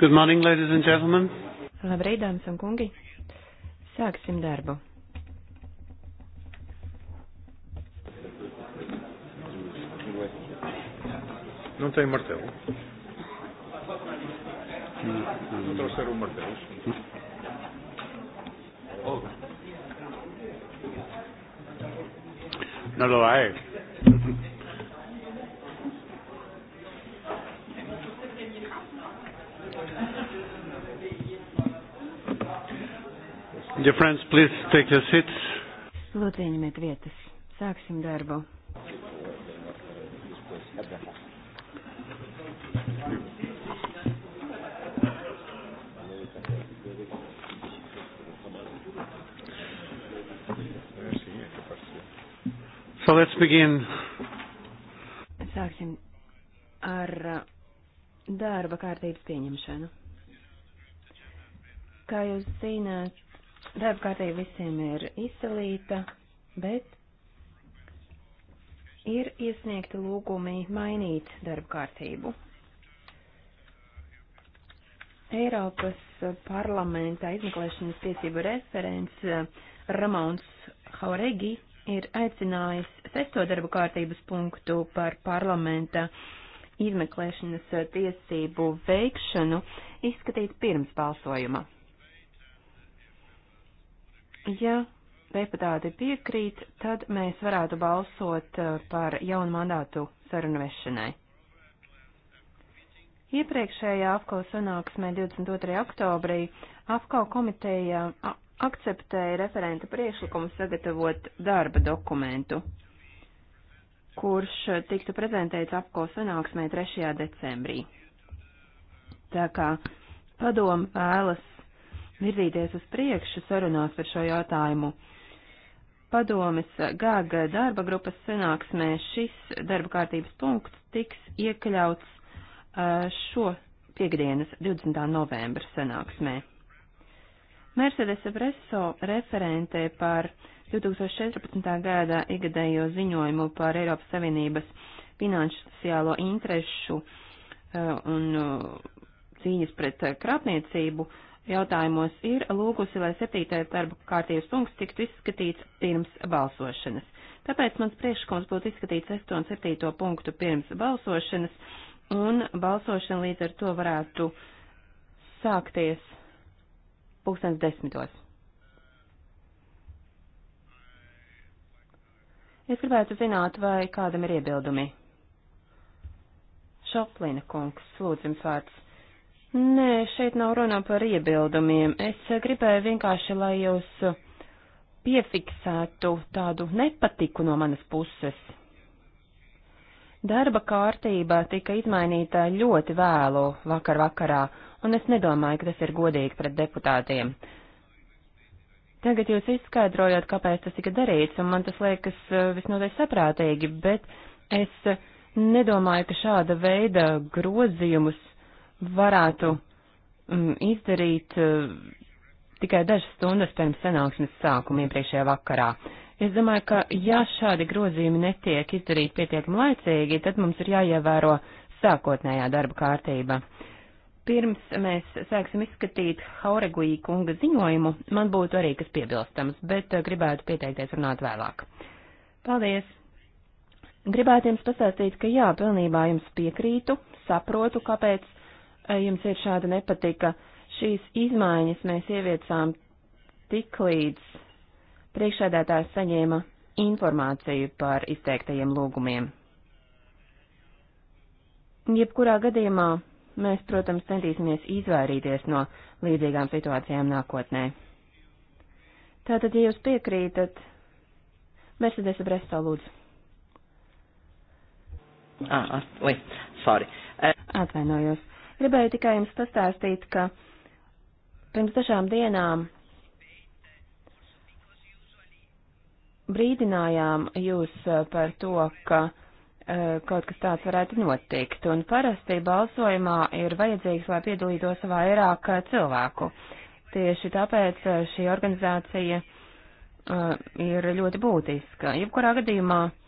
Good morning, ladies and gentlemen. Labrīt, dāmas un kungi. Sāksim darbu. Não tem martelo? Hum, hum. Não trouxeram o martelo? Hum. Oh. Not alive. Dear friends, please take your seats. Lūdzu, ieņemiet vietas. Sāksim darbu. So let's begin. Sāksim ar uh, darba kārtības pieņemšanu. Kā jūs zināt, Darba kārtība visiem ir izsalīta, bet ir iesniegti lūgumi mainīt darba kārtību. Eiropas parlamentā izmeklēšanas tiesību referents eh, Ramons Hauregi ir aicinājis sesto darba kārtības punktu par parlamenta izmeklēšanas tiesību veikšanu izskatīt pirms balsojuma. Ja deputāti piekrīt, tad mēs varētu balsot uh, par jaunu mandātu sarunu vešanai. Iepriekšējā AFCO sanāksmē 22. oktobrī AFCO komiteja akceptēja referenta priekšlikumu sagatavot darba dokumentu, kurš tiktu prezentēts AFCO sanāksmē 3. decembrī. Tā kā padomu vēlas virzīties uz priekšu sarunās par šo jautājumu. Padomes gāga darba grupas sanāksmē šis darba kārtības punkts tiks iekļauts eh, šo piekdienas 20. novembra sanāksmē. Mercedes Breso referente par 2014. gada igadējo ziņojumu par Eiropas Savienības finansiālo interešu eh, un eh, cīņas pret krāpniecību uh, jautājumos ir lūgusi, lai septītais darba kārtības punkts tiktu izskatīts pirms balsošanas. Tāpēc mans priekšlikums būtu izskatīt 6. un 7. punktu pirms balsošanas, un balsošana līdz ar to varētu sākties pulkstens desmitos. Es gribētu zināt, vai kādam ir iebildumi. Šoplina kungs, lūdzu jums vārds. Nē, šeit nav runa par iebildumiem. Es gribēju vienkārši, lai jūs piefiksētu tādu nepatiku no manas puses. Darba kārtība tika izmainīta ļoti vēlu vakar vakarā, un es nedomāju, ka tas ir godīgi pret deputātiem. Tagad jūs izskaidrojat, kāpēc tas tika darīts, un man tas liekas eh, visnotaļ saprātīgi, bet es nedomāju, ka šāda veida grozījumus varētu mm, izdarīt eh, tikai dažas stundas pirms sanāksmes sākuma iepriekšējā vakarā. Es domāju, ka ja šādi grozījumi netiek izdarīti pietiekami laicīgi, tad mums ir jāievēro sākotnējā darba kārtība. Pirms mēs sāksim izskatīt Haureguī kunga ziņojumu, man būtu arī kas piebilstams, bet eh, gribētu pieteikties runāt vēlāk. Paldies! Gribētu jums pastāstīt, ka jā, pilnībā jums piekrītu, saprotu, kāpēc jums ir šāda nepatika. Šīs izmaiņas mēs ieviecām tik līdz priekšēdētājs saņēma informāciju par izteiktajiem lūgumiem. Jebkurā gadījumā mēs, protams, centīsimies izvairīties no līdzīgām situācijām nākotnē. Tātad, ja jūs piekrītat, Mercedes Bresto lūdzu. Ah, ah oi, sorry. Atvainojos. Gribēju tikai jums pastāstīt, ka pirms dažām dienām brīdinājām jūs eh, par to, ka uh, kaut kas tāds varētu notikt, un parasti balsojumā ir vajadzīgs, lai piedalītos vairāk eh, cilvēku. Tieši tāpēc šī organizācija uh, ir ļoti būtiska. Jebkurā gadījumā uh,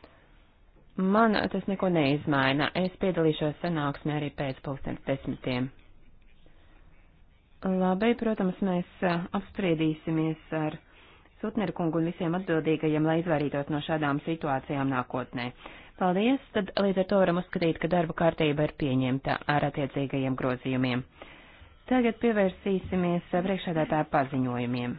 Man tas neko neizmaina. Es piedalīšos sanāksmē arī pēc pulkstens desmitiem. Labi, protams, mēs apspriedīsimies ar Sutneru kungu un visiem atbildīgajiem, lai izvairītos no šādām situācijām nākotnē. Paldies, tad līdz ar to varam uzskatīt, ka darba kārtība ir pieņemta ar attiecīgajiem grozījumiem. Tagad pievērsīsimies priekšādātāju paziņojumiem.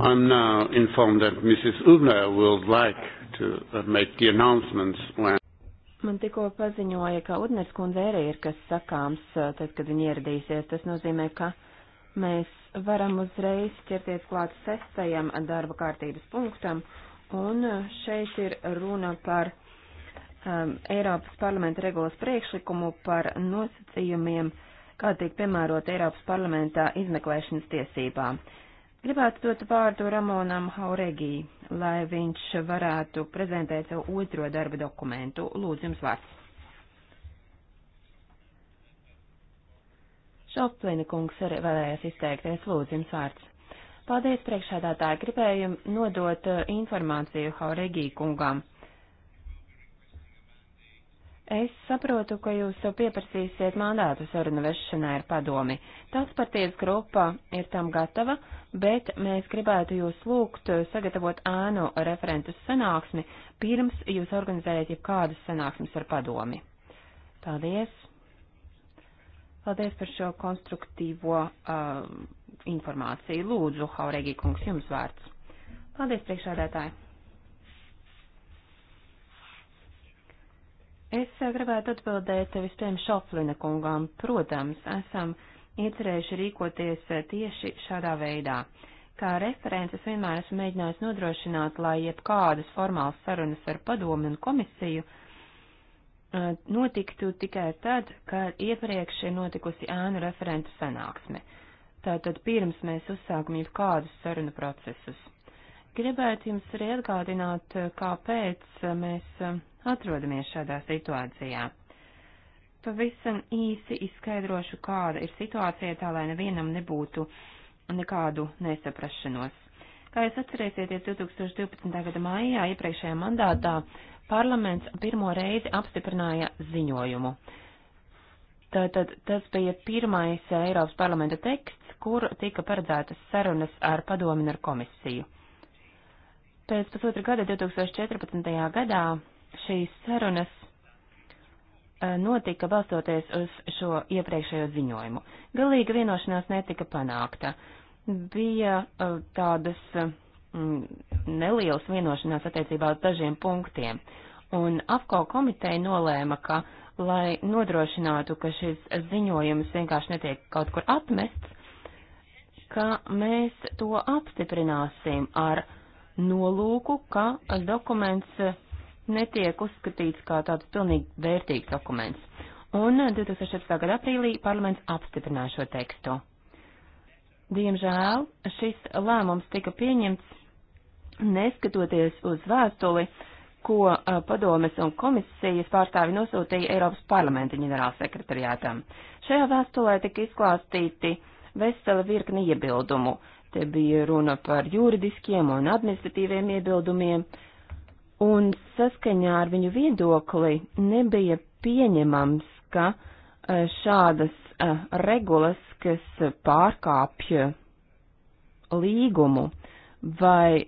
I'm now informed that Mrs. Ubner would like to uh, make the announcements when. Man tikko paziņoja, ka Udners kundze arī ir kas sakāms, uh, tad, kad viņa ieradīsies. Tas nozīmē, ka mēs varam uzreiz ķerties klāt sestajam darba kārtības punktam, un uh, šeit ir runa par um, Eiropas parlamenta regulas priekšlikumu par nosacījumiem, kā tiek piemērot Eiropas parlamentā izmeklēšanas tiesībām. Uh, Gribētu dot vārdu Ramonam Hauregī, lai viņš varētu prezentēt savu otro darba dokumentu. Lūdzu, jums vārds. Šoplina kungs arī vēlējās izteikties. Lūdzu, jums vārds. Paldies, priekšādātāji. Gribēju nodot eh, informāciju Hauregī kungam. Es saprotu, ka jūs pieprasīsiet mandātu sarunu vešanai ar padomi. Tās partijas grupa ir tam gatava, bet mēs gribētu jūs lūgt sagatavot ēnu referentu sanāksmi, pirms jūs organizējat jebkādas sanāksmes ar padomi. Paldies! Paldies par šo konstruktīvo uh, informāciju. Lūdzu, Haurēgī kungs, jums vārds. Paldies, priekšādētāji! Es eh, gribētu atbildēt vispirms Šoflina kungām. Protams, esam iecerējuši rīkoties eh, tieši šādā veidā. Kā references vienmēr esmu mēģinājis nodrošināt, lai jebkādas formālas sarunas ar padomu un komisiju eh, notiktu tikai tad, kad iepriekš ir notikusi ēnu referentu sanāksme. Tātad pirms mēs uzsākam jebkādus sarunu procesus. Gribētu jums arī atgādināt, kāpēc mēs atrodamies šādā situācijā. Pavisam īsi izskaidrošu, kāda ir situācija, tā lai nevienam nebūtu nekādu nesaprašanos. Kā jūs atcerēsieties, 2012. gada maijā iepriekšējā mandātā parlaments pirmo reizi apstiprināja ziņojumu. Tātad tas bija pirmais Eiropas parlamenta teksts, kur tika paredzētas sarunas ar padomi un ar komisiju. Pēc pusotra gada, 2014. gadā, šīs sarunas eh, notika balstoties uz šo iepriekšējo ziņojumu. Galīga vienošanās netika panākta. Bija eh, tādas mm, nelielas vienošanās attiecībā uz dažiem punktiem, un AFCO komiteja nolēma, ka, lai nodrošinātu, ka šis ziņojums vienkārši netiek kaut kur atmests, ka mēs to apstiprināsim ar nolūku, ka dokuments netiek uzskatīts kā tāds pilnīgi vērtīgs dokuments. Un 2016. gada aprīlī parlaments apstiprināja šo tekstu. Diemžēl šis lēmums tika pieņemts neskatoties uz vēstuli, ko padomes un komisijas pārstāvi nosūtīja Eiropas parlamenta ģenerālsekretariātam. Šajā vēstulē tika izklāstīti vesela virkni iebildumu. Uh, Te bija runa par juridiskiem un administratīviem iebildumiem, un saskaņā ar viņu viedokli nebija pieņemams, ka eh, šādas eh, regulas, kas pārkāpj līgumu vai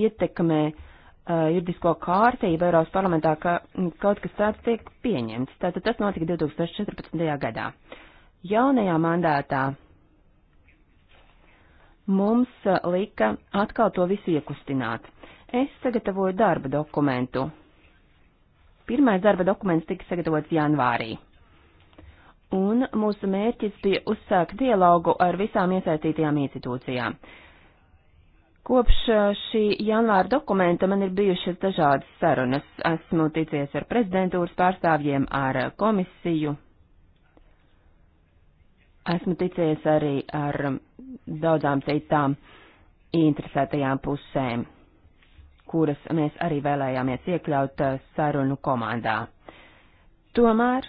ietekmē eh, juridisko kārtību Eiropas parlamentā, ka kaut kas tāds tiek pieņemts. Tātad tas notika 2014. gadā. Jaunajā mandātā mums eh, lika atkal to visu iekustināt. Es sagatavoju darba dokumentu. Pirmais darba dokuments tika sagatavots janvārī. Un mūsu mērķis bija uzsākt dialogu ar visām iesaistītajām institūcijām. Kopš eh, šī janvāra dokumenta man ir bijušas dažādas sarunas. Esmu ticies ar prezidentūras pārstāvjiem, ar eh, komisiju, Esmu ticējis arī ar daudzām citām interesētajām pusēm, kuras mēs arī vēlējāmies iekļaut eh, sarunu komandā. Tomēr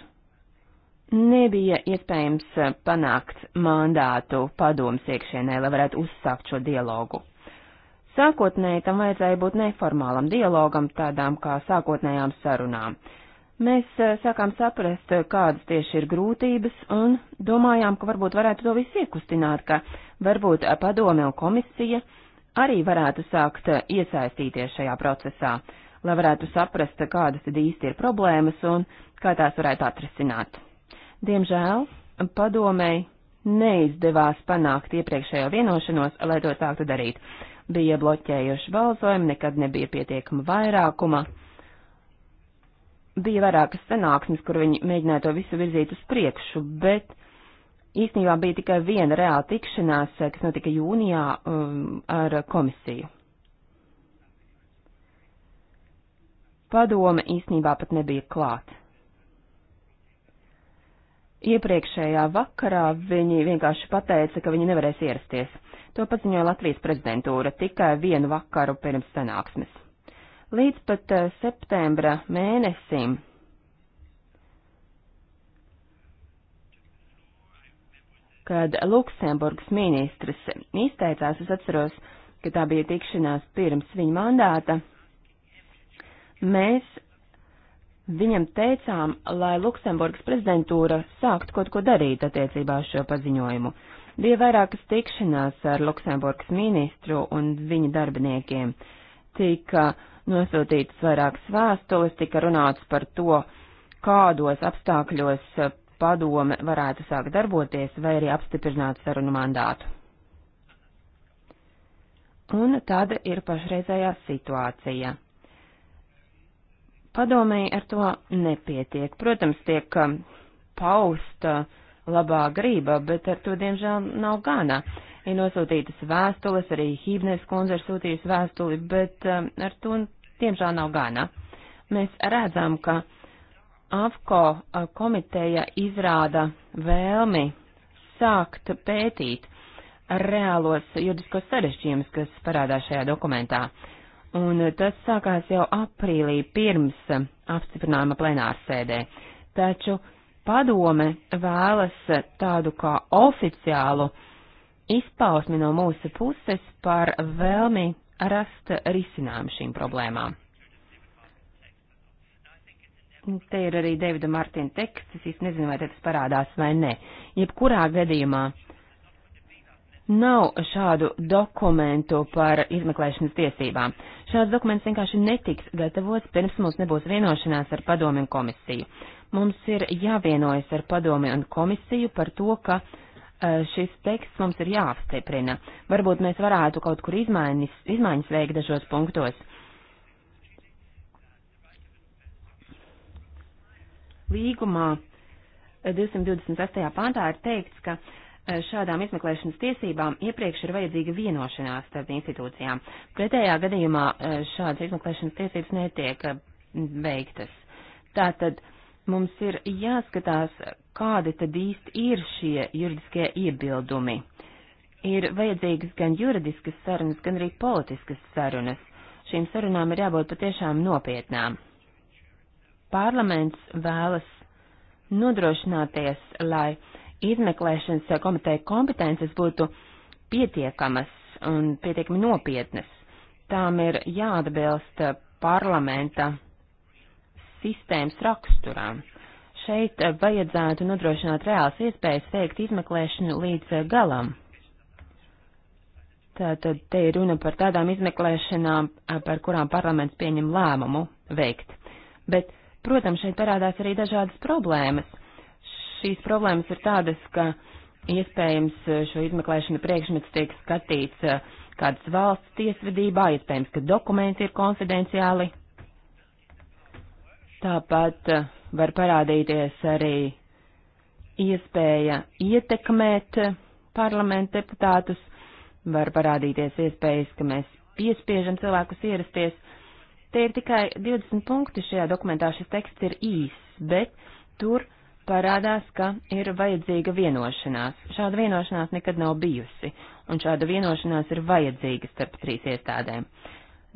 nebija iespējams eh, panākt mandātu padomus iekšienē, lai varētu uzsākt šo dialogu. Sākotnēji tam vajadzēja būt neformālam dialogam, tādām kā sākotnējām sarunām. Mēs eh, sākām saprast, eh, kādas tieši ir grūtības, un domājām, ka varbūt varētu to visu iekustināt, ka varbūt eh, padome un komisija arī varētu sākt iesaistīties šajā procesā, lai varētu saprast, kādas tad īsti ir problēmas un kā tās varētu atrisināt. Diemžēl padomei neizdevās panākt iepriekšējo vienošanos, lai to sāktu darīt. Bija bloķējuši balsojumi, nekad nebija pietiekama vairākuma bija vairākas sanāksmes, kur viņi mēģināja to visu virzīt uz priekšu, bet īstenībā bija tikai viena reāla tikšanās, eh, kas notika jūnijā um, ar komisiju. Padome īstenībā pat nebija klāt. Iepriekšējā vakarā viņi vienkārši pateica, ka viņi nevarēs ierasties. To paziņoja Latvijas prezidentūra tikai vienu vakaru pirms sanāksmes. Līdz pat eh, septembra mēnesim kad Luksemburgas ministrs izteicās, es atceros, ka tā bija tikšanās pirms viņa mandāta, mēs viņam teicām, lai Luksemburgas prezidentūra sākt kaut ko darīt attiecībā uz šo paziņojumu. Bija vairākas tikšanās ar Luksemburgas ministru un viņa darbiniekiem. Tika uh, nosūtītas vairākas vēstules, tika runāts par to, kādos apstākļos padome varētu sākt darboties vai arī apstiprināt sarunu mandātu. Un tāda ir pašreizējā situācija. Padomēji ar to nepietiek. Protams, tiek um, pausta labā grība, bet ar to, diemžēl, nav gana. Uh, ir nosūtītas vēstules, arī Hībners kundze ir sūtījusi vēstuli, bet um, ar to, tiemžēl, nav gana. Mēs redzam, ka AFCO uh, komiteja izrāda vēlmi sākt pētīt reālos juridiskos sarešķījumus, kas parādās šajā dokumentā. Un uh, tas sākās jau aprīlī pirms apstiprinājuma plenārsēdē. Taču padome vēlas tādu kā oficiālu uh, izpausmi no mūsu puses par vēlmi rast risinājumu šīm problēmām. Te ir arī Davida Martina teksts, es īsti nezinu, vai tas parādās vai nē. Jebkurā gadījumā nav šādu dokumentu par izmeklēšanas tiesībām. Šāds dokuments vienkārši netiks gatavots, pirms mums nebūs vienošanās ar padomi un komisiju. Mums ir jāvienojas ar padomi un komisiju par to, ka Eh, šis teksts mums ir jāapstiprina. Varbūt mēs varētu kaut kur izmainis, izmaiņas veikt dažos punktos. Līgumā 228. Eh, pāntā ir teikts, ka eh, šādām izmeklēšanas tiesībām iepriekš ir vajadzīga vienošanās starp institūcijām. Pretējā gadījumā šādas izmeklēšanas tiesības netiek veiktas. Tātad mums ir jāskatās, kādi tad īsti ir šie juridiskie iebildumi. Ir vajadzīgas gan juridiskas sarunas, gan arī politiskas sarunas. Šīm sarunām ir jābūt patiešām nopietnām. Parlaments vēlas nodrošināties, lai izmeklēšanas komiteja kompetences būtu pietiekamas un pietiekami nopietnas. Tām ir jāatbilst parlamenta sistēmas raksturām. Šeit eh, vajadzētu nodrošināt reāls iespējas veikt izmeklēšanu līdz eh, galam. Tātad te ir runa par tādām izmeklēšanām, eh, par kurām parlaments pieņem lēmumu veikt. Bet, protams, šeit parādās arī dažādas problēmas. Šīs problēmas ir tādas, ka iespējams šo izmeklēšanu priekšmets tiek skatīts kādas valsts tiesvedībā, iespējams, ka dokumenti ir konfidenciāli, Tāpat eh, var parādīties arī iespēja ietekmēt eh, parlamenta deputātus, var parādīties iespējas, ka mēs piespiežam cilvēkus ierasties. Te ir tikai 20 punkti šajā dokumentā, šis teksts ir īss, bet tur parādās, ka ir vajadzīga vienošanās. Šāda vienošanās nekad nav bijusi, un šāda vienošanās ir vajadzīga starp trīs iestādēm.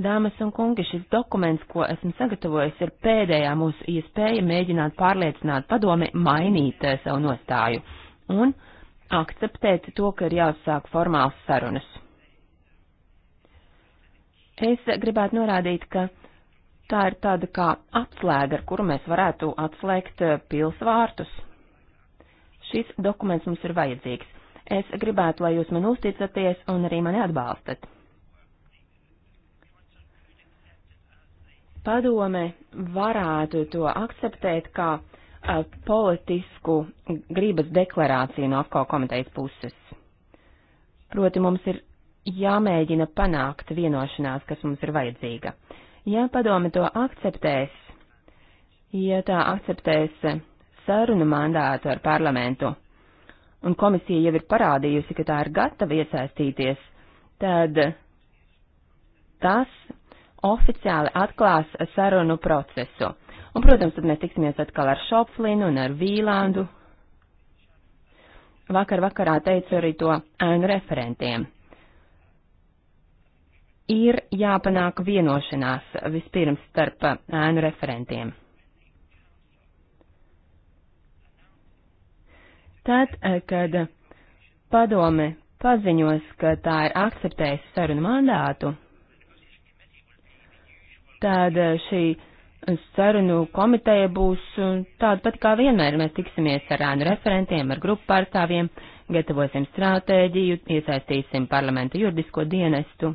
Dāmas un kungi, šis dokuments, ko esmu sagatavojis, ir pēdējā mūsu iespēja mēģināt pārliecināt padomi mainīt eh, savu nostāju un akceptēt to, ka ir jāuzsāk formāls sarunas. Es gribētu norādīt, ka tā ir tāda kā atslēga, ar kuru mēs varētu atslēgt eh, pilsvārtus. Šis dokuments mums ir vajadzīgs. Es gribētu, lai jūs man uzticaties un arī mani atbalstat. padome varētu to akceptēt kā a, politisku gribas deklarāciju no AFCO komitejas puses. Proti mums ir jāmēģina panākt vienošanās, kas mums ir vajadzīga. Ja padome to akceptēs, ja tā akceptēs sarunu mandātu ar parlamentu, un komisija jau ir parādījusi, ka tā ir gatava iesaistīties, tad tas oficiāli atklās sarunu procesu. Un, protams, tad mēs tiksimies atkal ar Šopflinu un ar Vīlandu. Vakar vakarā teicu arī to ēnu referentiem. Ir jāpanāk vienošanās vispirms starp ēnu referentiem. Tad, kad padome paziņos, ka tā ir akceptējusi sarunu mandātu, tad eh, šī sarunu komiteja būs eh, tāda pat kā vienmēr. Mēs tiksimies ar ēnu referentiem, ar grupu pārstāvjiem, gatavosim stratēģiju, iesaistīsim parlamentu juridisko dienestu.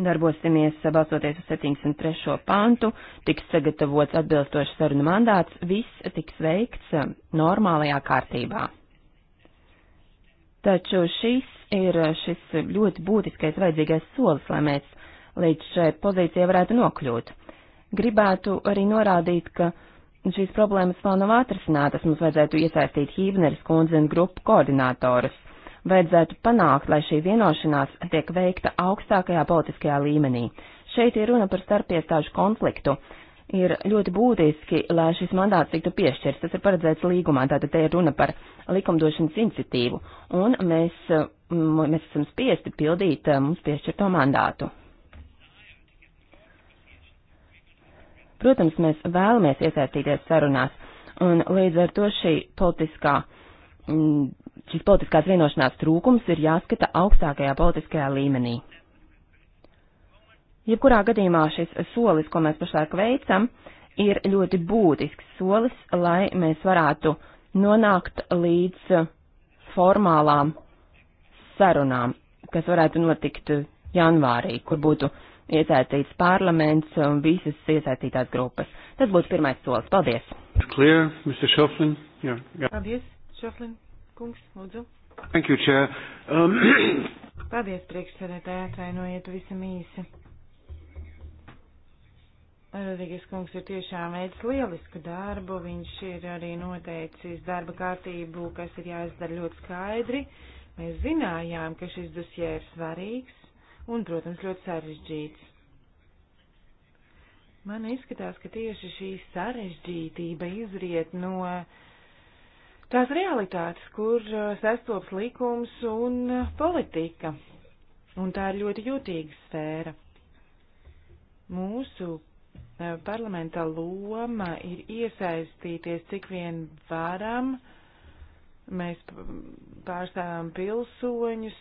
Darbosimies eh, balstoties uz 73. pantu, tiks sagatavots atbilstošs sarunu mandāts, viss tiks veikts normālajā kārtībā. Taču šis ir šis ļoti būtiskais vajadzīgais solis, lai mēs līdz šai pozīcijai varētu nokļūt. Gribētu arī norādīt, ka šīs problēmas vēl nav atrisinātas, mums vajadzētu iesaistīt Hībneris kundzi un grupu koordinātorus. Vajadzētu panākt, lai šī vienošanās tiek veikta augstākajā politiskajā līmenī. Šeit ir runa par starpiestāžu konfliktu, ir ļoti būtiski, lai šis mandāts tiktu piešķirts. Tas ir paredzēts līgumā, tātad te ir runa par likumdošanas iniciatīvu, un mēs, mm, mēs esam spiesti pildīt eh, mums piešķirto mandātu. Protams, mēs vēlamies iesaistīties sarunās, un līdz ar to šī politiskā, mm, šis politiskās vienošanās trūkums ir jāskata augstākajā politiskajā līmenī. Jebkurā gadījumā šis solis, ko mēs pašlaik veicam, ir ļoti būtisks solis, lai mēs varētu nonākt līdz formālām sarunām, kas varētu notikt janvārī, kur būtu iesaistīts parlaments un visas iesaistītās grupas. Tas būtu pirmais solis. Paldies! Clear, yeah, yeah. Paldies, Šoflin kungs, lūdzu. Thank you, Chair. Um... Paldies, priekšsēdētāji, atvainojiet visam īsi. Rodīgas kungs ir tiešām veids lielisku darbu, viņš ir arī noteicis darba kārtību, kas ir jāizdara ļoti skaidri. Mēs zinājām, ka šis dusjē ir svarīgs un, protams, ļoti sarežģīts. Man izskatās, ka tieši šī sarežģītība izriet no tās realitātes, kur uh, sastops likums un uh, politika, un tā ir ļoti jūtīga sfēra. Mūsu Parlamenta loma ir iesaistīties cik vien varam. Mēs pārstāvam pilsoņus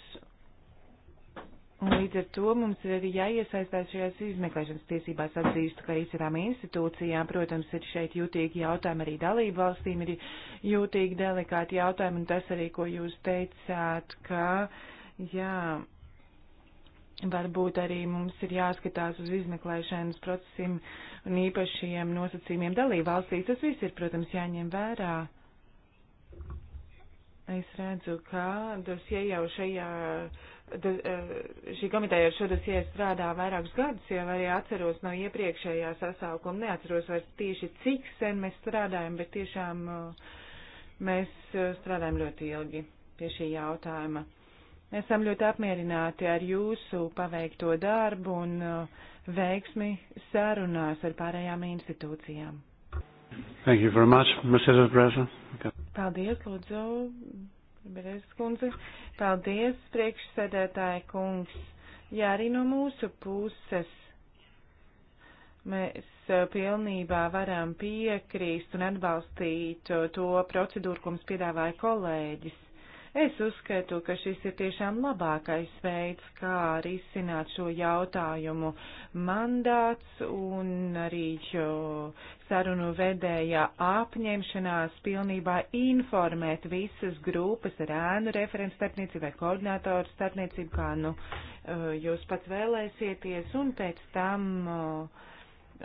Un līdz ar to mums ir arī jāiesaistās šajās izmeklēšanas tiesībās atzīstu, ka izcitām institūcijām, protams, ir šeit jūtīgi jautājumi, arī dalību valstīm ir jūtīgi delikāti jautājumi, un tas arī, ko jūs teicāt, ka, jā, Varbūt arī mums ir jāskatās uz izmeklēšanas procesiem un īpašiem nosacījumiem dalībvalstīs. Tas viss ir, protams, jāņem vērā. Es redzu, ka dosie jau šajā, da, e, šī komiteja ar šo dosie strādā vairākus gadus, jau arī atceros no iepriekšējā sasaukuma, neatceros vairs tieši cik sen mēs strādājam, bet tiešām e, mēs e, strādājam ļoti ilgi pie šī jautājuma. Mēs esam ļoti apmierināti ar jūsu paveikto darbu un uh, veiksmi sarunās ar pārējām institūcijām. Thank you very much, Mercedes Bresa. Okay. Paldies, Lūdzu, Berezes kundze. Paldies, priekšsēdētāja kungs. Jā, arī no mūsu puses mēs uh, pilnībā varam piekrīst un atbalstīt uh, to procedūru, ko mums piedāvāja kolēģis Es uzskatu, ka šis ir tiešām labākais veids, kā arī izsināt šo jautājumu mandāts un arī šo sarunu vedējā apņemšanās pilnībā informēt visas grupas ar ēnu referents starpniecību vai koordinātoru starpniecību, kā nu eh, jūs pats vēlēsieties, un pēc tam uh,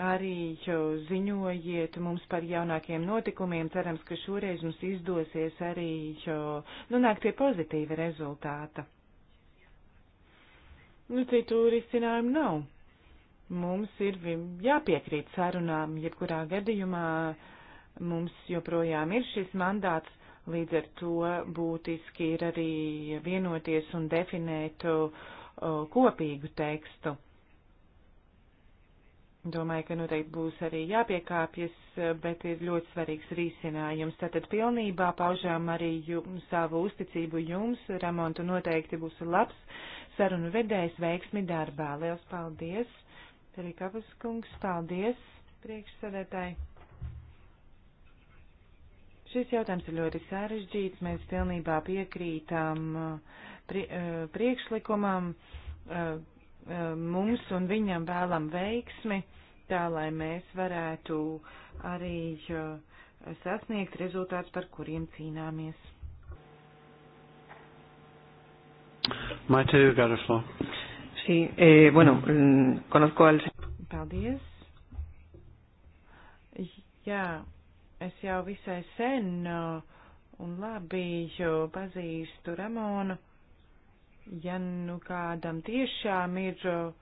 arī ziņojiet mums par jaunākiem notikumiem. Cerams, ka šoreiz mums izdosies arī nonākt pie pozitīva rezultāta. Nu, citu risinājumu nav. Mums ir jāpiekrīt sarunām, jebkurā gadījumā mums joprojām ir šis mandāts, līdz ar to būtiski ir arī vienoties un definēt kopīgu tekstu Domāju, ka noteikti būs arī jāpiekāpjas, bet ir ļoti svarīgs risinājums. Tātad pilnībā paužām arī jum, savu uzticību jums. Ramontu noteikti būs labs sarunu vedējs veiksmi darbā. Liels paldies! Arī Kapas kungs, paldies priekšsēdētāji! Šis jautājums ir ļoti sarežģīts. Mēs pilnībā piekrītām uh, pri, uh, priekšlikumam uh, mums un viņam vēlam veiksmi tā, lai mēs varētu arī uh, sasniegt rezultāts, par kuriem cīnāmies. Maite, you got the floor. Sí, eh, bueno, mm, conozco al. Paldies. Jā, es jau visai sen uh, un labi pazīstu Ramonu. Ja nu kādam tiešām ir. Uh,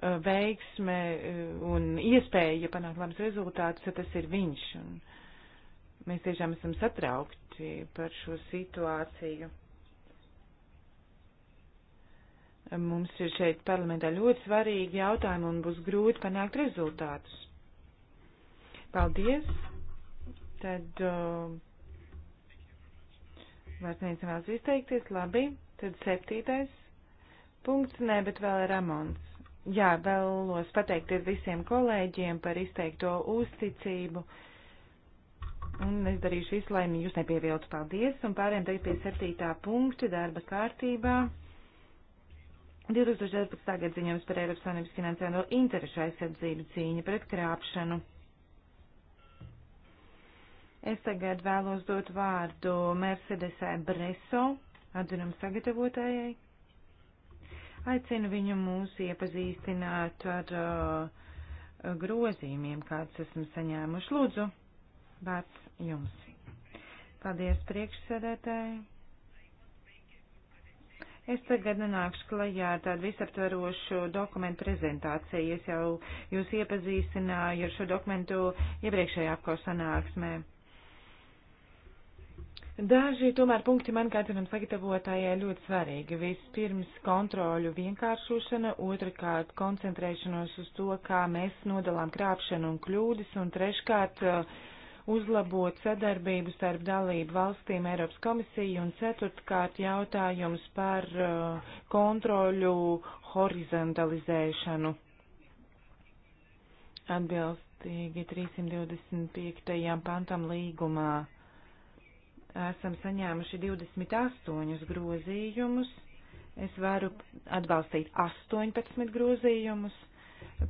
Eh, veiksme eh, un iespēja panākt labus rezultātus, ja tas ir viņš. Un mēs tiešām esam satraukti par šo situāciju. Mums ir šeit parlamentā ļoti svarīgi jautājumi un būs grūti panākt rezultātus. Paldies! Tad uh, vairs neviens vēlas izteikties. Labi, tad septītais punkts. Nē, bet vēl ir Ramons. Jā, vēlos pateikties visiem kolēģiem par izteikto uzticību. Un es darīšu visu, lai jūs nepieviltu. Paldies! Un pārējiem tagad pie septītā punkta darba kārtībā. 2014. gada ziņojums par Eiropas Savienības finansiālo interešu aizsardzību cīņa pret krāpšanu. Es tagad vēlos dot vārdu Mercedesai Breso, atzinuma sagatavotājai. Aicinu viņu mūs iepazīstināt ar uh, grozījumiem, kāds esam saņēmuši. Lūdzu, vārds jums. Paldies priekšsēdētāji. Es tagad nonākšu klajā ar tādu visaptverošu dokumentu prezentāciju. Es jau jūs iepazīstināju ar šo dokumentu iepriekšējā apkosanāksmē. sanāksmē. Daži tomēr punkti man kā ceram sagatavotājai ļoti svarīgi. Vispirms kontroļu vienkāršošana, otrkārt koncentrēšanos uz to, kā mēs nodalām krāpšanu un kļūdas, un treškārt uh, uzlabot sadarbību starp dalību valstīm Eiropas komisiju, un ceturtkārt jautājums par uh, kontroļu horizontalizēšanu. Atbilstīgi 325. pantam līgumā esam saņēmuši 28 grozījumus. Es varu atbalstīt 18 grozījumus,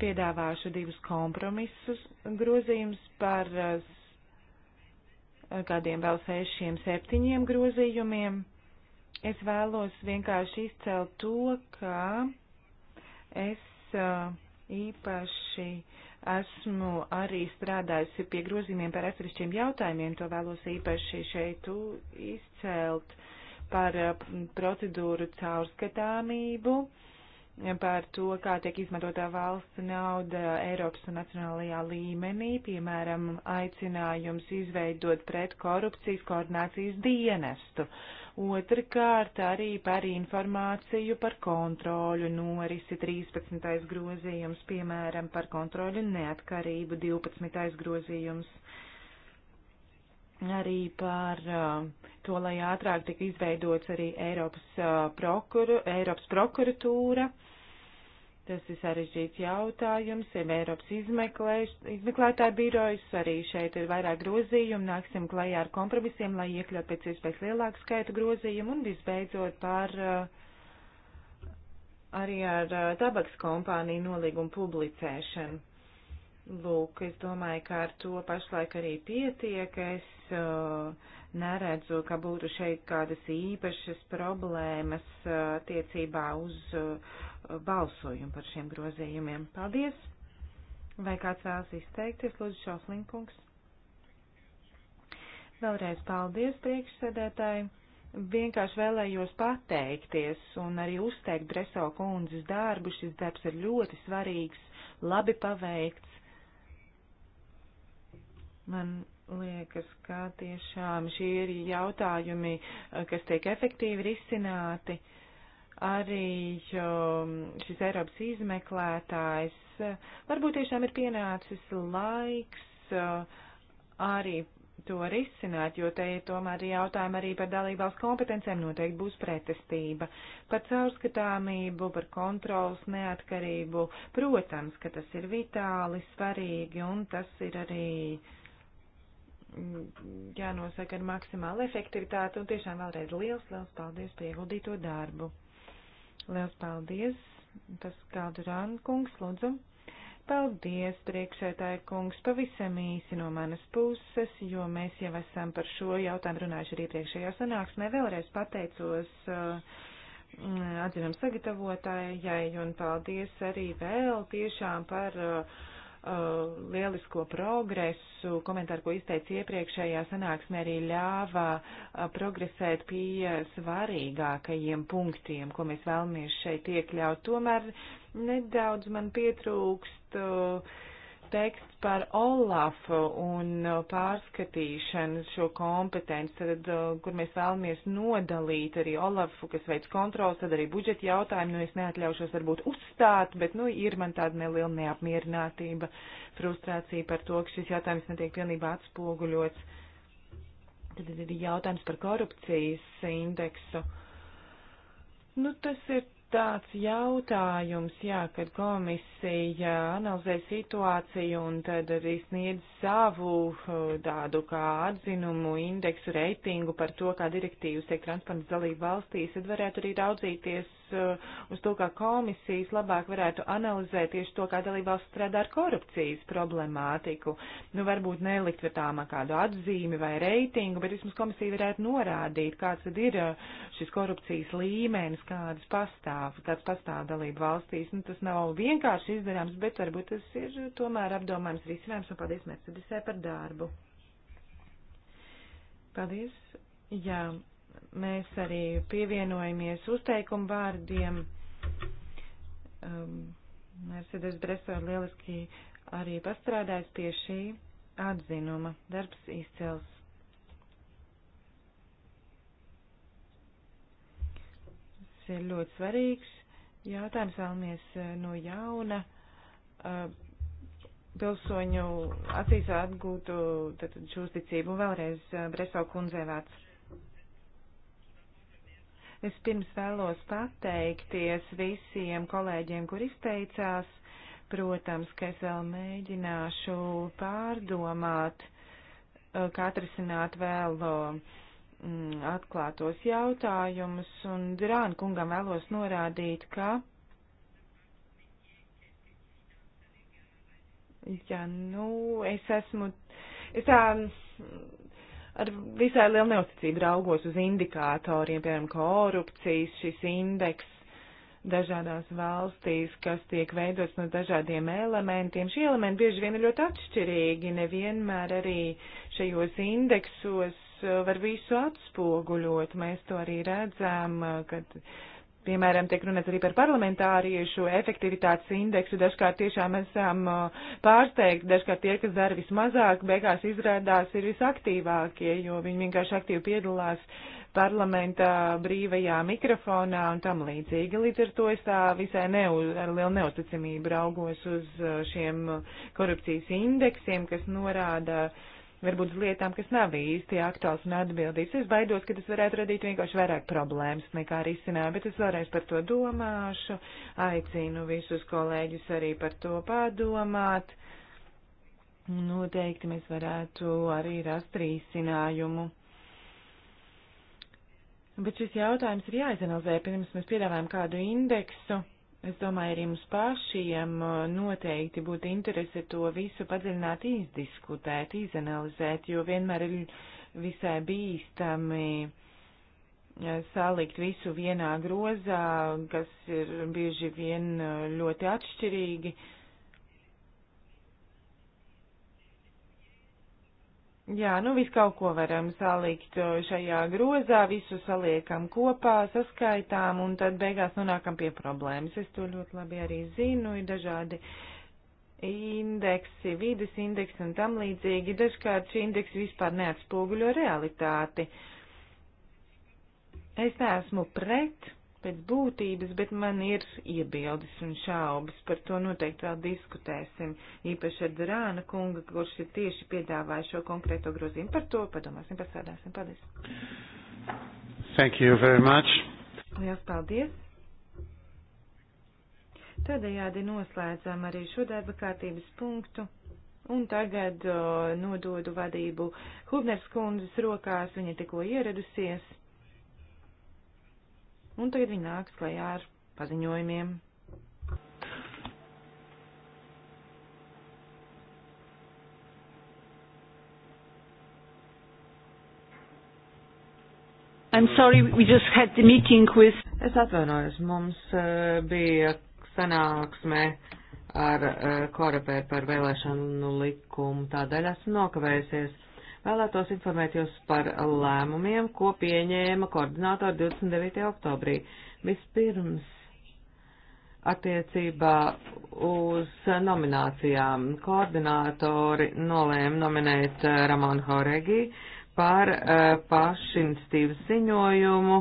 piedāvāšu divus kompromisus grozījumus par eh, kādiem vēl sešiem, septiņiem grozījumiem. Es vēlos vienkārši izcelt to, ka es eh, īpaši uh, Esmu arī strādājusi pie grozījumiem par atsevišķiem jautājumiem, to vēlos īpaši šeit izcelt par uh, procedūru caurskatāmību, par to, kā tiek izmantotā valsts nauda Eiropas un nacionālajā līmenī, piemēram, aicinājums izveidot pret korupcijas koordinācijas dienestu. Uh, Otrakārt arī par informāciju par kontroļu norisi 13. grozījums, piemēram, par kontroļu neatkarību 12. grozījums. Arī par uh, to, lai ātrāk tika izveidots arī Eiropas, uh, prokur, Eiropas prokuratūra Tas ir sarežģīts jautājums, ir Eiropas izmeklētāju birojas, arī šeit ir vairāk grozījumu, nāksim klajā ar kompromisiem, lai iekļaut pēc iespējas lielāku skaitu grozījumu un visbeidzot par eh, arī ar eh, tabaks kompāniju nolīgumu publicēšanu. Lūk, es domāju, ka ar to pašlaik arī pietiek. Es uh, neredzu, ka būtu šeit kādas īpašas problēmas uh, tiecībā uz uh, balsojumu par šiem grozījumiem. Paldies! Vai kāds vēlas izteikties? Lūdzu, Šoflinkungs. Vēlreiz paldies priekšsēdētāji. Vienkārši vēlējos pateikties un arī uzteikt Breso kundzes darbu. Šis darbs ir ļoti svarīgs, labi paveikts Man liekas, ka tiešām šie ir jautājumi, eh, kas tiek efektīvi risināti. Arī um, šis Eiropas izmeklētājs eh, varbūt tiešām ir pienācis laiks eh, arī to risināt, jo te ir tomēr jautājumi arī par dalībās kompetencēm noteikti būs pretestība. Par caurskatāmību, par kontrolas neatkarību, protams, ka tas ir vitāli svarīgi un tas ir arī uh, jānosaka ar maksimālu efektivitāti un tiešām vēlreiz liels, liels paldies par ieguldīto darbu. Liels paldies, tas kādu rānu kungs, lūdzu. Paldies, priekšētāji kungs, pavisam īsi no manas puses, jo mēs jau esam par šo jautājumu runājuši arī priekšējā sanāksmē. Vēlreiz pateicos uh, atzinam sagatavotājai un paldies arī vēl tiešām par uh, uh, lielisko progresu. Komentāri, ko izteica iepriekšējā sanāksmē, arī ļāva uh, progresēt pie svarīgākajiem punktiem, ko mēs vēlamies šeit iekļaut. Tomēr nedaudz man pietrūkst. Uh, teksts par Olafu un uh, pārskatīšanu šo kompetenci, tad, uh, kur mēs vēlamies nodalīt arī Olafu, kas veids kontrols, tad arī budžeta jautājumu, nu es neatļaušos varbūt uzstāt, bet, nu, ir man tāda neliela neapmierinātība, frustrācija par to, ka šis jautājums netiek pilnībā atspoguļots. Tad ir jautājums par korupcijas indeksu. Nu, tas ir tāds jautājums, jā, kad komisija analizē situāciju un tad arī sniedz savu uh, tādu kā atzinumu indeksu reitingu par to, kā direktīvas tiek transponētas dalību valstīs, tad varētu arī raudzīties Uh, uz to, kā komisijas labāk varētu analizēt tieši to, kā dalībvalsts strādā ar korupcijas problemātiku. Nu, varbūt nelikt vietāmā kādu atzīmi vai reitingu, bet vismaz komisija varētu norādīt, kāds tad ir uh, šis korupcijas līmenis, kādas pastāv, kāds pastāv dalību valstīs. Nu, tas nav vienkārši izdarāms, bet varbūt tas ir tomēr apdomājums risinājums, un paldies Mercedesē par darbu. Paldies! Jā, mēs arī pievienojamies uzteikumu vārdiem. Um, Mercedes Breso lieliski arī pastrādājis pie šī atzinuma. Darbs izcels. Tas ir ļoti svarīgs jautājums. Vēlamies uh, no jauna uh, pilsoņu acīs atgūtu tad, šūsticību. Vēlreiz uh, Breso kundzei vārds. Es pirms vēlos pateikties visiem kolēģiem, kur izteicās. Protams, ka es vēl mēģināšu pārdomāt, eh, kā atrisināt vēl mm, atklātos jautājumus, un Drāna kungam vēlos norādīt, ka Ja, nu, es esmu, es tā ar visai lielu neusticību raugos uz indikātoriem, piemēram, korupcijas šis indeks dažādās valstīs, kas tiek veidots no dažādiem elementiem. Šie elementi bieži vien ir ļoti atšķirīgi, nevienmēr arī šajos indeksos uh, var visu atspoguļot. Mēs to arī redzam, uh, kad Piemēram, tiek runāts arī par parlamentāriešu efektivitātes indeksu. Dažkārt tiešām esam pārsteigti, dažkārt tie, kas dara vismazāk, beigās izrādās ir visaktīvākie, jo viņi vienkārši aktīvi piedalās parlamenta brīvajā mikrofonā un tam līdzīgi. Līdz ar to es tā visai neuz, ar lielu neusticamību raugos uz šiem korupcijas indeksiem, kas norāda uh, varbūt uz lietām, kas nav īsti aktuāls un atbildīgs. Es baidos, ka tas varētu radīt vienkārši vairāk problēmas nekā risinājumu, bet es vēlreiz par to domāšu, aicinu visus kolēģus arī par to padomāt. Noteikti mēs varētu arī rast risinājumu. Bet šis jautājums ir jāizanalizē, pirms mēs piedāvājam kādu indeksu Es domāju, arī mums pašiem uh, noteikti būtu interese to visu padziļināt, izdiskutēt, izanalizēt, jo vienmēr ir visai bīstami uh, salikt visu vienā grozā, kas ir bieži vien uh, ļoti atšķirīgi. Uh, Jā, nu visu kaut ko varam salikt šajā grozā, visu saliekam kopā, saskaitām un tad beigās nonākam pie problēmas. Es to ļoti labi arī zinu, ir dažādi indeksi, vides indeksi un tam līdzīgi. Dažkārt šī indeksi vispār neatspoguļo realitāti. Es neesmu pret pēc būtības, bet man ir iebildes un šaubas. Par to noteikti vēl diskutēsim. Īpaši ar Dārāna kunga, kurš ir tieši piedāvājis šo konkrēto grozījumu. Par to padomāsim, pasādāsim. Paldies. Thank you very much. Lielas paldies. Tādējādi noslēdzam arī šo darba kārtības punktu. Un tagad o, uh, nododu vadību Hubners kundzes rokās, viņa tikko ieradusies un tagad viņi nāks klajā ar paziņojumiem. I'm sorry, we just had the meeting with... Es atvainojos, mums uh, bija sanāksme ar uh, korepē par vēlēšanu likumu, tādēļ esmu nokavējusies. Vēlētos informēt jūs par lēmumiem, ko pieņēma koordinātori 29. oktobrī. Vispirms attiecībā uz nominācijām koordinātori nolēma nominēt eh, Ramonu Horegi par eh, pašinstīvas ziņojumu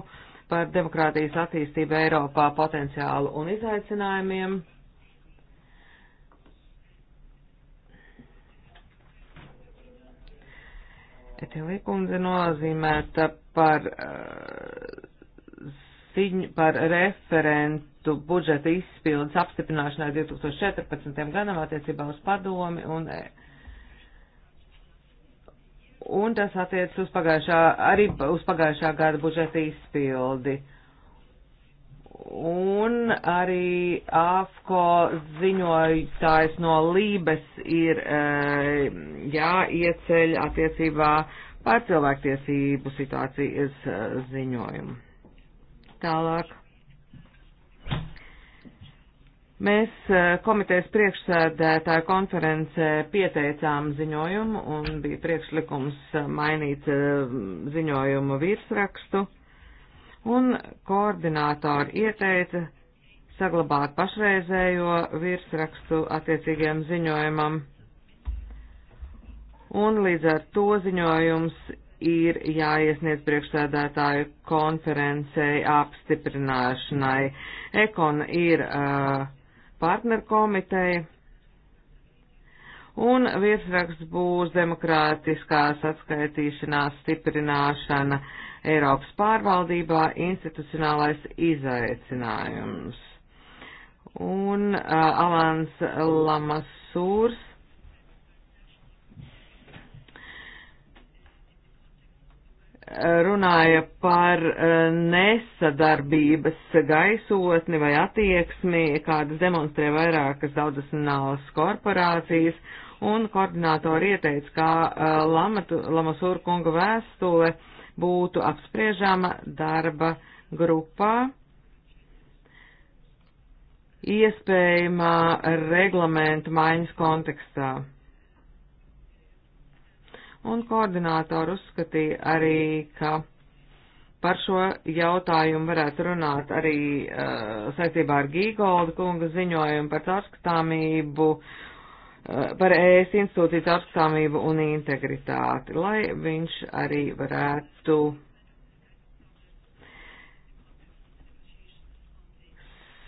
par demokrātijas attīstību Eiropā potenciālu un izaicinājumiem. Etilī kundze nozīmēta par, eh, ziņ, par referentu budžeta izpildes apstiprināšanai 2014. gadam attiecībā uz padomi un e. un tas attiecas uz pagājušā, arī uz pagājušā gada budžeta izpildi. Un arī AFCO ziņotājs no Lībes ir eh, jāieceļ attiecībā par cilvēktiesību situācijas eh, ziņojumu. Tālāk. Mēs eh, komitejas priekšsēdētāju konferencē pieteicām ziņojumu un bija priekšlikums mainīt ziņojumu virsrakstu un koordinātori ieteica saglabāt pašreizējo virsrakstu attiecīgajam ziņojumam, un līdz ar to ziņojums ir jāiesniedz priekšsēdētāju konferencei apstiprināšanai. Ekona ir uh, partnerkomiteja, un virsraksts būs demokrātiskās atskaitīšanās stiprināšana uh, Eiropas pārvaldībā institucionālais izaicinājums. Un uh, Alans Lamasūrs runāja par nesadarbības gaisotni vai attieksmi, kādas demonstrē vairākas daudzasinās korporācijas, un koordinātori ieteica, kā Lamasūra kunga vēstule uh, būtu apspriežama darba grupā. Iespējamā reglamentu maiņas kontekstā. Un koordinātori uzskatīja arī, ka par šo jautājumu varētu runāt arī uh, saistībā ar Gīgolda kunga ziņojumu par caurskatāmību Eh, par ES institūcijas apstāvību un integritāti, lai viņš arī varētu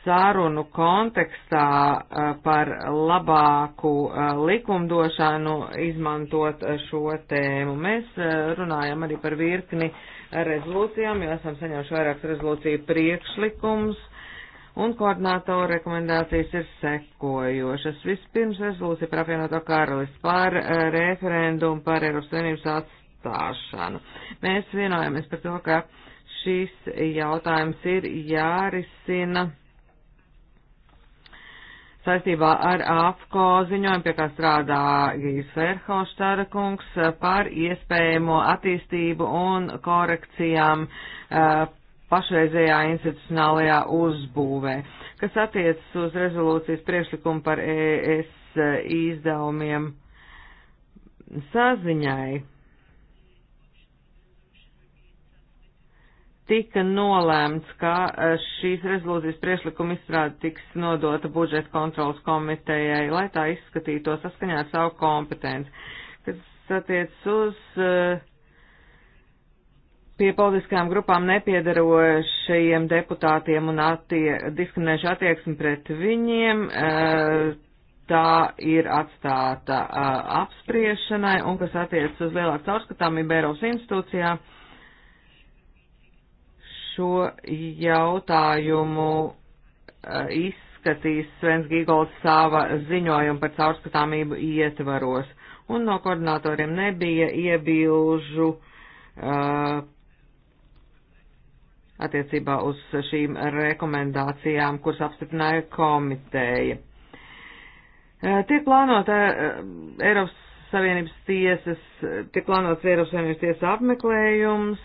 sārunu kontekstā eh, par labāku eh, likumdošanu izmantot šo tēmu. Mēs runājam arī par virkni rezolūcijām, jo esam saņēmuši vairākas rezolūciju priekšlikums un koordinātoru rekomendācijas ir sekojošas. Vispirms rezolūcija par apvienoto karalistu par eh, referendumu par Eiropas Savienības atstāšanu. Mēs vienojamies par to, ka šīs jautājums ir jārisina saistībā ar AFCO ziņojumu, pie kā strādā Gīs Ferhauštara kungs par iespējamo attīstību un korekcijām uh, pašreizējā institucionālajā uzbūvē, kas attiecas uz rezolūcijas priekšlikumu par ES izdevumiem saziņai. Tika nolēmts, ka e, šīs rezolūcijas priekšlikuma izstrāde tiks nodota budžeta kontrolas komitejai, lai tā izskatīto saskaņā ar savu kompetenci, kas attiecas uz uh, pie politiskām grupām nepiedarošajiem deputātiem un attie, diskriminēšu attieksmi pret viņiem, eh, tā ir atstāta eh, apspriešanai, un kas attiecas uz lielāku caurskatāmību Eiropas institūcijā, šo jautājumu eh, izskatīs Svens Gigols sava ziņojuma par caurskatāmību ietvaros, un no koordinatoriem nebija iebilžu. Uh, attiecībā uz šīm rekomendācijām, kuras apstiprināja komiteja. Tiek plānota Eiropas Savienības tiesas, tiek plānots Eiropas Savienības tiesa apmeklējums.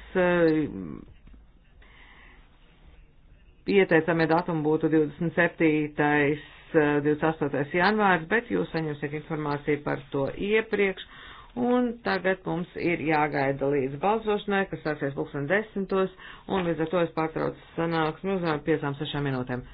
Ieteicamie datumi būtu 27. 28. janvārs, bet jūs saņemsiet informāciju par to iepriekš Un tagad mums ir jāgaida līdz balsošanai, kas sāksies 2010. un līdz ar to es pārtraucu sanāksmi uz 5-6 minūtēm.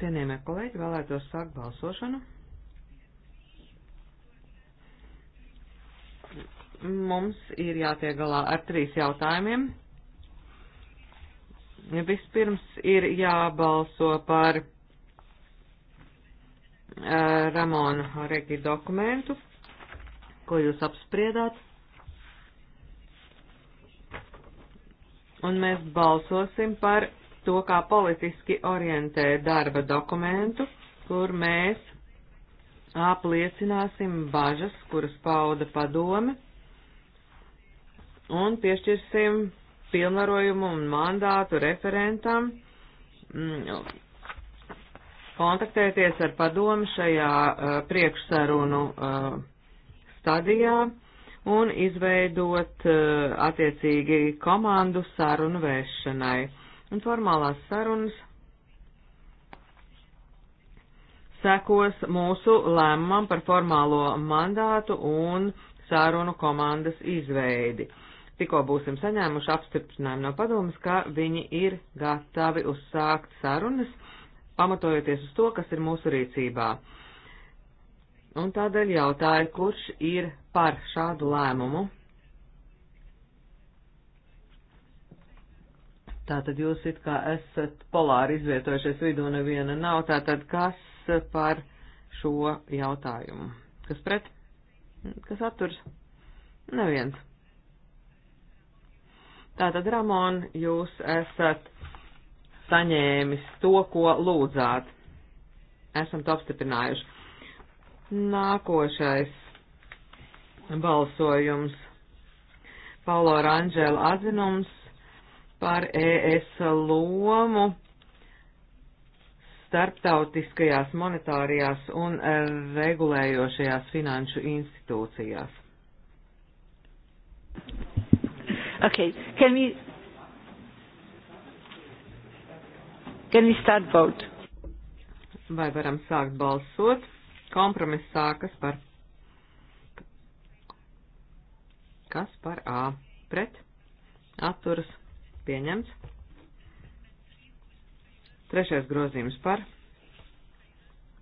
Cienījamie kolēģi, vēlētos sākt balsošanu. Mums ir jātiek galā ar trīs jautājumiem. Vispirms ir jābalso par eh, Ramona Regi dokumentu, ko jūs apspriedāt. un mēs balsosim par to, kā politiski orientēt darba dokumentu, kur mēs apliecināsim bažas, kuras pauda padome, un piešķirsim pilnvarojumu un mandātu referentam mm, kontaktēties ar padomu šajā uh, priekšsarunu uh, stadijā un izveidot uh, attiecīgi komandu sarunu vēršanai. Un formālās sarunas sekos mūsu lēmumam par formālo mandātu un sārunu komandas izveidi. Tikko būsim saņēmuši apstiprinājumu no padomas, ka viņi ir gatavi uzsākt sarunas, pamatojoties uz to, kas ir mūsu rīcībā. Uh, Un tādēļ jautāju, kurš ir par šādu lēmumu? Tātad jūs it kā esat polāri izvietojušies vidū, neviena nav. Tātad kas par šo jautājumu? Kas pret? Kas atturs? Neviens. Tātad, Ramon, jūs esat saņēmis to, ko lūdzāt. Esam to apstiprinājuši. Nākošais balsojums. Paulo Ranžēla atzinums par ES lomu starptautiskajās monetārajās un regulējošajās finanšu institūcijās. Okay, can we, can we start vote? Vai varam sākt balsot? Kompromiss sākas par. Kas par A? Pret. Atturas. Pieņemts. Trešais grozījums par.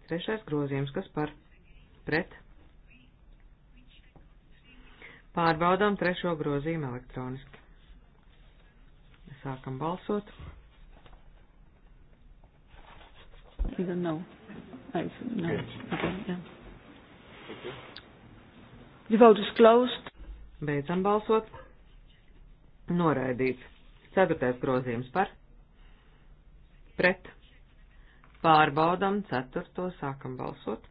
Trešais grozījums, kas par. Pret. Pārbaudām trešo grozījumu elektroniski. Sākam balsot. We don't know. I, oh, no. Okay, yeah. The vote is closed. Beidzam balsot. Noraidīts. Ceturtais grozījums par. Pret. Pārbaudam ceturto, sākam balsot.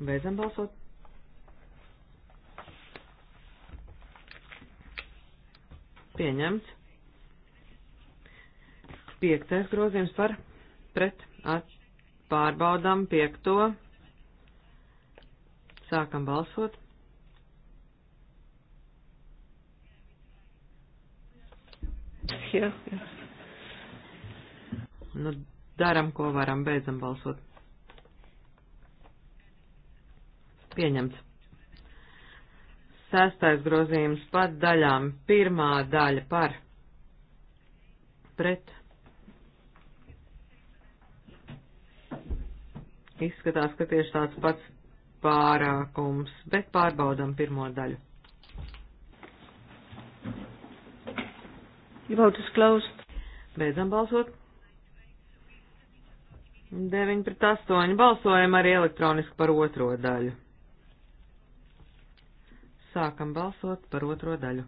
Beidzam balsot. Pieņemts. Piektais grozījums par pret at, pārbaudām piekto. Sākam balsot. Jā, jā. Nu, daram, ko varam, beidzam balsot. Pieņemts. Sestais grozījums pat daļām. Pirmā daļa par pret Izskatās, ka tieši tāds pats pārākums, bet pārbaudam pirmo daļu. Vote is closed. Beidzam balsot. 9 pret 8 balsojam arī elektroniski par otro daļu. Sākam balsot par otro daļu.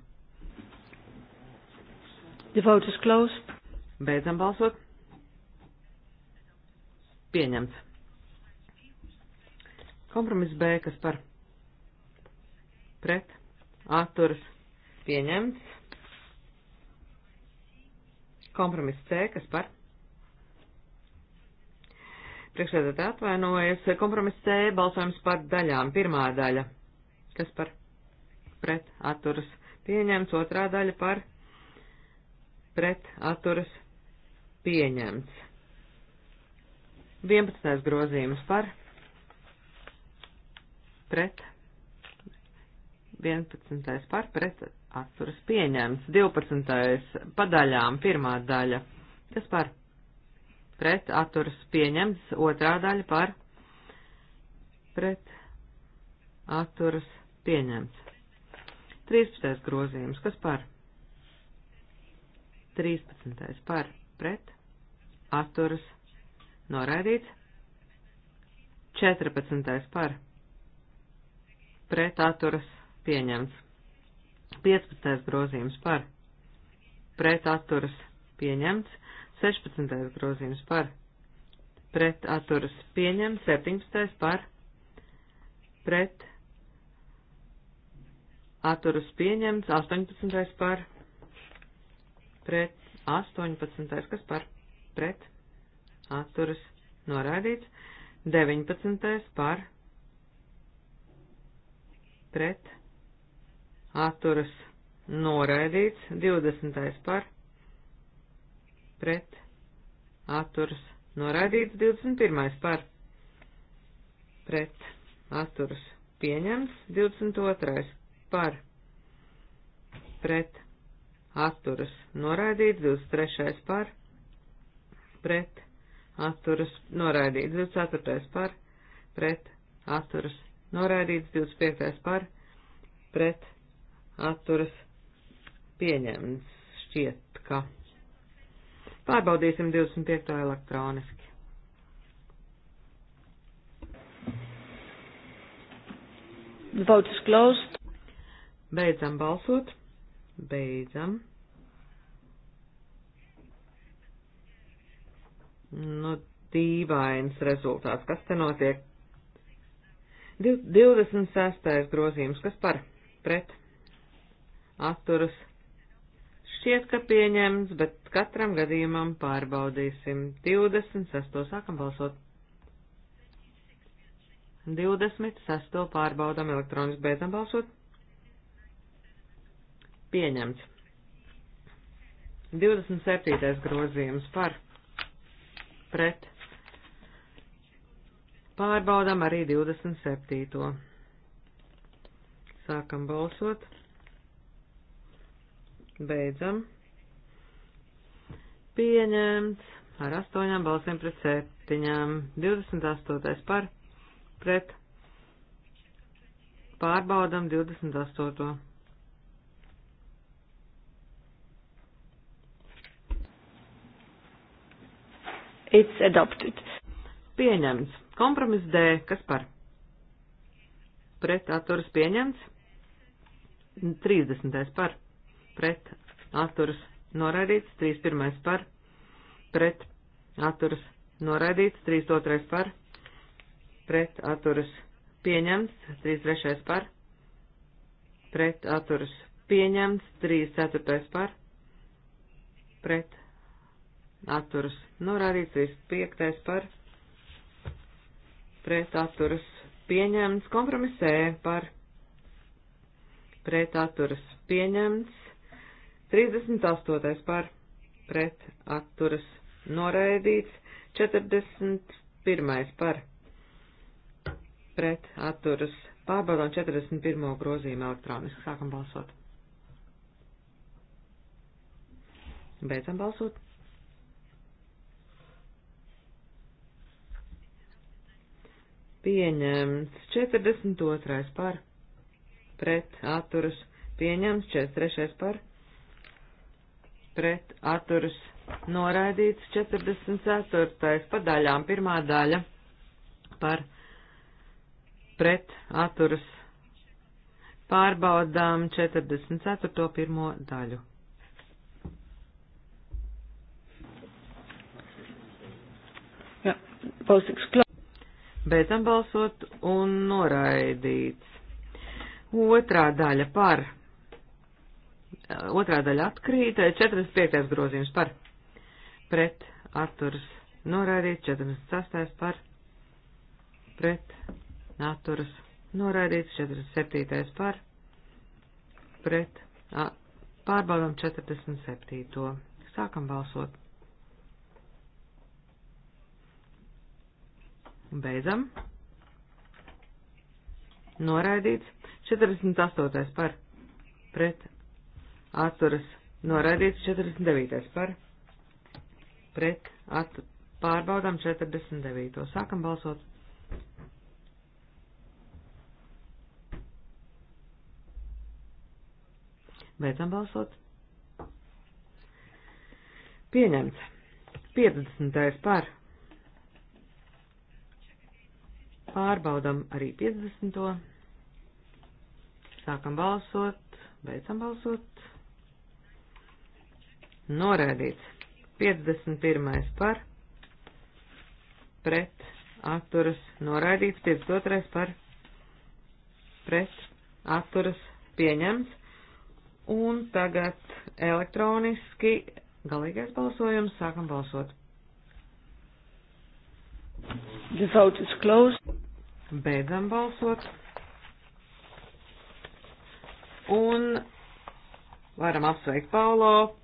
The vote is closed. Beidzam balsot. Pieņemts. Kompromiss B, kas par pret atturas pieņemts. Kompromiss C, kas par priekšsēdētāji atvainojas. Kompromiss C, balsojums par daļām. Pirmā daļa, kas par pret atturas pieņemts, otrā daļa par pret atturas pieņemts. 11. grozījums par pret pret 11. par pret atturas pieņemts, 12. padaļām pirmā daļa, kas par pret atturas pieņemts, otrā daļa par pret atturas pieņemts. 13. grozījums, kas par 13. par pret atturas noraidīts, 14. par pret pret atturas pieņemts. 15. grozījums par pret atturas pieņemts. 16. grozījums par pret atturas pieņemts. 17. par pret atturas pieņemts. 18. par pret 18. kas par pret atturas noraidīts. 19. par pret pret, atturas, noraidīts, 20. par, pret, atturas, noraidīts, 21. par, pret, atturas, pieņemts, 22. par, pret, atturas, noraidīts, 23. par, pret, atturas, noraidīts, 24. par, pret, atturas, noraidīts 25. par pret atturas pieņemts šķiet, ka. Pārbaudīsim 25. elektroniski. Vote is closed. Beidzam balsot. Beidzam. Nu, dīvains rezultāts. Kas te notiek? 26. grozījums, kas par pret atturas šķiet, ka pieņemts, bet katram gadījumam pārbaudīsim. 26. sākam balsot. 26. pārbaudam elektroniski beidzam balsot. Pieņemts. 27. grozījums par pret Pārbaudām arī 27. Sākam balsot. Beidzam. Pieņemts ar 8 balsīm pret 7. 28. par pret. Pārbaudam 28. It's adopted. Pieņemts. Kompromiss D, kas par? Pret atturas pieņemts. 30. par. Pret atturas noraidīts. 31. par. Pret atturas noraidīts. 32. par. Pret atturas pieņemts. 33. par. Pret atturas pieņemts. 34. par. Pret atturas noraidīts. 35. par pretaturas pieņemts, kompromiss E par pretaturas pieņemts, 38. par pretaturas noraidīts, 41. par pretaturas pārbaudām 41. grozījumu elektroniski. Sākam balsot. Beidzam balsot. pieņemts 42. par, pret atturas pieņemts 43. par, pret atturas noraidīts 44. pa daļām pirmā daļa par, pret atturas pārbaudām 44. pirmo daļu. Ja, Beidzam balsot un noraidīts. Otrā daļa par. Otrā daļa atkrīt. 45. grozījums par. Pret atturas noraidīts. 46. par. Pret atturas noraidīts. 47. par. Pret. Pārbaudām 47. Sākam balsot. Beidzam. Noraidīts. 48. par pret atturas noraidīts 49. par pret attu pārbaudām 49. Sākam balsot. Beidzam balsot. Pieņemts. 50. par Pārbaudam arī 50. Sākam balsot, beidzam balsot. Noraidīts. 51. par, pret, atturas, noraidīts. 52. par, pret, atturas, pieņemts. Un tagad elektroniski galīgais balsojums. Sākam balsot. The vote is closed. Beidzam balsot. Un varam apsveikt Paulo.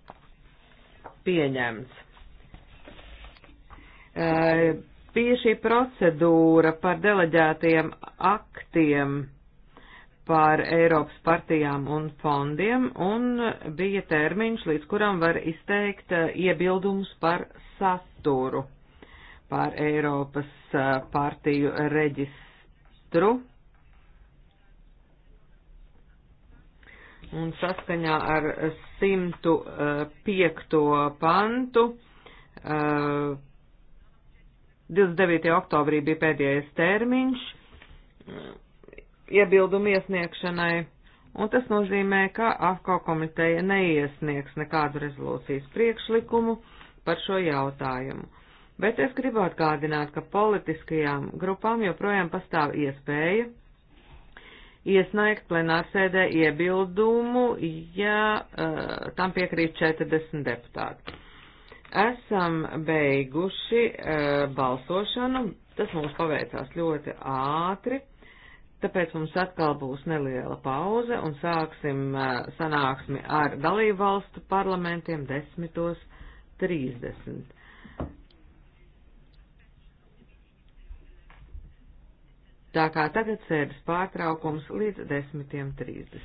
Pieņemts. E, bija šī procedūra par deleģētiem aktiem par Eiropas partijām un fondiem, un bija termiņš, līdz kuram var izteikt eh, iebildumus par saturu, par Eiropas eh, partiju reģistrāciju katru. Un saskaņā ar 105. Eh, pantu 29. Eh, oktobrī bija pēdējais termiņš eh, iebildumu iesniegšanai, un tas nozīmē, ka AFKO komiteja neiesniegs nekādu rezolūcijas priekšlikumu par šo jautājumu. Bet es gribu atgādināt, ka politiskajām grupām joprojām pastāv iespēja iesniegt plenārsēdē iebildumu, ja uh, tam piekrīt 40 deputāti. Esam beiguši uh, balsošanu, tas mums paveicās ļoti ātri tāpēc mums atkal būs neliela pauze un sāksim eh, sanāksmi ar dalību valstu parlamentiem 10.30. tā kā tagad sēdes pārtraukums līdz 10.30.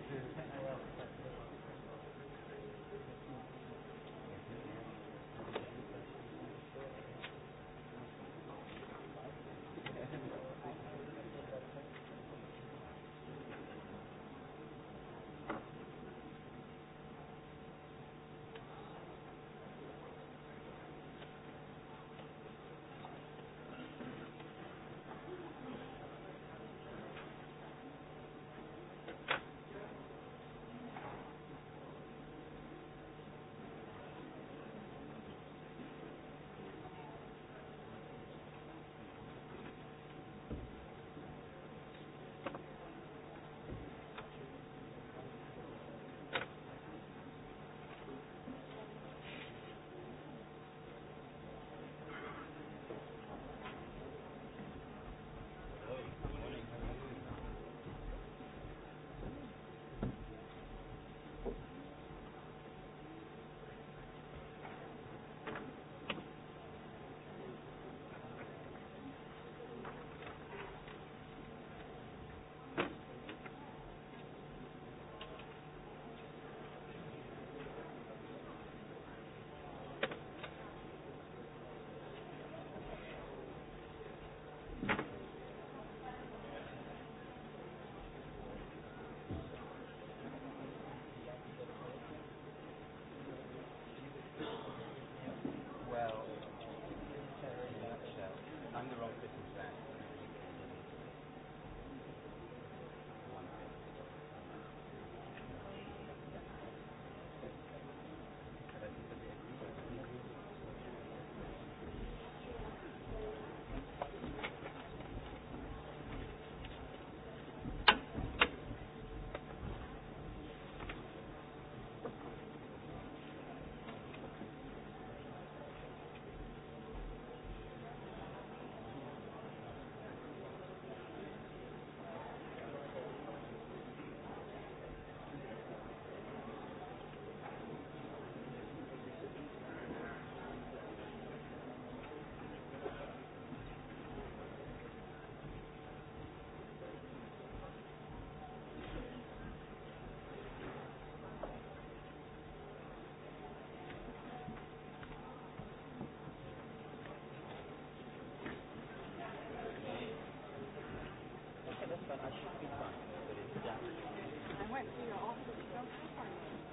I should be fine, but it's down. I went to your office.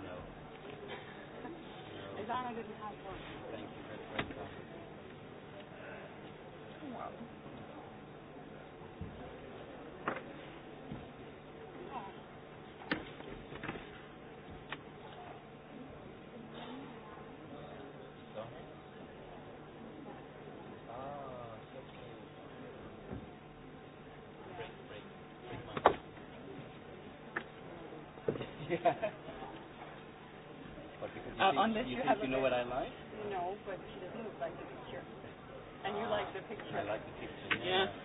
No. No. Ivana didn't have one. Yeah. Uh, what, because you uh, think, unless you, you, think have you know what I like? No, but she doesn't look like the picture. And you uh, like the picture. I like the picture. Yeah. yeah.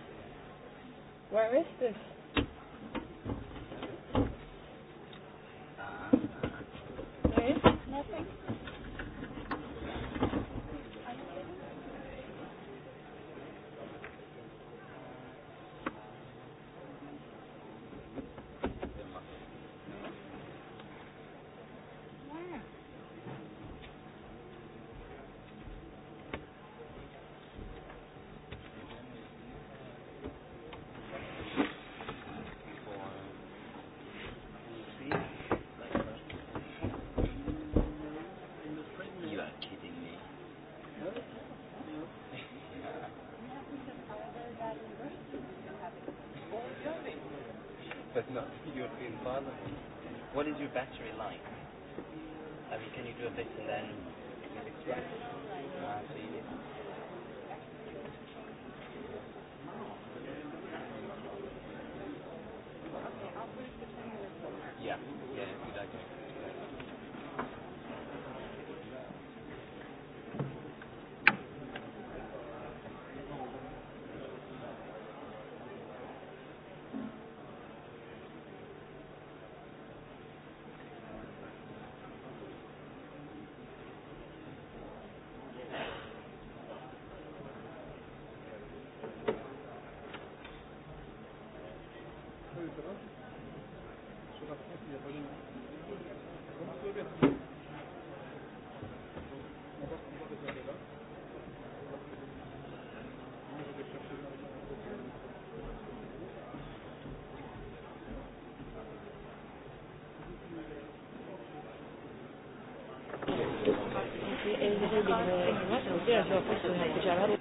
Where is this? Gracias.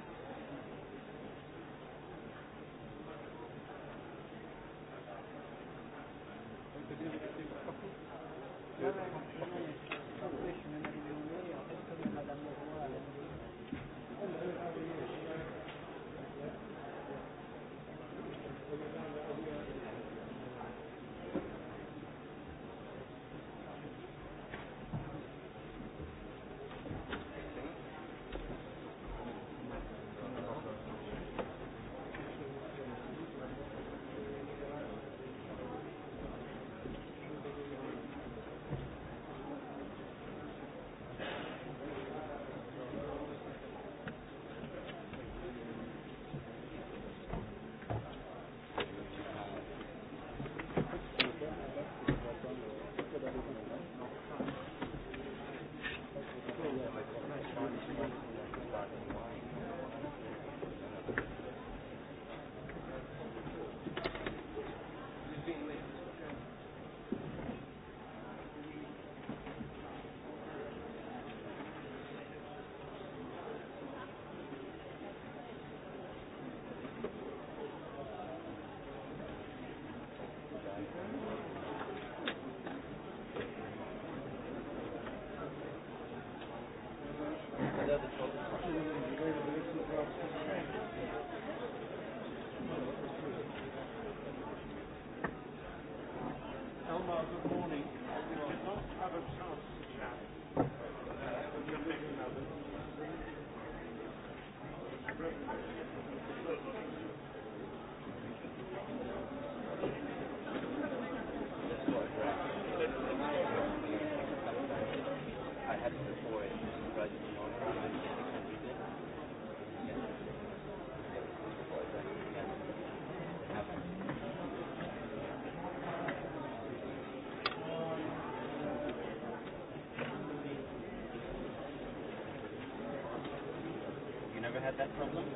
had that problem?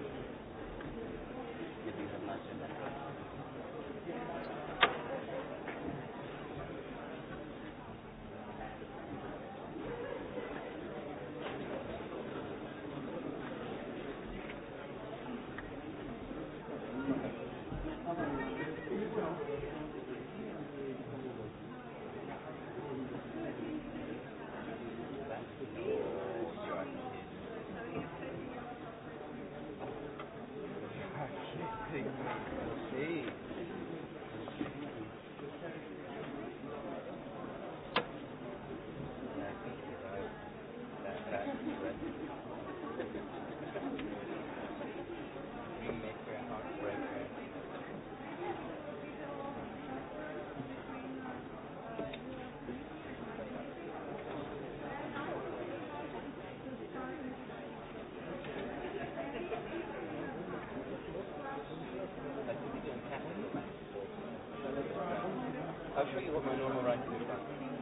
I'll show you what my normal writing is like.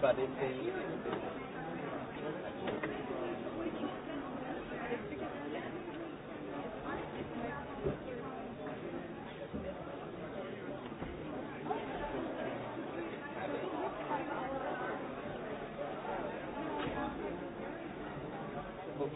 But it's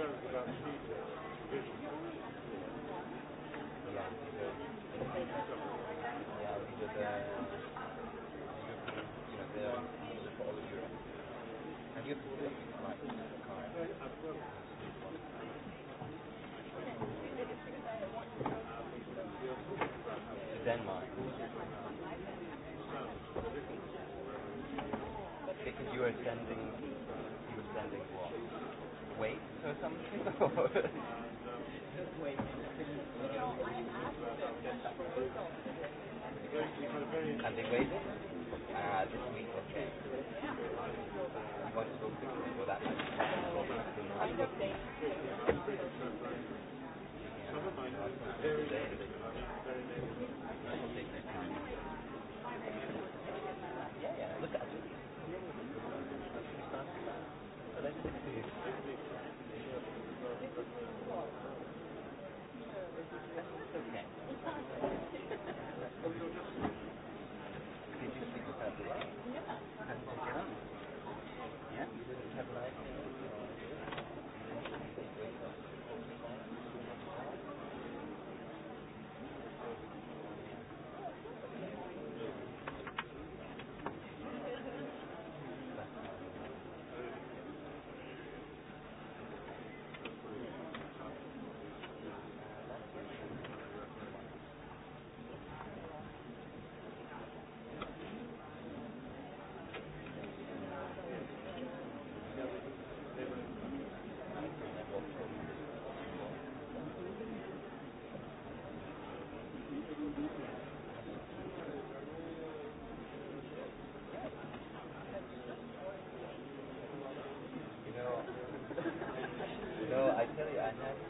concerns about future vision. Yeah. Yeah. Yeah. Yeah. Yeah. Yeah. Yeah. Can they waive it? Uh, this week, okay. You want to go quickly for that much? I don't think. Gracias.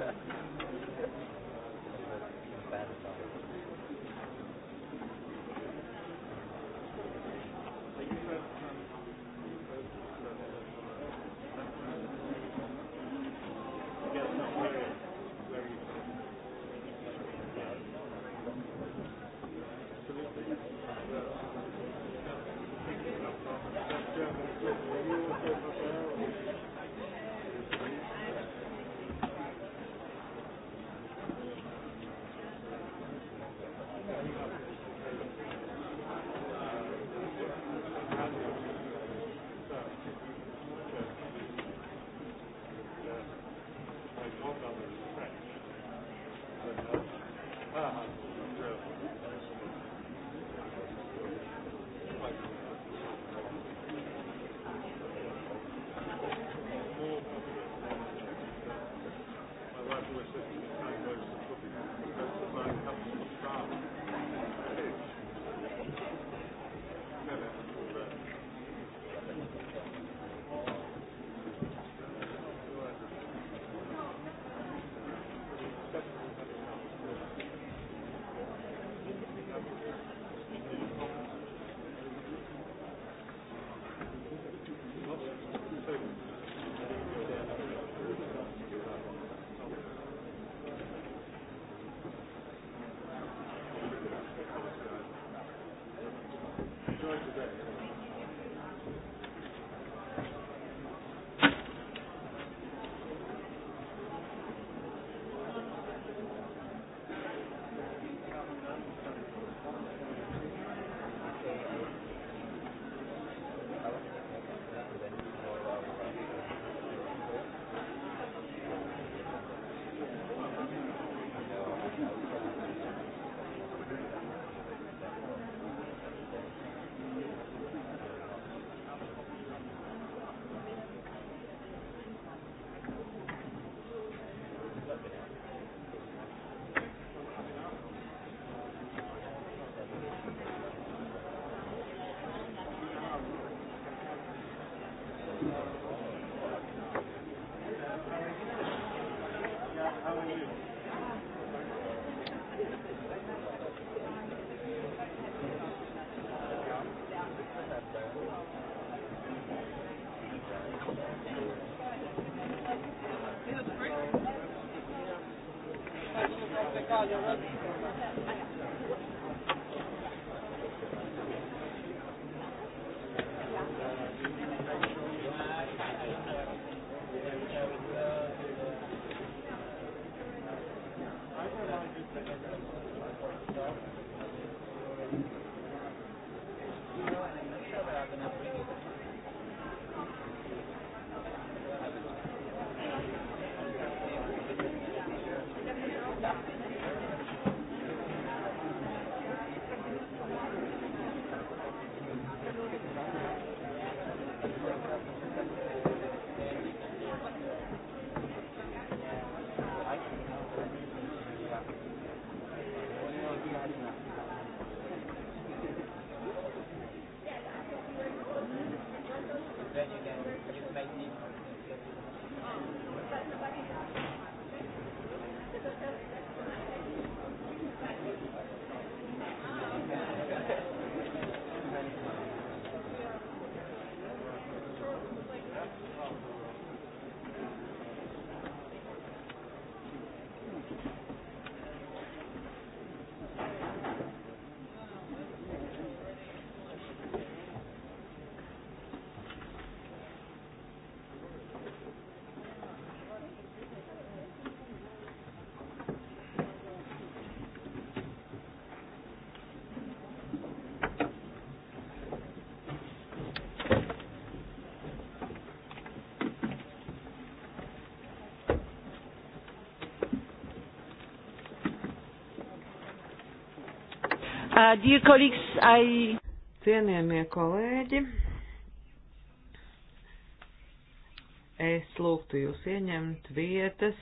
today. Italia, Uh, dear colleagues, I... Cienījamie kolēģi, es lūgtu jūs ieņemt vietas.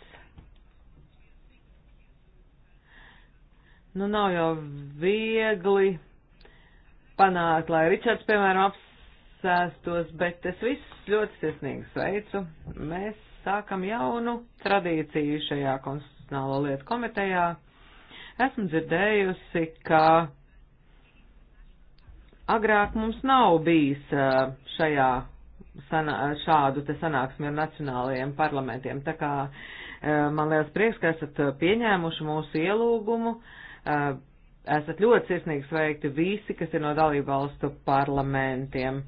Nu, nav jau viegli panākt, lai Ričards, piemēram, apsēstos, bet es visus ļoti sirsnīgi sveicu. Mēs sākam jaunu tradīciju šajā konstitucionālo lietu komitejā. Esmu dzirdējusi, ka Agrāk mums nav bijis šajā sanā, šādu te sanāksmi ar nacionālajiem parlamentiem, tā kā man liels prieks, ka esat pieņēmuši mūsu ielūgumu. Esat ļoti sirsnīgi sveikti visi, kas ir no dalību valstu parlamentiem.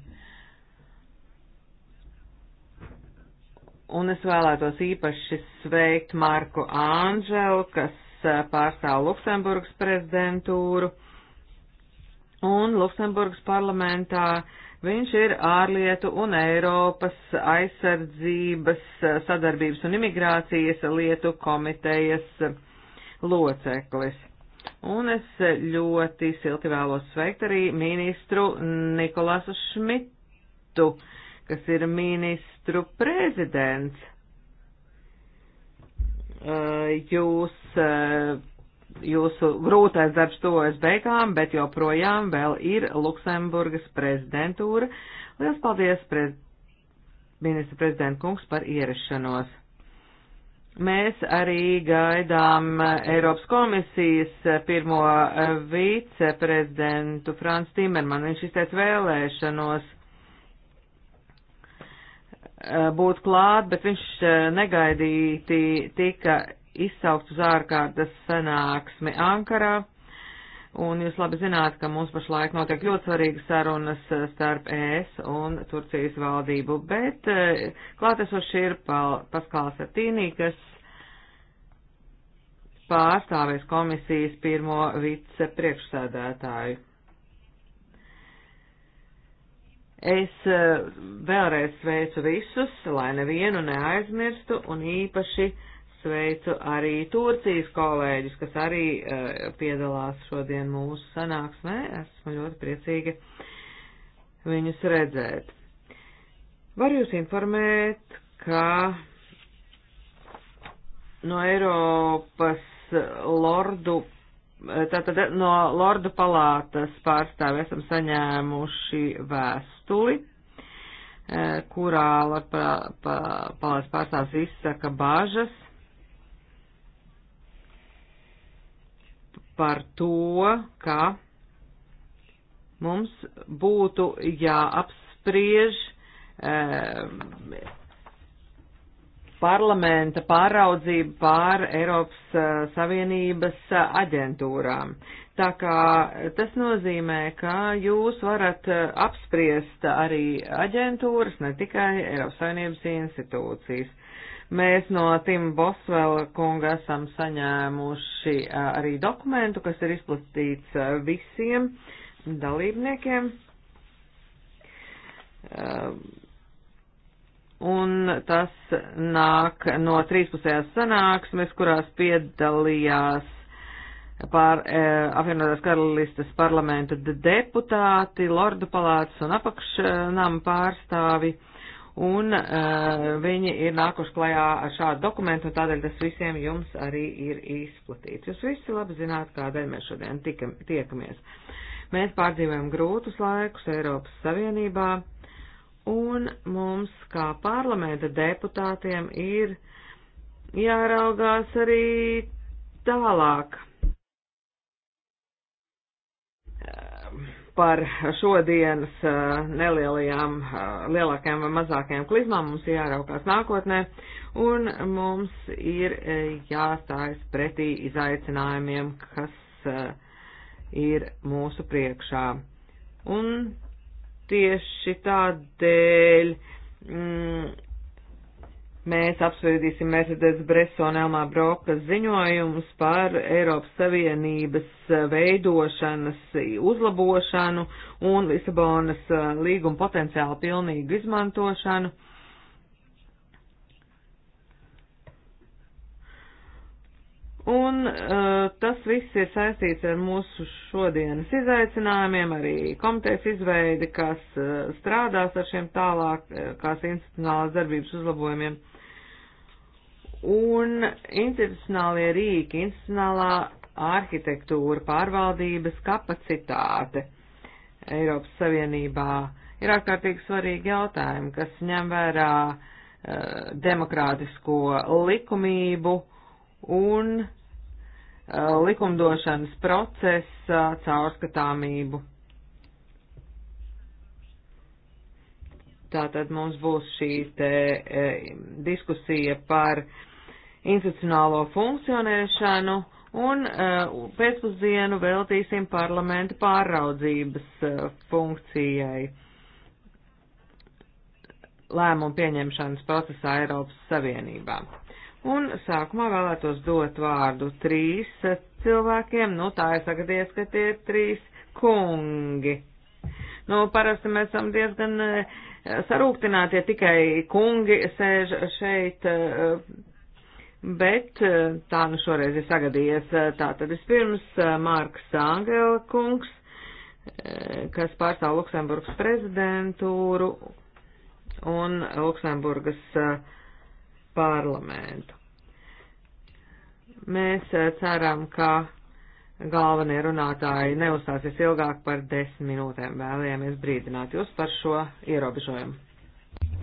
un es vēlētos īpaši sveikt Marku Ānželu, kas pārstāv Luksemburgas prezidentūru, un Luksemburgas parlamentā viņš ir ārlietu un Eiropas aizsardzības sadarbības un imigrācijas lietu komitejas loceklis. Un es ļoti silti vēlos sveikt arī ministru Nikolasu Šmitu, kas ir ministru prezidents. Jūs jūsu grūtais darbs tuvojas beigām, bet joprojām vēl ir Luksemburgas prezidentūra. Lielas paldies, prez... ministra prezidenta kungs, par ierašanos. Mēs arī gaidām Eiropas komisijas pirmo viceprezidentu Frans Timermanu. Viņš izteica vēlēšanos eh, būt klāt, bet viņš eh, negaidīti tika izsaukt uz ārkārtas sanāksmi Ankarā. Un jūs labi zināt, ka mums pašlaik notiek ļoti svarīgas sarunas starp ES un Turcijas valdību, bet eh, klātesoši ir Paskāls Satīnī, kas pārstāvēs komisijas pirmo vice priekšsēdētāju. Es eh, vēlreiz sveicu visus, lai nevienu neaizmirstu un īpaši uh, sveicu arī Turcijas kolēģis, kas arī uh, piedalās šodien mūsu sanāksmē. Esmu ļoti priecīga viņus redzēt. Varu jūs informēt, ka no Eiropas lordu, eh, tātad eh, no lordu palātas pārstāvi esam saņēmuši vēstuli kurā palāca pārstāvs izsaka bāžas par to, ka mums būtu jāapspriež eh, parlamenta pāraudzība pār Eiropas eh, Savienības eh, aģentūrām. Tā kā tas nozīmē, ka jūs varat eh, apspriest arī aģentūras, ne tikai Eiropas Savienības institūcijas. Mēs no Tima Bosvela kunga esam saņēmuši arī dokumentu, kas ir izplatīts visiem dalībniekiem. Un tas nāk no trīspusējās sanāksmes, kurās piedalījās pār e, apvienotās karalistes parlamenta deputāti, lordu palātas un apakšnām pārstāvi. E, un uh, viņi ir nākuši klajā ar šādu dokumentu, un tādēļ tas visiem jums arī ir izplatīts. Jūs visi labi zināt, kādēļ mēs šodien tikam, tiekamies. Mēs pārdzīvojam grūtus laikus Eiropas Savienībā, un mums, kā parlamenta deputātiem, ir jāraugās arī tālāk par šodienas nelielajām, lielākajām vai mazākajām klizmām mums ir jāraukās nākotnē, un mums ir jāstājas pretī izaicinājumiem, kas ir mūsu priekšā. Un tieši tādēļ mm, mēs apsvērdīsim Mercedes Bresona Elmā Broka ziņojumus par Eiropas Savienības eh, veidošanas eh, uzlabošanu un Lisabonas eh, līguma potenciālu pilnīgu izmantošanu. Un uh, tas viss ir saistīts ar mūsu šodienas izaicinājumiem, arī komitejas izveidi, kas uh, strādās ar šiem tālākās institucionālās darbības uzlabojumiem. Un institucionālie rīki, institucionālā arhitektūra, pārvaldības kapacitāte Eiropas Savienībā ir ārkārtīgi svarīgi jautājumi, kas ņem vērā uh, demokrātisko likumību un uh, likumdošanas procesa caurskatāmību. Tātad mums būs šī te, e, diskusija par e, institucionālo funkcionēšanu un eh, pēcpusdienu veltīsim parlamenta pāraudzības eh, funkcijai lēmumu pieņemšanas procesā Eiropas Savienībā. Un sākumā vēlētos dot vārdu trīs cilvēkiem, nu tā es sagadies, ka tie ir trīs kungi. Nu, parasti mēs esam diezgan eh, sarūktināti, ja tikai kungi sēž šeit Bet eh, tā nu šoreiz ir sagadījies. Eh, Tātad vispirms eh, Mārks Angela kungs, kas pārstāv Luksemburgas prezidentūru un Luksemburgas parlamentu. Mēs ceram, ka galvenie runātāji neuzstāsies ilgāk par desmit minūtēm. Vēlējāmies brīdināt jūs par šo ierobežojumu.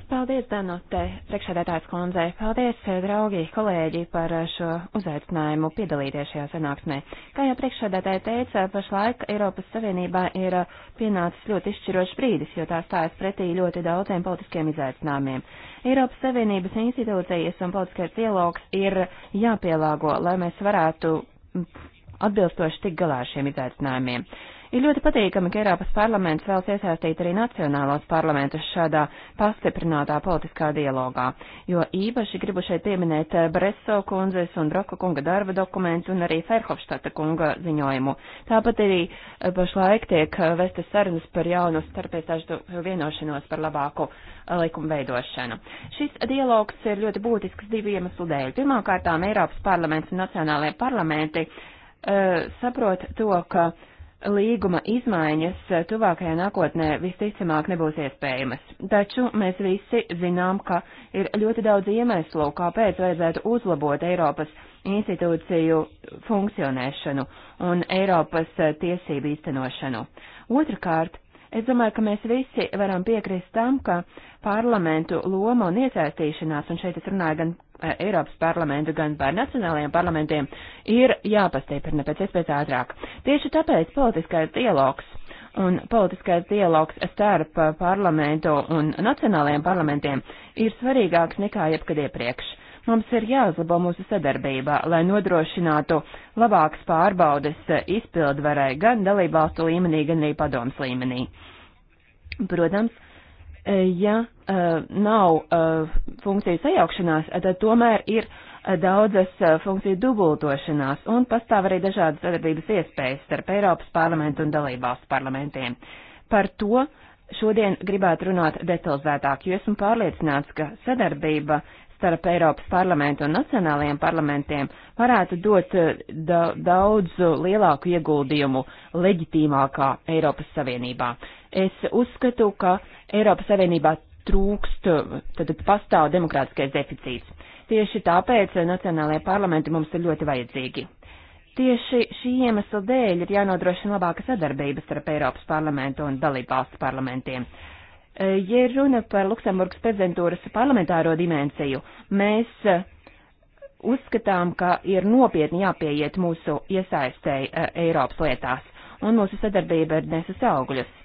Paldies, Danute, priekšsēdētājs kundzei. Paldies, eh, draugi, kolēģi, par eh, šo uzaicinājumu piedalīties šajā sanāksmē. Kā jau priekšsēdētāja teica, pašlaik Eiropas Savienībā ir eh, pienācis ļoti izšķirošs brīdis, jo tā stājas pretī ļoti daudziem politiskiem izaicinājumiem. Eiropas Savienības institūcijas un politiskais dialogs ir jāpielāgo, lai mēs varētu mm, atbilstoši tik galā ar šiem izaicinājumiem. Ir ļoti patīkami, ka Eiropas parlaments vēlas iesaistīt arī nacionālos parlamentus šādā pastiprinātā politiskā dialogā, jo īpaši gribu šeit pieminēt eh, Breso kundzes un Broka kunga darba dokumentus un arī Ferhofštata kunga ziņojumu. Tāpat arī eh, pašlaik tiek eh, vestas sarunas par jaunu starpiestāžu vienošanos par labāku likumu veidošanu. Šis dialogs ir ļoti būtisks divu iemeslu dēļ. Pirmkārtām Eiropas parlaments un nacionālajie parlamenti uh, saprot to, ka uh, līguma izmaiņas tuvākajā nākotnē visticamāk nebūs iespējamas, taču mēs visi zinām, ka ir ļoti daudz iemeslu, kāpēc vajadzētu uzlabot Eiropas institūciju funkcionēšanu un Eiropas tiesību īstenošanu. Otrakārt, es domāju, ka mēs visi varam piekrist tam, ka parlamentu loma un iesaistīšanās, un šeit es runāju gan Eh, Eiropas parlamentu, gan par nacionālajiem parlamentiem ir jāpastiprina pēc iespējas ātrāk. Tieši tāpēc politiskais dialogs un politiskais dialogs starp parlamentu un nacionālajiem parlamentiem ir svarīgāks nekā jebkad iepriekš. Mums ir jāuzlabo mūsu sadarbība, lai nodrošinātu labākas pārbaudes izpildvarai gan dalībvalstu līmenī, gan arī padomas līmenī. Protams, ja e, nav e, funkciju sajaukšanās, e, tad tomēr ir daudzas funkciju dubultošanās un pastāv arī dažādas sadarbības iespējas starp Eiropas parlamentu un dalībvalstu parlamentiem. Par to šodien gribētu runāt detalizētāk, jo esmu pārliecināts, ka sadarbība starp Eiropas parlamentu un nacionālajiem parlamentiem varētu dot da daudz lielāku ieguldījumu leģitīmākā Eiropas Savienībā. Es uzskatu, ka Eiropas Savienībā trūkst, tad pastāv demokrātiskais deficīts. Tieši tāpēc nacionālajie parlamenti mums ir ļoti vajadzīgi. Tieši šī iemesla dēļ ir jānodrošina labāka sadarbība starp Eiropas parlamentu un dalībvalstu parlamentiem. E, ja runa par Luksemburgas prezidentūras parlamentāro dimensiju, mēs e, uzskatām, ka ir nopietni jāpieiet mūsu iesaistēji e, Eiropas lietās, un mūsu sadarbība ir nesus augļus.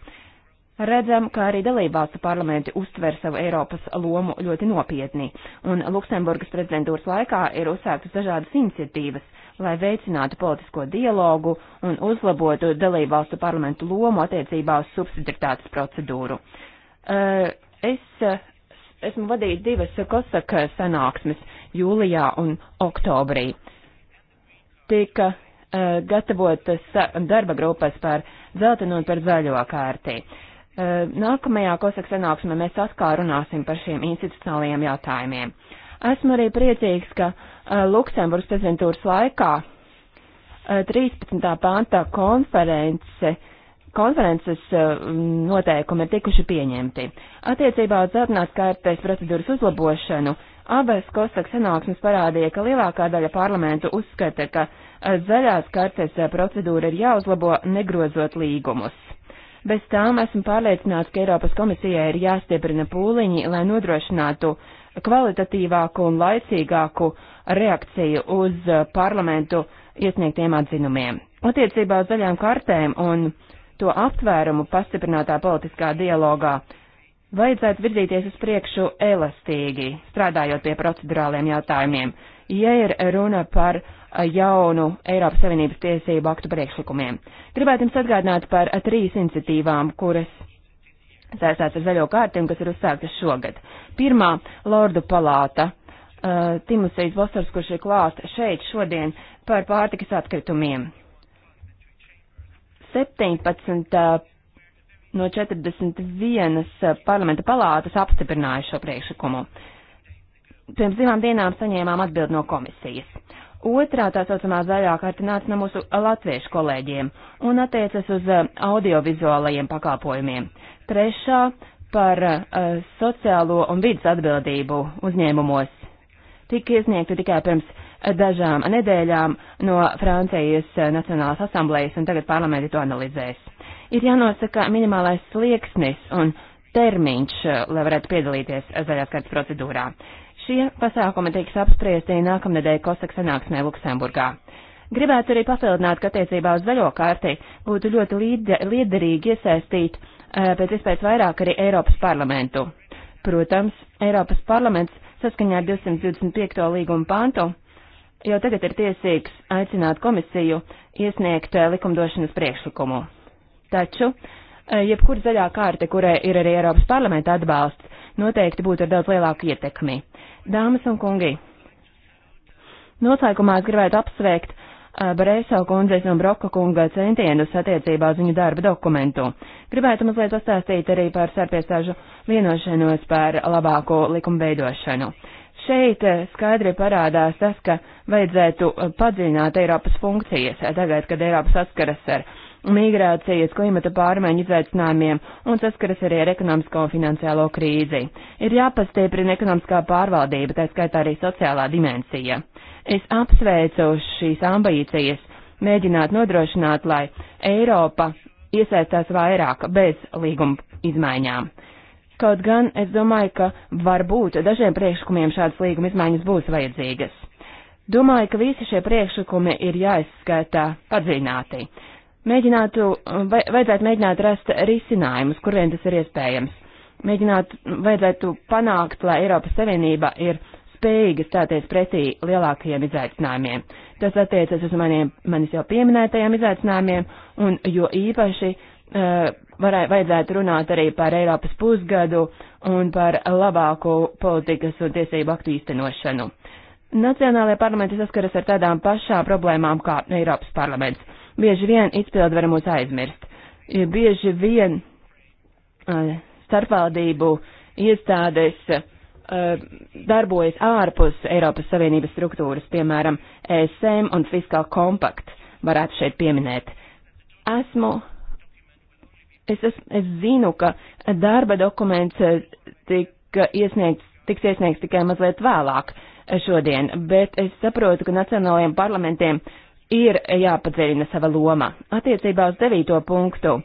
Redzam, ka arī dalībvalstu parlamenti uztver savu Eiropas lomu ļoti nopietni, un Luksemburgas prezidentūras laikā ir uzsāktas dažādas iniciatīvas, lai veicinātu politisko dialogu un uzlabotu dalībvalstu parlamentu lomu attiecībā uz subsidiritātes procedūru. Eh, es eh, esmu vadījis divas Kosaka sanāksmes jūlijā un oktobrī. Tika eh, gatavotas darba grupas par dzeltenu un par zaļo kārtību. Eh, nākamajā kosaka sanāksmē mēs atkal runāsim par šiem institucionālajiem jautājumiem. Esmu arī priecīgs, ka eh, Luksemburgas prezidentūras laikā 13. Eh, pāntā konference, konferences noteikumi ir tikuši pieņemti. Attiecībā uz darbnās kārtēs procedūras uzlabošanu abas kosaka sanāksmes parādīja, ka lielākā daļa parlamentu uzskata, ka zaļās kārtēs procedūra ir jāuzlabo negrozot līgumus. Bez tām esmu pārliecināts, ka Eiropas komisijai ir jāstieprina pūliņi, lai nodrošinātu kvalitatīvāku un laicīgāku reakciju uz parlamentu iesniegtiem atzinumiem. Attiecībā uz zaļām kartēm un to aptvērumu pastiprinātā politiskā dialogā vajadzētu virzīties uz priekšu elastīgi, strādājot pie procedurāliem jautājumiem. Ja ir runa par jaunu Eiropas Savienības tiesību aktu priekšlikumiem. Gribētu jums atgādināt par trīs iniciatīvām, kuras saistās ar zaļo kārti un kas ir uzsāktas šogad. Pirmā - Lordu palāta. Uh, Timosejs Vostars, kurš ir klāt šeit šodien par pārtikas atkritumiem. 17 uh, no 41 uh, parlamenta palātas apstiprināja šo priekšlikumu. Pirms divām dienām saņēmām atbildi no komisijas. Otrā tā saucamā zaļā karta nāca no mūsu latviešu kolēģiem un attiecas uz eh, audiovizuālajiem pakalpojumiem. Trešā par uh, sociālo un vidas atbildību uzņēmumos tika iesniegta tikai pirms eh, dažām nedēļām no Francijas Nacionālās asamblējas un tagad parlamenti to analizēs. Ir jānosaka minimālais slieksnis un termiņš, lai varētu piedalīties zaļās kārtas procedūrā. Šie pasākumi tiks apspriesti nākamnedēļ Kosek sanāksmē Luksemburgā. Gribētu arī papildināt, ka attiecībā uz zaļo kārti būtu ļoti liederīgi iesaistīt eh, pēc iespējas vairāk arī Eiropas parlamentu. Protams, Eiropas parlaments saskaņā ar 225. līguma pantu jau tagad ir tiesīgs aicināt komisiju iesniegt eh, likumdošanas priekšlikumu. Taču, eh, jebkur zaļā kārta, kurai ir arī Eiropas parlamenta atbalsts, noteikti būtu ar daudz lielāku ietekmi. Dāmas un kungi, noslēgumā es gribētu apsveikt uh, eh, Barēso kundzes un Broka kunga centienus attiecībā uz viņu darba dokumentu. Gribētu mazliet pastāstīt arī par sarpiestāžu vienošanos par labāko likumu veidošanu. Šeit eh, skaidri parādās tas, ka vajadzētu eh, padziļināt Eiropas funkcijas, tagad, kad Eiropa saskaras ar migrācijas, klimata pārmaiņu izaicinājumiem un saskaras arī ar ekonomisko un finansiālo krīzi. Ir jāpastieprina ekonomiskā pārvaldība, tā skaitā arī sociālā dimensija. Es apsveicu šīs ambīcijas mēģināt nodrošināt, lai Eiropa iesaistās vairāk bez līguma izmaiņām. Kaut gan es domāju, ka varbūt dažiem priekšlikumiem šādas līguma izmaiņas būs vajadzīgas. Domāju, ka visi šie priekšlikumi ir jāizskatā padziļināti. Mēģinātu, vai, vajadzētu mēģināt rast risinājumus, kur vien tas ir iespējams. Mēģināt, vajadzētu panākt, lai Eiropas Savienība ir spējīga stāties pretī lielākajiem izaicinājumiem. Tas attiecas uz maniem, manis jau pieminētajiem izaicinājumiem, un jo īpaši uh, eh, varēja, vajadzētu runāt arī par Eiropas pusgadu un par labāku politikas un tiesību aktu īstenošanu. Nacionālajie parlamenti saskaras ar tādām pašām problēmām kā Eiropas parlaments. Bieži vien izpildvara mūs aizmirst. Bieži vien uh, starpvaldību iestādes uh, darbojas ārpus Eiropas Savienības struktūras, piemēram, ESM un Fiskal Kompakt varētu šeit pieminēt. Esmu, es, es, es zinu, ka darba dokuments tika iesniegts, tiks iesniegts tikai mazliet vēlāk šodien, bet es saprotu, ka nacionālajiem parlamentiem ir jāpadziļina sava loma. Attiecībā uz devīto punktu,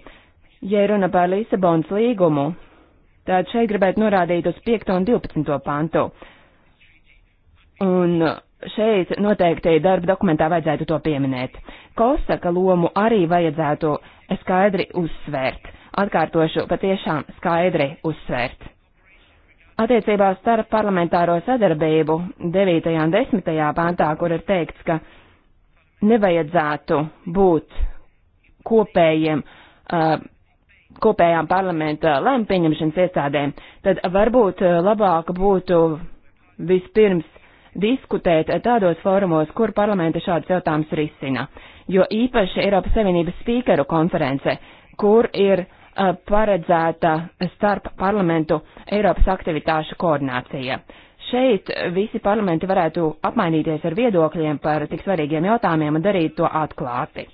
ja runa par Lisabonas līgumu, tad šeit gribētu norādīt uz 5. un 12. pantu. Un šeit noteikti darba dokumentā vajadzētu to pieminēt. Kosaka lomu arī vajadzētu skaidri uzsvērt. Atkārtošu, patiešām skaidri uzsvērt. Attiecībā starp parlamentāro sadarbību 9. un 10. pantā, kur ir teikts, ka nevajadzētu būt kopējiem, uh, kopējām parlamenta lēmu pieņemšanas iestādēm, tad varbūt uh, labāk būtu vispirms diskutēt tādos fórumos, kur parlamenta šādus jautājumus risina, jo īpaši Eiropas Savienības spīkeru konference, kur ir uh, paredzēta starp parlamentu Eiropas aktivitāšu koordinācija šeit visi parlamenti varētu apmainīties ar viedokļiem par tik svarīgiem jautājumiem un darīt to atklāti.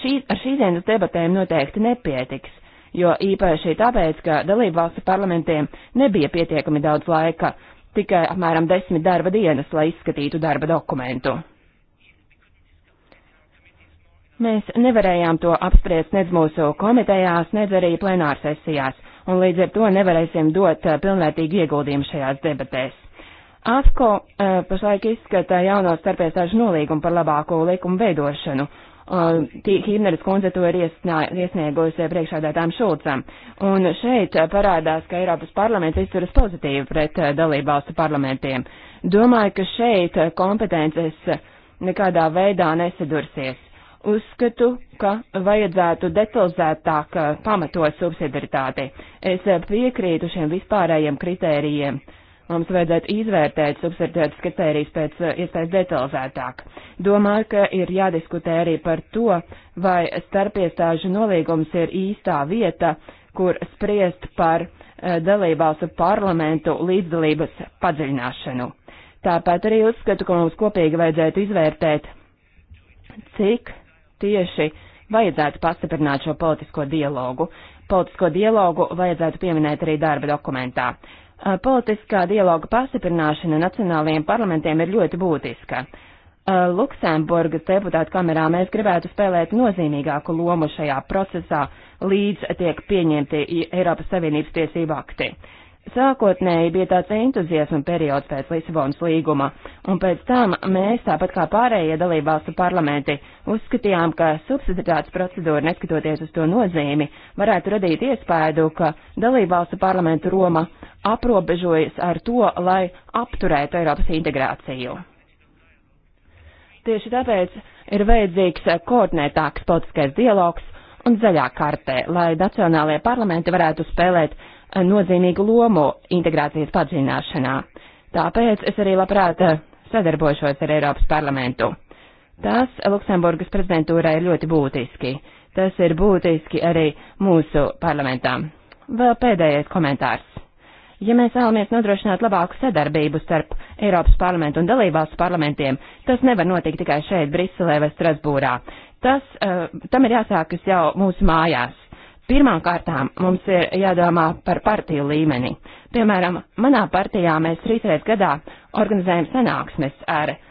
Šī, ar šīs dienas debatēm noteikti nepietiks, jo īpaši tāpēc, ka dalību valstu parlamentiem nebija pietiekami daudz laika, tikai apmēram desmit darba dienas, lai izskatītu darba dokumentu. Mēs nevarējām to apspriest nedz mūsu komitejās, nedz arī plenārsesijās, un līdz ar to nevarēsim dot eh, pilnvērtīgu ieguldījumu šajās debatēs. AFCO uh, eh, pašlaik izskata jauno starpiestāžu nolīgumu par labāko likumu veidošanu. Uh, eh, Himneris kundze to ir iesniegusi priekšādātām Šulcam. Un šeit eh, parādās, ka Eiropas parlaments izturas pozitīvi pret uh, dalībvalstu parlamentiem. Domāju, ka šeit kompetences nekādā veidā nesadursies. Uzskatu, ka vajadzētu detalizētāk pamatot subsidiaritāti. Es piekrītu šiem vispārējiem kritērijiem. Uh, Mums vajadzētu izvērtēt subsidiētas kritērijas pēc eh, iespējas detalizētāk. Domāju, ka ir jādiskutē arī par to, vai starpiestāžu nolīgums ir īstā vieta, kur spriest par eh, dalībvalstu parlamentu līdzdalības padziļināšanu. Tāpat arī uzskatu, ka mums kopīgi vajadzētu izvērtēt, cik tieši vajadzētu pastiprināt šo politisko dialogu. Politisko dialogu vajadzētu pieminēt arī darba dokumentā. Eh, politiskā dialoga pastiprināšana nacionālajiem parlamentiem ir ļoti būtiska. Eh, Luksemburgas deputātu kamerā mēs gribētu spēlēt nozīmīgāku lomu šajā procesā, līdz tiek pieņemti Eiropas Savienības tiesību akti. Sākotnēji bija tāds entuziasma periods pēc Lisabonas līguma, un pēc tam mēs, tāpat kā pārējie dalībvalstu parlamenti, uzskatījām, ka subsidiaritātes procedūra, neskatoties uz to nozīmi, varētu radīt iespēju, ka dalībvalstu parlamentu Roma aprobežojas ar to, lai apturētu Eiropas integrāciju. Tieši tāpēc ir vajadzīgs koordinētāks politiskais dialogs un zaļā kartē, lai nacionālajie parlamenti varētu spēlēt nozīmīgu lomu integrācijas padziļināšanā. Tāpēc es arī labprāt eh, sadarbošos ar Eiropas parlamentu. Tas Luksemburgas prezidentūrai ir ļoti būtiski. Tas ir būtiski arī mūsu parlamentām. Vēl pēdējais komentārs. Ja mēs vēlamies nodrošināt labāku sadarbību starp Eiropas parlamentu un dalībvalstu parlamentiem, tas nevar notikt tikai šeit, Briselē vai Strasbūrā. Tas, uh, tam ir jāsākas jau mūsu mājās. Pirmām kārtām mums ir jādomā par partiju līmeni. Piemēram, manā partijā mēs trīsreiz gadā organizējam sanāksmes ar uh,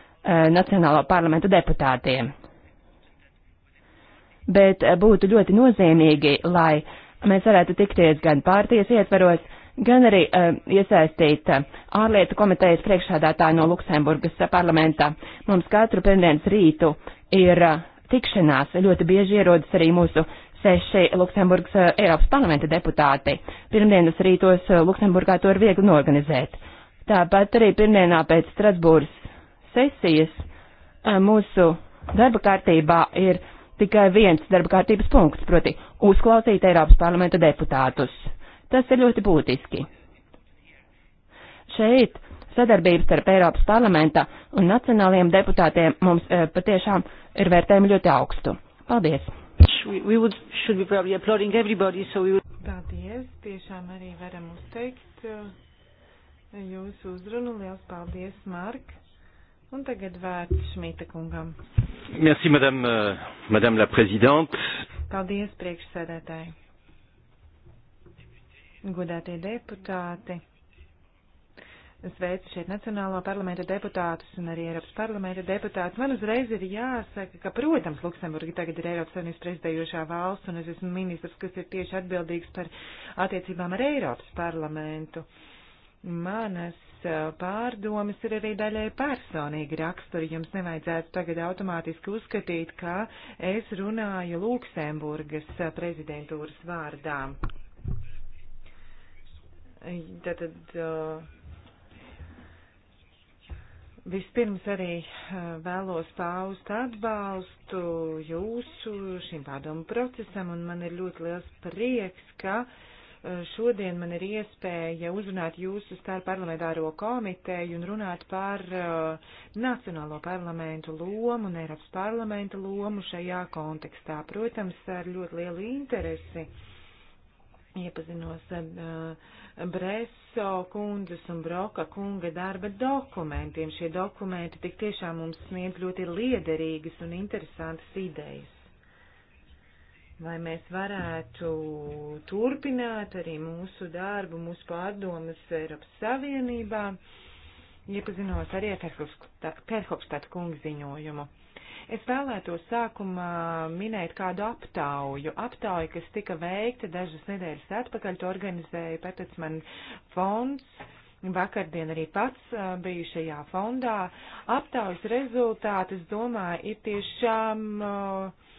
Nacionālo parlamentu deputātiem. Bet eh, būtu ļoti nozīmīgi, lai mēs varētu tikties gan pārties ietveros, gan arī uh, eh, iesaistīta eh, ārlietu komitejas priekšsādātāja no Luksemburgas eh, parlamentā. Mums katru pirmdienas rītu ir uh, tikšanās, ļoti bieži ierodas arī mūsu seši Luksemburgas uh, Eiropas parlamenta deputāti. Pirmdienas rītos uh, Luksemburgā to ir viegli norganizēt. Tāpat arī pirmdienā pēc Strasbūras sesijas uh, mūsu darba kārtībā ir tikai viens darba kārtības punkts, proti uzklausīt Eiropas parlamenta deputātus. Tas ir ļoti būtiski. Šeit sadarbības starp Eiropas parlamenta un nacionālajiem deputātiem mums e, patiešām ir vērtējumi ļoti augstu. Paldies! We, we would, so would... Paldies! Tiešām arī varam uzteikt eh, jūsu uzrunu. Liels paldies, Mark! Un tagad vērts Šmita kungam. Merci, madame, euh, madame la présidente. Paldies, priekšsēdētāji godētie deputāti. Sveicu šeit Nacionālo parlamentu deputātus un arī Eiropas parlamentu deputātus. Man uzreiz ir jāsaka, ka, protams, Luksemburga tagad ir Eiropas Savienības prezidējošā valsts, un es esmu ministrs, kas ir tieši atbildīgs par attiecībām ar Eiropas parlamentu. Manas pārdomas ir arī daļai personīgi raksturi. Jums nevajadzētu tagad automātiski uzskatīt, ka es runāju Luksemburgas prezidentūras vārdām. Tātad vispirms arī vēlos paust atbalstu jūsu šim pārdomu procesam, un man ir ļoti liels prieks, ka šodien man ir iespēja uzrunāt jūsu starp parlamentāro komiteju un runāt par Nacionālo parlamentu lomu un Eiropas parlamenta lomu šajā kontekstā. Protams, ar ļoti lielu interesi iepazinos ar eh, Breso kundzes un Broka kunga darba dokumentiem. Šie dokumenti tik tiešām mums sniedz ļoti liederīgas un interesantas idejas vai mēs varētu turpināt arī mūsu darbu, mūsu pārdomas Eiropas Savienībā, iepazinos arī ar Ferhofstad kungu ziņojumu. Es vēlētos sākumā minēt kādu aptauju. Aptauju, kas tika veikta dažas nedēļas atpakaļ, to organizēja Petersman fonds. Vakardien arī pats biju šajā fondā. Aptaujas rezultāti, es domāju, ir tiešām uh,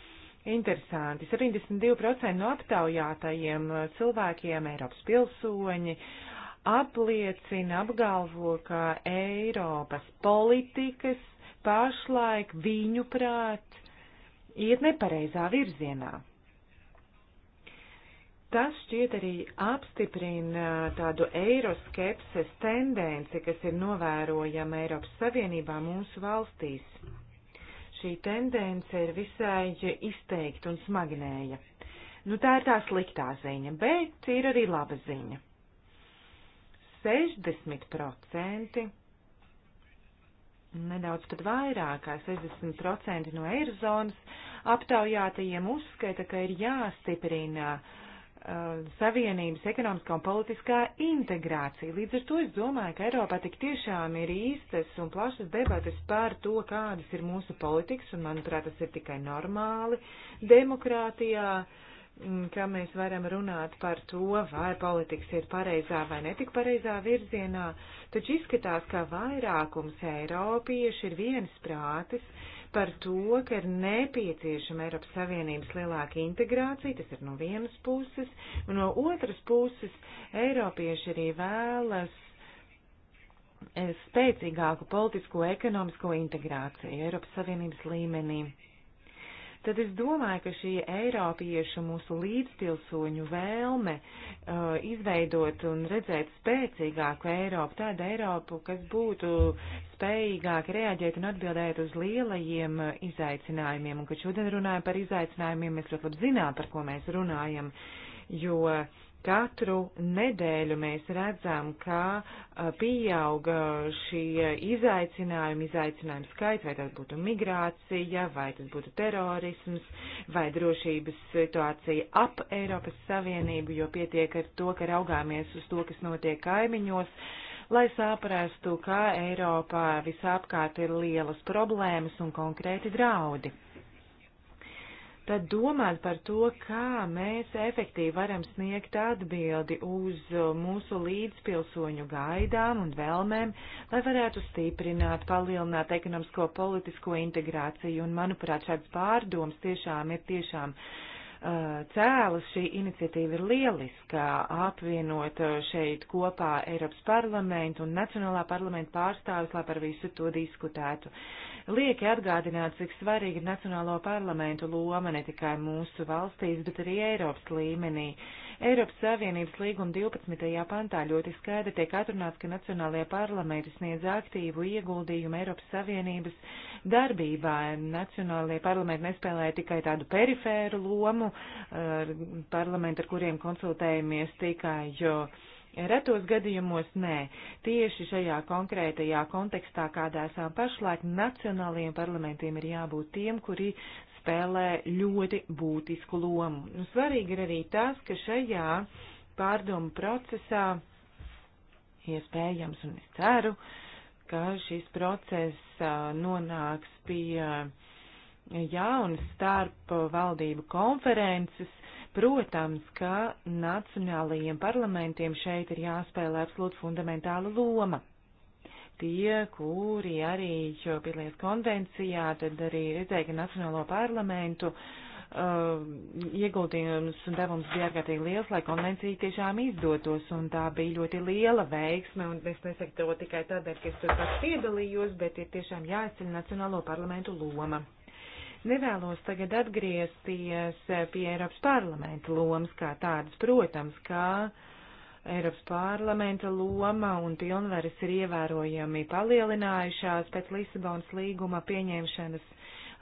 Interesanti. 72% no aptaujātajiem cilvēkiem Eiropas pilsoņi apliecina, apgalvo, ka Eiropas politikas pašlaik viņu prāt iet nepareizā virzienā. Tas šķiet arī apstiprina tādu eiroskepses tendenci, kas ir novērojama Eiropas Savienībā mūsu valstīs. Šī tendence ir visai izteikta un smagnēja. Nu, tā ir tā sliktā ziņa, bet ir arī laba ziņa. 60% nedaudz pat vairāk kā 60% no eirozonas aptaujātajiem uzskata, ka ir jāstiprina uh, Savienības ekonomiskā un politiskā integrācija. Līdz ar to es domāju, ka Eiropā tik tiešām ir īstas un plašas debatas par to, kādas ir mūsu politikas, un manuprāt, tas ir tikai normāli demokrātijā. Uh, Mm, kā mēs varam runāt par to, vai politikas ir pareizā vai netik pareizā virzienā, taču izskatās, ka vairākums Eiropieši ir vienas prātes par to, ka ir nepieciešama Eiropas Savienības lielāka integrācija, tas ir no vienas puses, un no otras puses Eiropieši arī vēlas eh, spēcīgāku politisko ekonomisko integrāciju Eiropas Savienības līmenī tad es domāju, ka šī Eiropiešu mūsu līdzpilsoņu vēlme uh, izveidot un redzēt spēcīgāku Eiropu, tādu Eiropu, kas būtu spējīgāk reaģēt un atbildēt uz lielajiem uh, izaicinājumiem, un kad šodien runājam par izaicinājumiem, mēs ļoti labi zinām, par ko mēs runājam, jo uh, Katru nedēļu mēs redzam, kā pieauga šie izaicinājumi, izaicinājumi skaits, vai tas būtu migrācija, vai tas būtu terorisms, vai drošības situācija ap Eiropas Savienību, jo pietiek ar to, ka raugāmies uz to, kas notiek kaimiņos, lai saprastu, kā Eiropā visapkārt ir lielas problēmas un konkrēti draudi tad domāt par to, kā mēs efektīvi varam sniegt atbildi uz mūsu līdzpilsoņu gaidām un vēlmēm, lai varētu stiprināt, palielināt ekonomisko politisko integrāciju. Un, manuprāt, šāds pārdoms tiešām ir tiešām uh, cēlus. Šī iniciatīva ir lieliska, apvienot uh, šeit kopā Eiropas parlamentu un Nacionālā parlamenta pārstāvis, lai par visu to diskutētu lieki atgādināt, cik svarīga ir Nacionālo parlamentu loma ne tikai mūsu valstīs, bet arī Eiropas līmenī. Eiropas Savienības līguma 12. pantā ļoti skaidri tiek atrunāts, ka Nacionālajie parlamenti sniedz aktīvu ieguldījumu Eiropas Savienības darbībā. Nacionālajie parlamenti nespēlē tikai tādu perifēru lomu, ar parlamentu, ar kuriem konsultējamies tikai, jo. Uh, Retos gadījumos nē. Tieši šajā konkrētajā kontekstā, kādā esam pašlaik, nacionālajiem parlamentiem ir jābūt tiem, kuri spēlē ļoti būtisku lomu. Nu, svarīgi ir arī tas, ka šajā pārdomu procesā iespējams un es ceru, ka šis process nonāks pie jaunas starp valdību konferences Protams, ka nacionālajiem parlamentiem šeit ir jāspēlē absolūti fundamentāla loma. Tie, kuri arī piedalījās konvencijā, tad arī redzēja, ka Nacionālo parlamentu uh, ieguldījums un devums bija ārkārtīgi liels, lai konvencija tiešām izdotos, un tā bija ļoti liela veiksme, un es nesaku to tikai tādēļ, ka es tur pats piedalījos, bet ir tiešām jāizceļ Nacionālo parlamentu loma. Es nevēlos tagad atgriezties pie Eiropas parlamenta lomas kā tādas. Protams, ka Eiropas parlamenta loma un pilnvaras ir ievērojami palielinājušās pēc Lisabonas līguma pieņemšanas.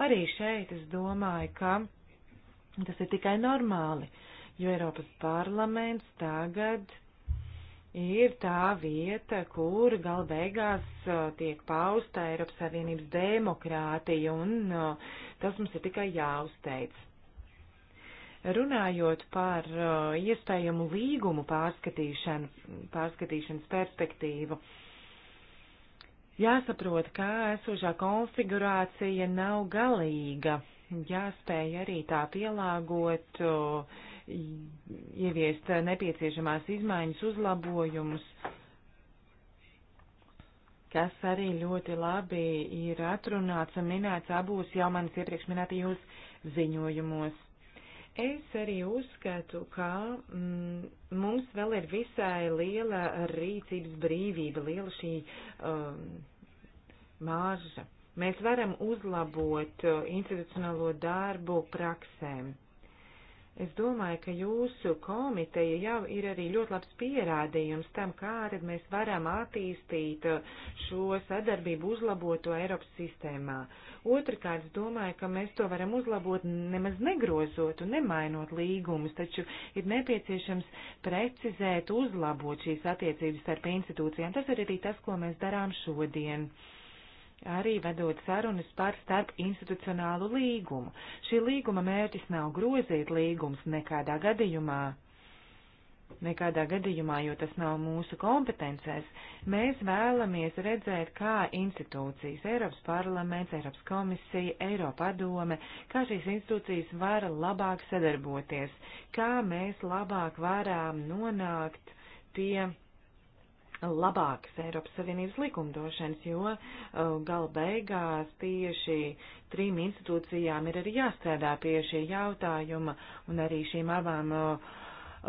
Arī šeit es domāju, ka tas ir tikai normāli, jo Eiropas parlaments tagad ir tā vieta, kur gal beigās tiek pausta Eiropas Savienības demokrātija, un tas mums ir tikai jāuzteic. Runājot par iespējamu līgumu pārskatīšanu, pārskatīšanas perspektīvu, jāsaprot, ka esošā konfigurācija nav galīga. Jāspēj arī tā pielāgot uh, ieviest nepieciešamās izmaiņas, uzlabojumus, kas arī ļoti labi ir atrunāts un minēts abūs jau manis iepriekš minētajos ziņojumos. Es arī uzskatu, ka mm, mums vēl ir visai liela rīcības brīvība, liela šī um, mārža. Mēs varam uzlabot uh, institucionālo darbu praksēm. Es domāju, ka jūsu komiteja jau ir arī ļoti labs pierādījums tam, kā tad mēs varam attīstīt šo sadarbību uzlaboto Eiropas sistēmā. Otrakārt, es domāju, ka mēs to varam uzlabot nemaz negrozot un nemainot līgumus, taču ir nepieciešams precizēt, uzlabot šīs attiecības starp institūcijām. Tas ir arī tas, ko mēs darām šodien. Uh, arī vedot sarunas par starp institucionālu līgumu. Šī līguma mērķis nav grozīt līgums nekādā gadījumā. Nekādā gadījumā, jo tas nav mūsu kompetencēs, mēs vēlamies redzēt, kā institūcijas, Eiropas parlaments, Eiropas komisija, Eiropadome, kā šīs institūcijas var labāk sadarboties, kā mēs labāk varam nonākt pie labākas Eiropas Savienības likumdošanas, jo uh, gala beigās tieši trim institūcijām ir arī jāstrādā pie šī jautājuma un arī šīm abām uh,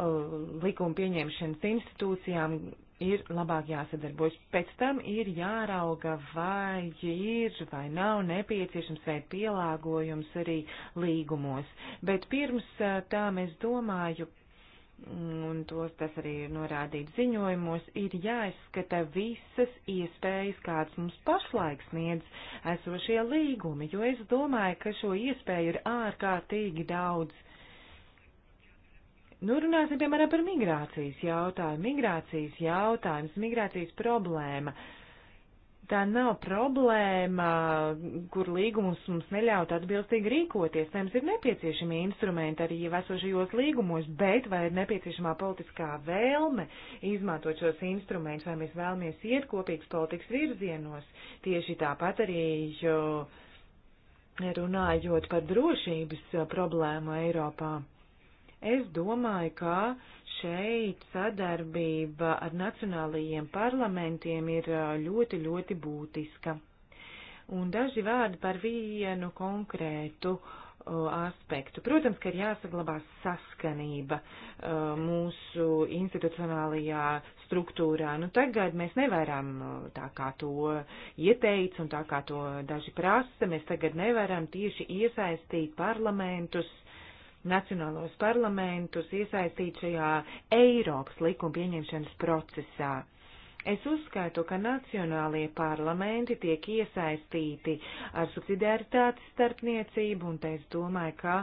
uh, likuma pieņemšanas institūcijām ir labāk jāsadarbojas. Pēc tam ir jārauga, vai ir vai nav nepieciešams vai pielāgojums arī līgumos. Bet pirms tā es domāju, un tos tas arī ir norādīts ziņojumos, ir jāizskata visas iespējas, kādas mums pašlaik sniedz esošie līgumi, jo es domāju, ka šo iespēju ir ārkārtīgi daudz. Nu, runāsim, piemēram, par migrācijas jautājumu. Migrācijas jautājums, migrācijas problēma. Uh, tā nav problēma, kur līgums mums neļaut atbilstīgi rīkoties. Mums ir nepieciešami instrumenti arī esošajos līgumos, bet vai ir nepieciešamā politiskā vēlme izmantot šos instrumentus, vai mēs vēlamies iet kopīgas politikas virzienos. Tieši tāpat arī runājot par drošības problēmu Eiropā. Es domāju, ka Šeit sadarbība ar nacionālajiem parlamentiem ir ļoti, ļoti būtiska. Un daži vārdi par vienu konkrētu aspektu. Protams, ka ir jāsaglabā saskanība mūsu institucionālajā struktūrā. Nu, tagad mēs nevaram tā kā to ieteic un tā kā to daži prasa, mēs tagad nevaram tieši iesaistīt parlamentus nacionālos parlamentus iesaistīt šajā Eiropas likuma pieņemšanas procesā. Es uzskaitu, ka nacionālie parlamenti tiek iesaistīti ar subsidiaritātes starpniecību, un te es domāju, ka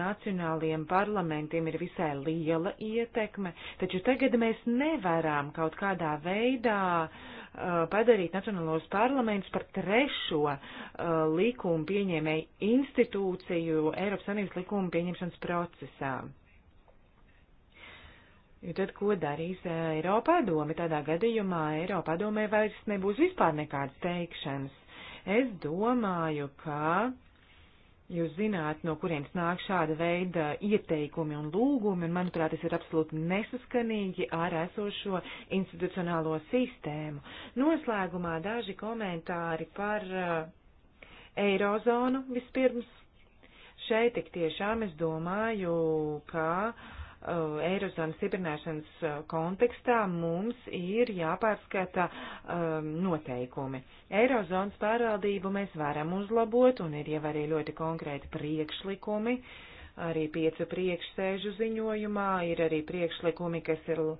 nacionāliem parlamentiem ir visai liela ietekme, taču tagad mēs nevaram kaut kādā veidā uh, Eh, padarīt Nacionālos parlamentus par trešo uh, likumu pieņēmēju institūciju Eiropas Savienības likumu pieņemšanas procesā. Jo tad, ko darīs eh, Eiropā doma? Tādā gadījumā Eiropā domē vairs nebūs vispār nekādas teikšanas. Es domāju, ka Jūs zināt, no kurienes nāk šāda veida ieteikumi un lūgumi, un manuprāt, tas ir absolūti nesaskanīgi ar esošo institucionālo sistēmu. Noslēgumā daži komentāri par uh, Eirozonu vispirms. Šeit tik tiešām es domāju, ka uh, Uh, Eirozonas stiprināšanas uh, kontekstā mums ir jāpārskata um, noteikumi. Eirozonas pārvaldību mēs varam uzlabot un ir jau arī ļoti konkrēti priekšlikumi. Arī piecu priekšsēžu ziņojumā ir arī priekšlikumi, kas ir uh,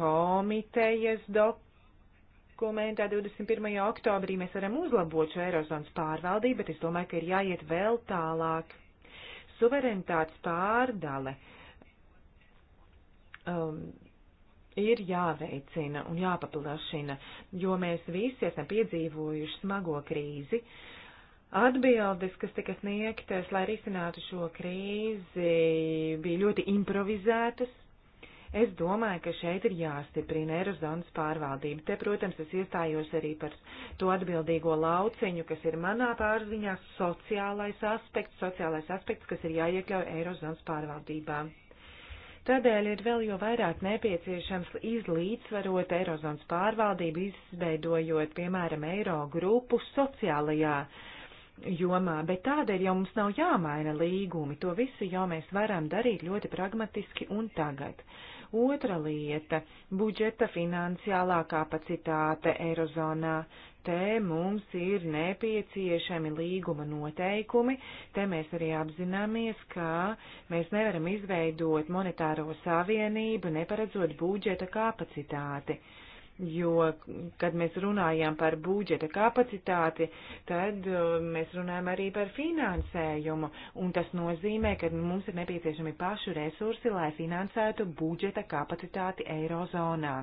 komitejas dokumentā 21. oktobrī. Mēs varam uzlabot šo Eirozonas pārvaldību, bet es domāju, ka ir jāiet vēl tālāk. Suverenitātes pārdale. Uh, um, ir jāveicina un jāpaplašina, jo mēs visi esam piedzīvojuši smago krīzi. Atbildes, kas tika sniegtas, lai risinātu šo krīzi, bija ļoti improvizētas. Es domāju, ka šeit ir jāstiprina Eirozonas pārvaldība. Te, protams, es iestājos arī par to atbildīgo lauciņu, kas ir manā pārziņā sociālais aspekts, sociālais aspekts, kas ir jāiekļauj Eirozonas pārvaldībā. Tādēļ ir vēl jo vairāk nepieciešams izlīdzvarot Eirozonas pārvaldību, izveidojot, piemēram, Eiro grupu sociālajā jomā, bet tādēļ jau mums nav jāmaina līgumi, to visu jau mēs varam darīt ļoti pragmatiski un tagad. Otra lieta - budžeta finansiālā kapacitāte Eirozonā. Te mums ir nepieciešami līguma noteikumi, te mēs arī apzināmies, ka mēs nevaram izveidot monetāro savienību, neparedzot budžeta kapacitāti. Uh, jo, kad mēs runājam par budžeta kapacitāti, tad uh, mēs runājam arī par finansējumu, un tas nozīmē, ka mums ir nepieciešami pašu resursi, lai finansētu budžeta kapacitāti Eirozonā.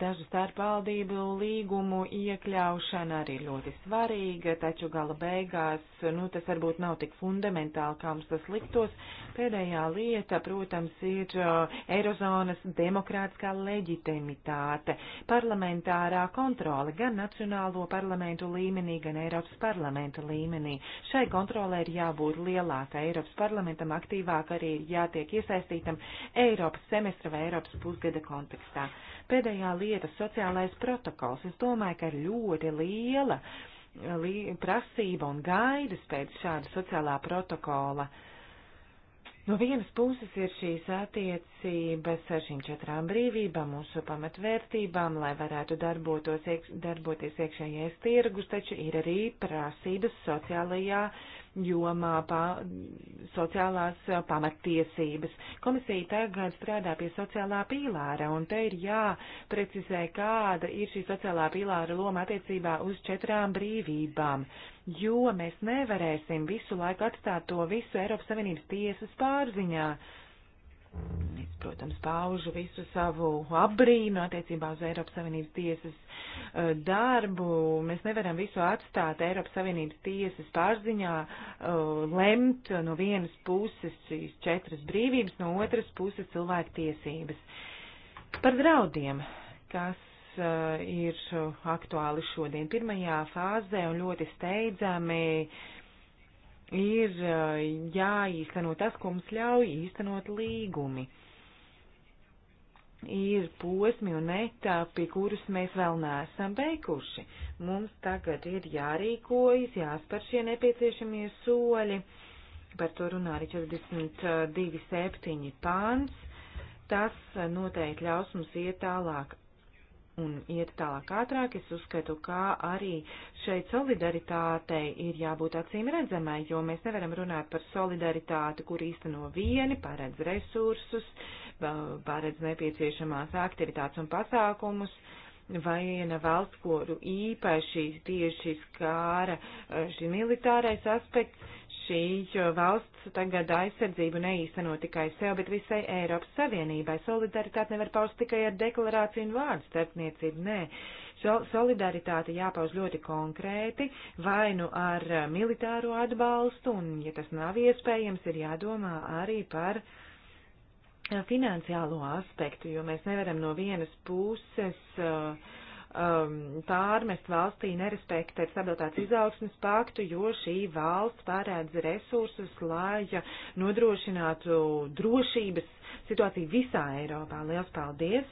Dažu starpvaldību līgumu iekļaušana arī ļoti svarīga, taču gala beigās, nu, tas varbūt nav tik fundamentāli, kā mums tas liktos. Pēdējā lieta, protams, ir uh, Eirozonas demokrātiskā leģitimitāte, parlamentārā kontrole gan nacionālo parlamentu līmenī, gan Eiropas parlamenta līmenī. Šai kontrolē ir jābūt lielāka, Eiropas parlamentam aktīvāk arī jātiek iesaistītam Eiropas semestra vai Eiropas pusgada kontekstā. Pēdējā lieta - sociālais protokols. Es domāju, ka ir ļoti liela eh, prasība un gaidas pēc šāda sociālā protokola. No vienas puses ir šīs attiecības ar šīm četrām brīvībām, mūsu pamatvērtībām, lai varētu darbotos, iekš, darboties iekšējais tirgus, taču ir arī prasības sociālajā jomā pa, sociālās eh, pamattiesības. Komisija tagad strādā pie sociālā pīlāra, un te ir jāprecizē, kāda ir šī sociālā pīlāra loma attiecībā uz četrām brīvībām, jo mēs nevarēsim visu laiku atstāt to visu Eiropas Savienības tiesas pārziņā. Uh, Es, protams, paužu visu savu apbrīnu attiecībā uz Eiropas Savienības tiesas eh, darbu. Mēs nevaram visu atstāt Eiropas Savienības tiesas pārziņā, eh, lemt no vienas puses šīs četras brīvības, no otras puses cilvēku tiesības. Par draudiem, kas eh, ir aktuāli šodien pirmajā fāzē un ļoti steidzami ir eh, jāīsteno tas, ko mums ļauj īstenot līgumi. Ir posmi un etapi, kurus mēs vēl neesam beiguši. Mums tagad ir jārīkojas, jāspēr šie nepieciešamie soļi. Par to runā arī 42.7. Eh, pāns. Tas eh, noteikti ļaus mums iet tālāk un iet tālāk ātrāk, es uzskatu, ka arī šeit solidaritātei ir jābūt acīm redzamai, jo mēs nevaram runāt par solidaritāti, kur īsteno vieni, paredz resursus, paredz nepieciešamās aktivitātes un pasākumus, vai viena valsts, kuru īpaši tieši skāra eh, šis militārais aspekts šī valsts tagad aizsardzību neīsteno tikai sev, bet visai Eiropas Savienībai. Solidaritāte nevar paust tikai ar deklarāciju un vārdu starpniecību, nē. Solidaritāte jāpauž ļoti konkrēti, vai nu ar eh, militāro atbalstu, un, ja tas nav iespējams, ir jādomā arī par eh, finansiālo aspektu, jo mēs nevaram no vienas puses uh, um, pārmest valstī nerespektēt stabilitātes izaugsmes paktu, jo šī valsts pārēdz resursus, lai nodrošinātu drošības situāciju visā Eiropā. Liels paldies!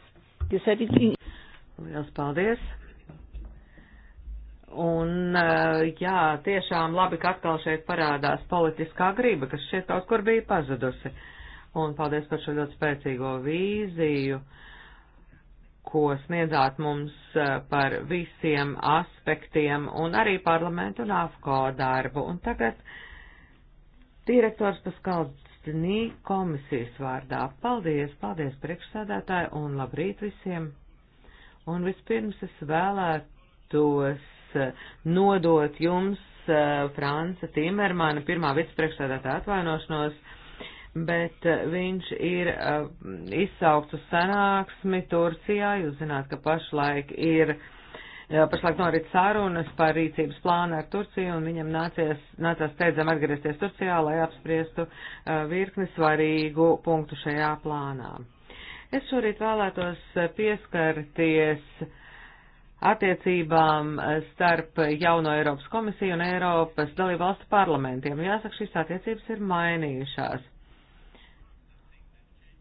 Jūs arī Liels paldies! Un, uh, jā, tiešām labi, ka atkal šeit parādās politiskā grība, kas šeit kaut kur bija pazudusi. Un paldies par šo ļoti spēcīgo vīziju. Uh, ko sniedzāt mums eh, par visiem aspektiem un arī parlamentu un AFKO darbu. Un tagad direktors Paskaldznī komisijas vārdā. Paldies, paldies priekšsēdētāji un labrīt visiem. Un vispirms es vēlētos eh, nodot jums eh, Franca Timermana pirmā vicepriekšsēdētāja atvainošanos bet eh, viņš ir uh, izsaukts uz sanāksmi Turcijā. Jūs zināt, ka pašlaik ir, uh, pašlaik norit sarunas par rīcības plānu ar Turciju, un viņam nācies, nācās steidzam atgriezties Turcijā, lai apspriestu uh, virkni svarīgu punktu šajā plānā. Es šorīt vēlētos pieskarties attiecībām starp jauno Eiropas komisiju un Eiropas dalībvalstu parlamentiem. Jāsaka, šīs attiecības ir mainījušās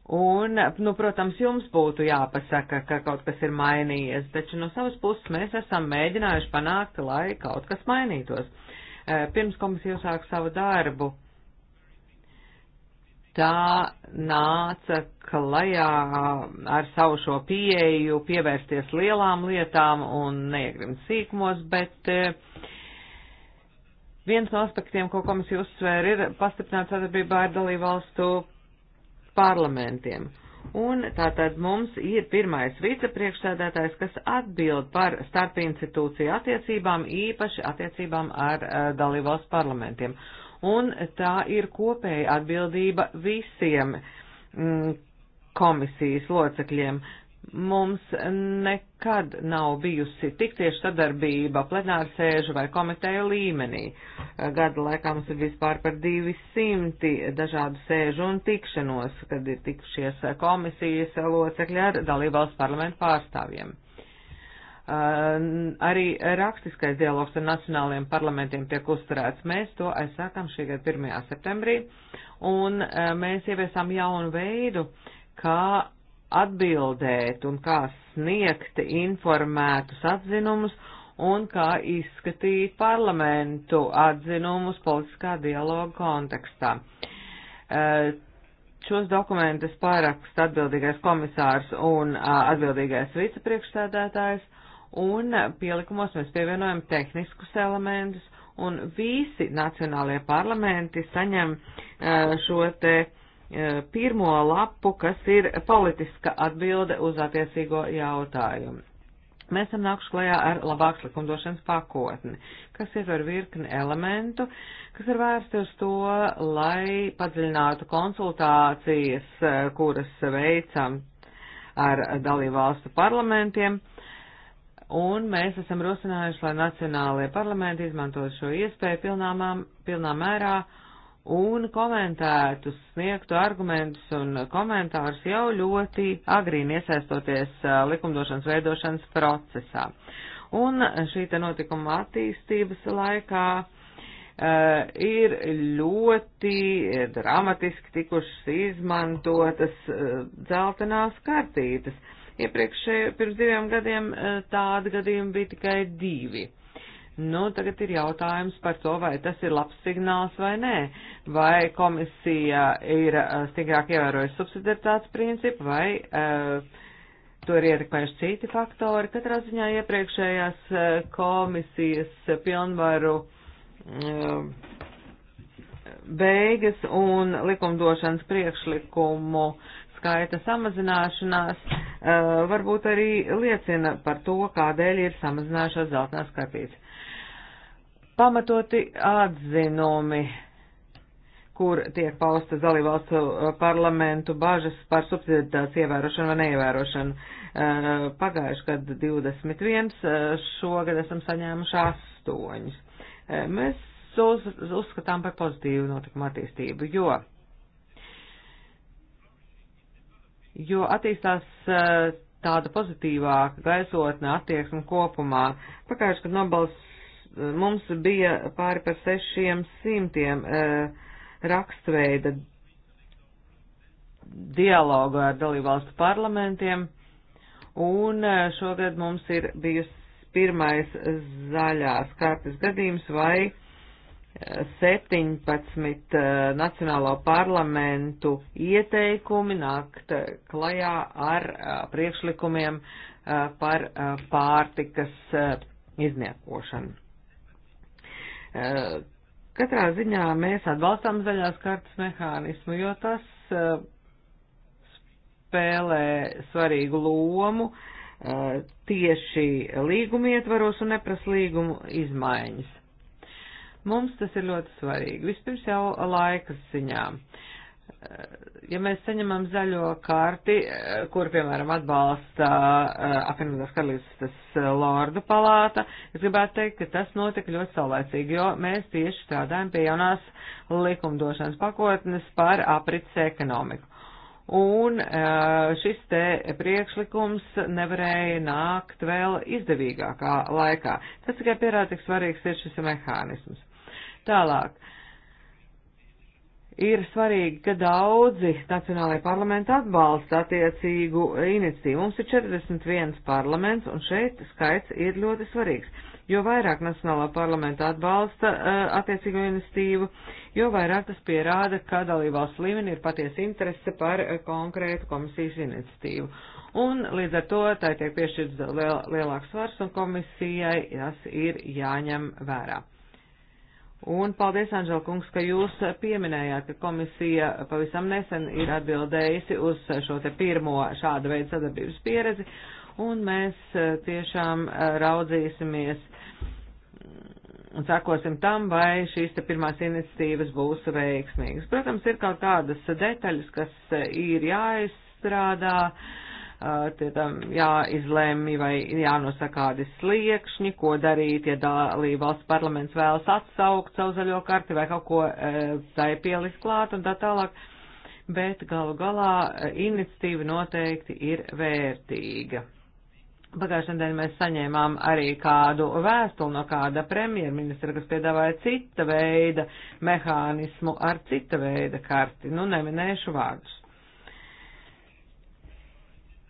Un, nu, protams, jums būtu jāpasaka, ka kaut kas ir mainījies, taču no savas puses mēs esam mēģinājuši panākt, lai kaut kas mainītos. E, pirms komisija uzsāk savu darbu, tā nāca klajā ar savu šo pieeju pievērsties lielām lietām un neiegrimt sīkumos, bet uh, Viens no aspektiem, ko komisija uzsvēra, ir pastiprināt sadarbībā ar dalībvalstu parlamentiem. Un tātad mums ir pirmais vicepriekšsēdētājs, kas atbild par starpinstitūciju attiecībām, īpaši attiecībām ar uh, eh, dalībvalsts parlamentiem. Un tā ir kopēja atbildība visiem mm, komisijas locekļiem, mums nekad nav bijusi tik tieši sadarbība plenāra sēžu vai komiteja līmenī. Gada laikā mums ir vispār par 200 dažādu sēžu un tikšanos, kad ir tikušies komisijas locekļi ar dalībvalsts parlamentu pārstāvjiem. Arī rakstiskais dialogs ar nacionālajiem parlamentiem tiek uzturēts. Mēs to aizsākam šī gada 1. septembrī, un mēs ieviesām jaunu veidu, kā atbildēt un kā sniegt informētus atzinumus un kā izskatīt parlamentu atzinumus politiskā dialoga kontekstā. E, šos dokumentus pārakst atbildīgais komisārs un atbildīgais vicepriekšsēdētājs, un pielikumos mēs pievienojam tehniskus elementus, un visi nacionālajie parlamenti saņem e, šo te E, pirmo lapu, kas ir politiska atbilde uz attiecīgo jautājumu. Mēs esam nākuši klajā ar labāks likumdošanas pakotni, kas ietver virkni elementu, kas ir vērsti uz to, lai padziļinātu konsultācijas, e, kuras veicam ar dalībvalstu parlamentiem, un mēs esam rosinājuši, lai nacionālajie parlamenti izmantotu šo iespēju pilnā, pilnā mērā un komentētu, sniegtu argumentus un komentārus jau ļoti agrīni iesaistoties likumdošanas veidošanas procesā. Un šī te notikuma attīstības laikā uh, ir ļoti dramatiski tikušas izmantotas uh, dzeltenās kartītes. Iepriekš pirms diviem gadiem uh, tādi gadījumi bija tikai divi. Nu, tagad ir jautājums par to, vai tas ir labs signāls vai nē. Vai komisija ir eh, stingrāk ievērojusi subsidiaritātes principu, vai uh, to ir ietekmējuši citi faktori. Katrā ziņā iepriekšējās eh, komisijas pilnvaru uh, beigas un likumdošanas priekšlikumu skaita samazināšanās uh, varbūt arī liecina par to, kādēļ ir samazinājušās zeltnās skatītas pamatoti atzinumi, kur tiek paustas dalībvalstu eh, parlamentu bāžas par subsidiatātes ievērošanu vai neievērošanu. Eh, pagājuši gadu 21, eh, šogad esam saņēmuši 8. Mēs uz, uzskatām par pozitīvu notikumu attīstību, jo, jo attīstās tāda pozitīvāka gaisotne attieksme kopumā. Pagājuši, kad nobals mums bija pāri par sešiem simtiem e, rakstveida dialogu ar dalībvalstu parlamentiem, un e, šogad mums ir bijusi pirmais zaļās kartes gadījums vai 17 e, nacionālo parlamentu ieteikumi nākt klajā ar priekšlikumiem par pārtikas izniekošanu. Eh, katrā ziņā mēs atbalstām zaļās kartas mehānismu, jo tas eh, spēlē svarīgu lomu eh, tieši līguma ietvaros un neprasa līgumu izmaiņas. Mums tas ir ļoti svarīgi. Vispirms jau laikas ziņā. Uh, Eh, ja mēs saņemam zaļo karti, eh, kur, piemēram, atbalsta eh, apvienotās karalistas lordu palāta, es gribētu teikt, ka tas notika ļoti saulēcīgi, jo mēs tieši strādājam pie jaunās likumdošanas pakotnes par aprits ekonomiku. Un šis te priekšlikums nevarēja nākt vēl izdevīgākā laikā. Tas tikai pierāda, cik svarīgs ir šis mehānisms. Tālāk. Uh, ir svarīgi, ka daudzi nacionālajie parlamenti atbalsta attiecīgu iniciatīvu. Mums ir 41 parlaments, un šeit skaits ir ļoti svarīgs. Jo vairāk nacionālā parlamenta atbalsta uh, attiecīgo iniciatīvu, jo vairāk tas pierāda, ka dalībvalsts līmenī ir patiesa interese par uh, konkrētu komisijas iniciatīvu. Un līdz ar to tai tiek piešķirts liel, lielāks svars, un komisijai tas ir jāņem vērā. Un paldies, Anžela kungs, ka jūs pieminējāt, ka komisija pavisam nesen ir atbildējusi uz šo te pirmo šāda veida sadarbības pieredzi, un mēs eh, tiešām eh, raudzīsimies un mm, sekosim tam, vai šīs te pirmās iniciatīvas būs veiksmīgas. Protams, ir kaut kādas detaļas, kas eh, ir jāizstrādā. Uh, tam jāizlēmj vai jānosaka kādi sliekšņi, ko darīt, ja dalība valsts parlaments vēlas atsaukt savu zaļo karti vai kaut ko tai pielist klāt un tā tālāk. Bet galu galā iniciatīva noteikti ir vērtīga. Pagājušajā nedēļā mēs saņēmām arī kādu vēstuli no kāda premjerministra, kas piedāvāja cita veida mehānismu ar cita veida karti. Nu, neminēšu vārdus.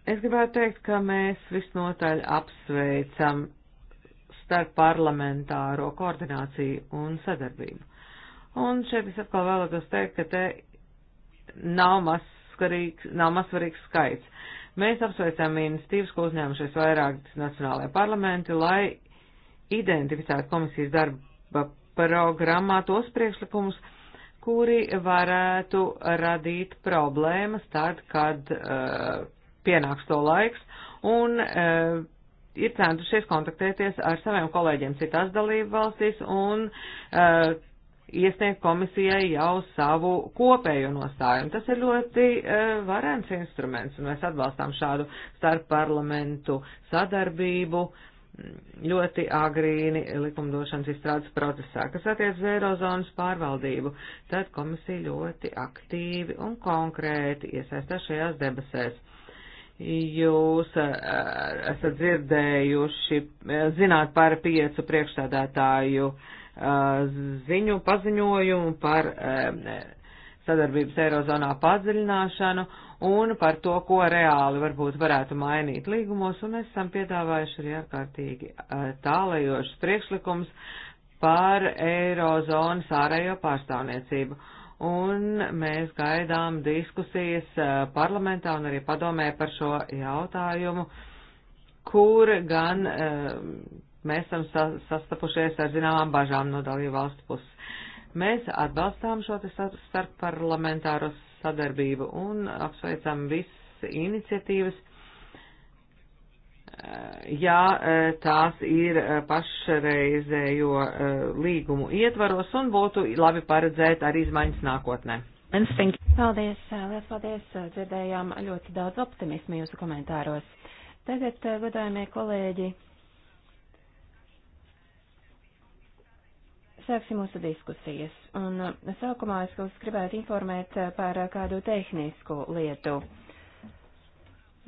Es gribētu teikt, ka mēs visnotaļ apsveicam starp parlamentāro koordināciju un sadarbību. Un šeit es atkal vēlētos teikt, ka te nav mazsvarīgs, nav mazsvarīgs skaits. Mēs apsveicam iniciatīvas, ko uzņēmušies vairāk nacionālajie parlamenti, lai identificētu komisijas darba programmā tos priekšlikumus, kuri varētu radīt problēmas tad, kad uh, pienāks to laiks, un e, ir centušies kontaktēties ar saviem kolēģiem citās dalību valstīs un e, iesniegt komisijai jau savu kopējo nostājumu. Tas ir ļoti e, eh, varens instruments, un mēs atbalstām šādu starpparlamentu sadarbību ļoti agrīni likumdošanas izstrādes procesā, kas attiec uz Eirozonas pārvaldību, tad komisija ļoti aktīvi un konkrēti iesaistās šajās debesēs. Jūs eh, esat dzirdējuši, eh, zināt par piecu priekšstādātāju eh, ziņu paziņojumu par sadarbības Eirozonā padziļināšanu un par to, ko reāli varbūt varētu mainīt līgumos, un esam piedāvājuši arī ārkārtīgi tālajošs priekšlikums par Eirozonas ārējo pārstāvniecību. Uh, un mēs gaidām diskusijas eh, parlamentā un arī padomē par šo jautājumu, kur gan eh, mēs esam sastapušies ar zināmām bažām no dalību valstu puses. Mēs atbalstām šo starpparlamentāro sadarbību un apsveicam visas iniciatīvas, Eh, ja eh, tās ir eh, pašreizējo līgumu ietvaros un būtu labi paredzēt arī izmaiņas nākotnē. Paldies, liels paldies, dzirdējām ļoti daudz optimismu jūsu komentāros. Tagad, godājumie kolēģi, sāksim mūsu diskusijas. Un sākumā es jūs gribētu informēt par kādu tehnisku lietu.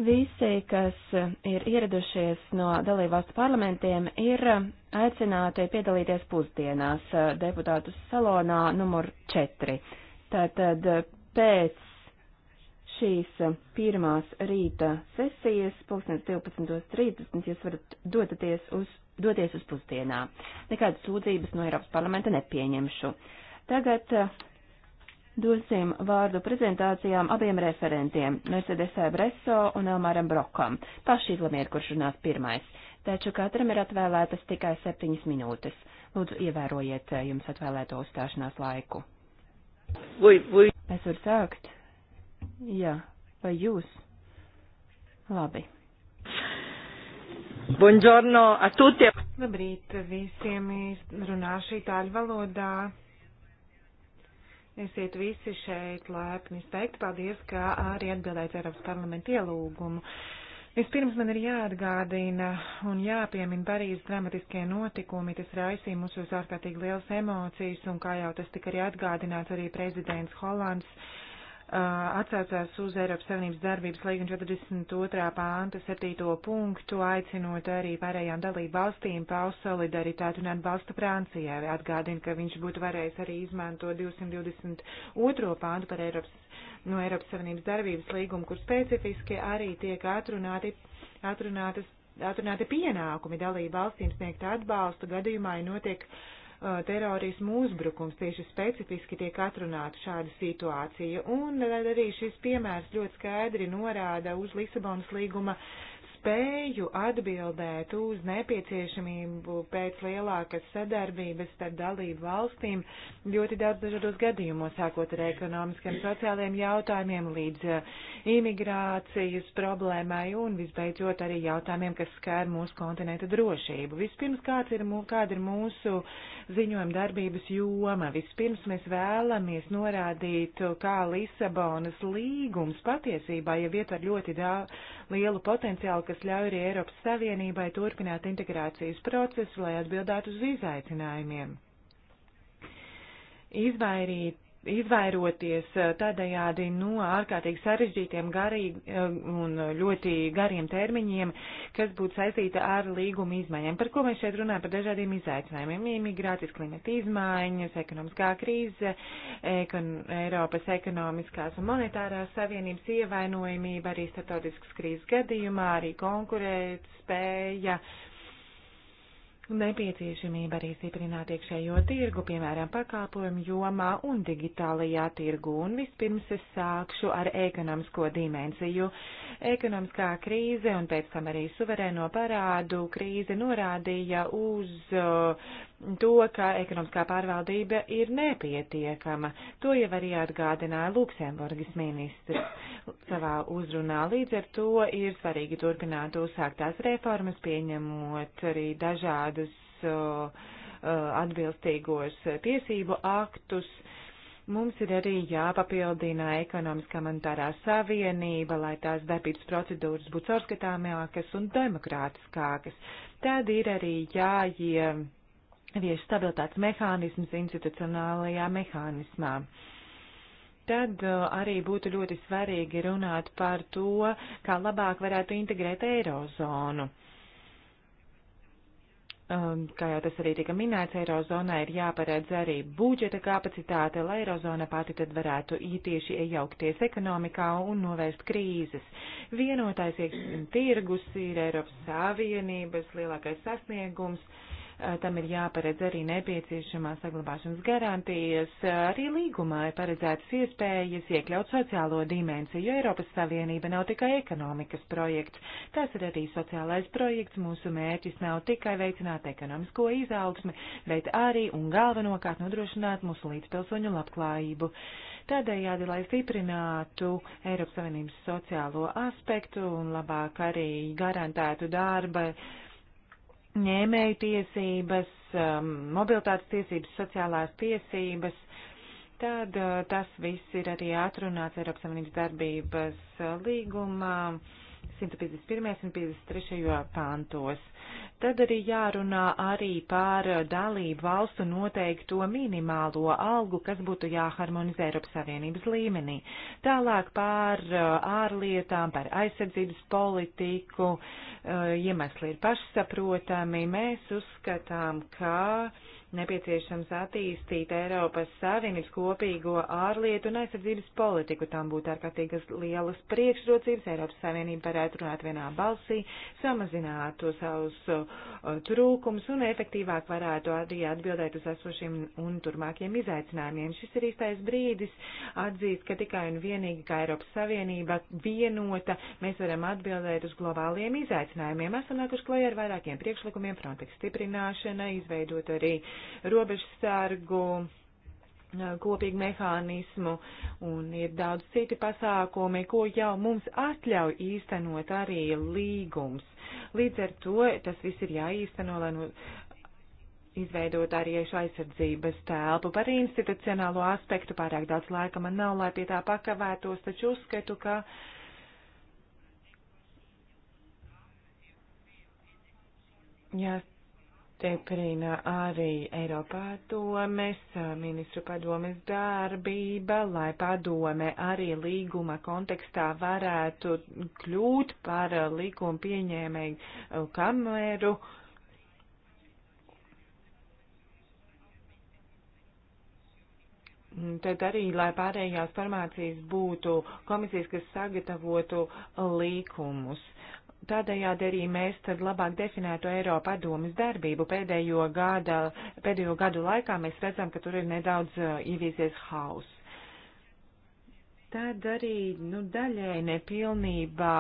Visi, kas ir ieradušies no dalībvalstu parlamentiem, ir aicināti piedalīties pusdienās deputātu salonā numur 4. Tātad pēc šīs pirmās rīta sesijas, pulkstens 12.30, jūs varat doties uz, doties uz pusdienā. Nekādas sūdzības no Eiropas parlamenta nepieņemšu. Tagad dosim vārdu prezentācijām abiem referentiem, Mercedesai nu, Breso un Elmāram Brokam. Paši izlemiet, kurš runās pirmais. Taču katram ir atvēlētas tikai septiņas minūtes. Lūdzu, ievērojiet eh, jums atvēlēto uzstāšanās laiku. Vui, vui. Es varu sākt? Jā, vai jūs? Labi. Buongiorno a tutti. Labrīt visiem, runāšu itāļu valodā. Esiet visi šeit lēpni. Es teiktu paldies, ka arī atbildēt Eiropas parlamenta ielūgumu. Vispirms man ir jāatgādina un jāpiemina Parīzes dramatiskie notikumi, tas raisīja mūsos ārkārtīgi liels emocijas, un kā jau tas tika arī atgādināts, arī prezidents Holands atsaucās uz Eiropas Savienības darbības līguma 42. pānta 7. punktu, aicinot arī pārējām dalību valstīm paust solidaritāti un atbalstu Francijai. Atgādina, ka viņš būtu varējis arī izmantot 222. pāntu par Eiropas, no Eiropas Savienības darbības līgumu, kur specifiski arī tiek atrunāti, atrunātas, atrunāti pienākumi dalību valstīm sniegt atbalstu gadījumā, ja notiek uh, Uh, terorismu uzbrukums tieši specifiski tiek atrunāta šāda situācija. Un arī šis piemērs ļoti skaidri norāda uz Lisabonas līguma spēju atbildēt uz nepieciešamību pēc lielākas sadarbības starp dalību valstīm ļoti daudz dažādos gadījumos, sākot ar ekonomiskiem, sociāliem jautājumiem līdz eh, imigrācijas problēmai un visbeidzot arī jautājumiem, kas skar mūsu kontinenta drošību. Vispirms, kāds ir, kāda ir mūsu ziņojuma darbības joma? Vispirms mēs vēlamies norādīt, kā Lisabonas līgums patiesībā jau ietver ļoti daudz lielu potenciālu, kas ļauj arī Eiropas Savienībai turpināt integrācijas procesu, lai atbildētu uz izaicinājumiem. Izvairīt izvairoties eh, tādējādi no ārkārtīgi sarežģītiem garīgi eh, un ļoti gariem termiņiem, kas būtu saistīta ar līguma izmaiņām. Par ko mēs šeit runājam? Par dažādiem izaicinājumiem - imigrācijas, klimata izmaiņas, ekonomiskā krīze, ekon Eiropas ekonomiskās un monetārās savienības ievainojamība, arī startautiskas krīzes gadījumā, arī konkurēt spēja nepieciešamība arī stiprināt iekšējo tirgu, piemēram, pakāpojumu jomā un digitālajā tirgu. Un vispirms es sākšu ar ekonomisko dimensiju. Ekonomiskā krīze un pēc tam arī suverēno parādu krīze norādīja uz uh, to, ka ekonomiskā pārvaldība ir nepietiekama. To jau arī atgādināja Luksemburgas ministrs savā uzrunā. Līdz ar to ir svarīgi turpināt uzsāktās reformas, pieņemot arī dažādus uh, atbilstīgos tiesību aktus. Mums ir arī jāpapildina ekonomiskā monetārā savienība, lai tās darbības procedūras būtu caurskatāmākas un demokrātiskākas. Tad ir arī jāie. Ja viešu stabilitātes mehānisms institucionālajā mehānismā. Tad uh, arī būtu ļoti svarīgi runāt par to, kā labāk varētu integrēt eirozonu. Um, kā jau tas arī tika minēts, eirozonā ir jāparedz arī budžeta kapacitāte, lai eirozona pati tad varētu ītieši iejaukties ekonomikā un novērst krīzes. Vienotais tirgus ir Eiropas Savienības lielākais sasniegums. Uh, Eh, tam ir jāparedz arī nepieciešamās saglabāšanas garantijas, eh, arī līgumā ir paredzētas iespējas iekļaut sociālo dimensiju, jo Eiropas Savienība nav tikai ekonomikas projekts, tas ir arī sociālais projekts, mūsu mērķis nav tikai veicināt ekonomisko izaugsmi, bet arī un galvenokārt nodrošināt mūsu līdzpilsoņu labklājību. Tādējādi, lai stiprinātu Eiropas Savienības sociālo aspektu un labāk arī garantētu darba, ņēmēju tiesības, um, mobilitātes tiesības, sociālās tiesības, tad uh, tas viss ir arī atrunāts Eiropas Savienības darbības uh, līgumā. 151. un 53. pāntos. Tad arī jārunā arī par dalību valstu noteikto minimālo algu, kas būtu jāharmonizē Eiropas Savienības līmenī. Tālāk par uh, ārlietām, par aizsardzības politiku, uh, iemesli ir pašsaprotami. Mēs uzskatām, ka nepieciešams attīstīt Eiropas Savienības kopīgo ārlietu un aizsardzības politiku. Tam būtu ārkārtīgas lielas priekšrocības. Eiropas Savienība varētu runāt vienā balsī, samazinātu savus trūkumus un efektīvāk varētu arī atbildēt uz esošiem un turmākiem izaicinājumiem. Šis ir īstais brīdis atzīst, ka tikai un vienīgi kā Eiropas Savienība vienota mēs varam atbildēt uz globāliem izaicinājumiem. Esam nākuši klajā ar vairākiem priekšlikumiem, Frontex stiprināšana, izveidot arī uh, robežsargu kopīgu mehānismu un ir daudz citi pasākumi, ko jau mums atļauj īstenot arī līgums. Līdz ar to tas viss ir jāīsteno, lai nu, izveidot arī šo aizsardzības telpu par institucionālo aspektu. Pārāk daudz laika man nav, lai pie tā pakavētos, taču uzskatu, ka. Jā, Stiprina arī Eiropādomes ministru padomes darbība, lai padome arī līguma kontekstā varētu kļūt par līguma pieņēmēju kameru. Tad arī, lai pārējās formācijas būtu komisijas, kas sagatavotu līkumus. Uh, Tādējādi arī mēs tad labāk definētu Eiropa padomas darbību. Pēdējo, gada, pēdējo gadu laikā mēs redzam, ka tur ir nedaudz ievīsies haus. Tad arī nu, daļai nepilnībā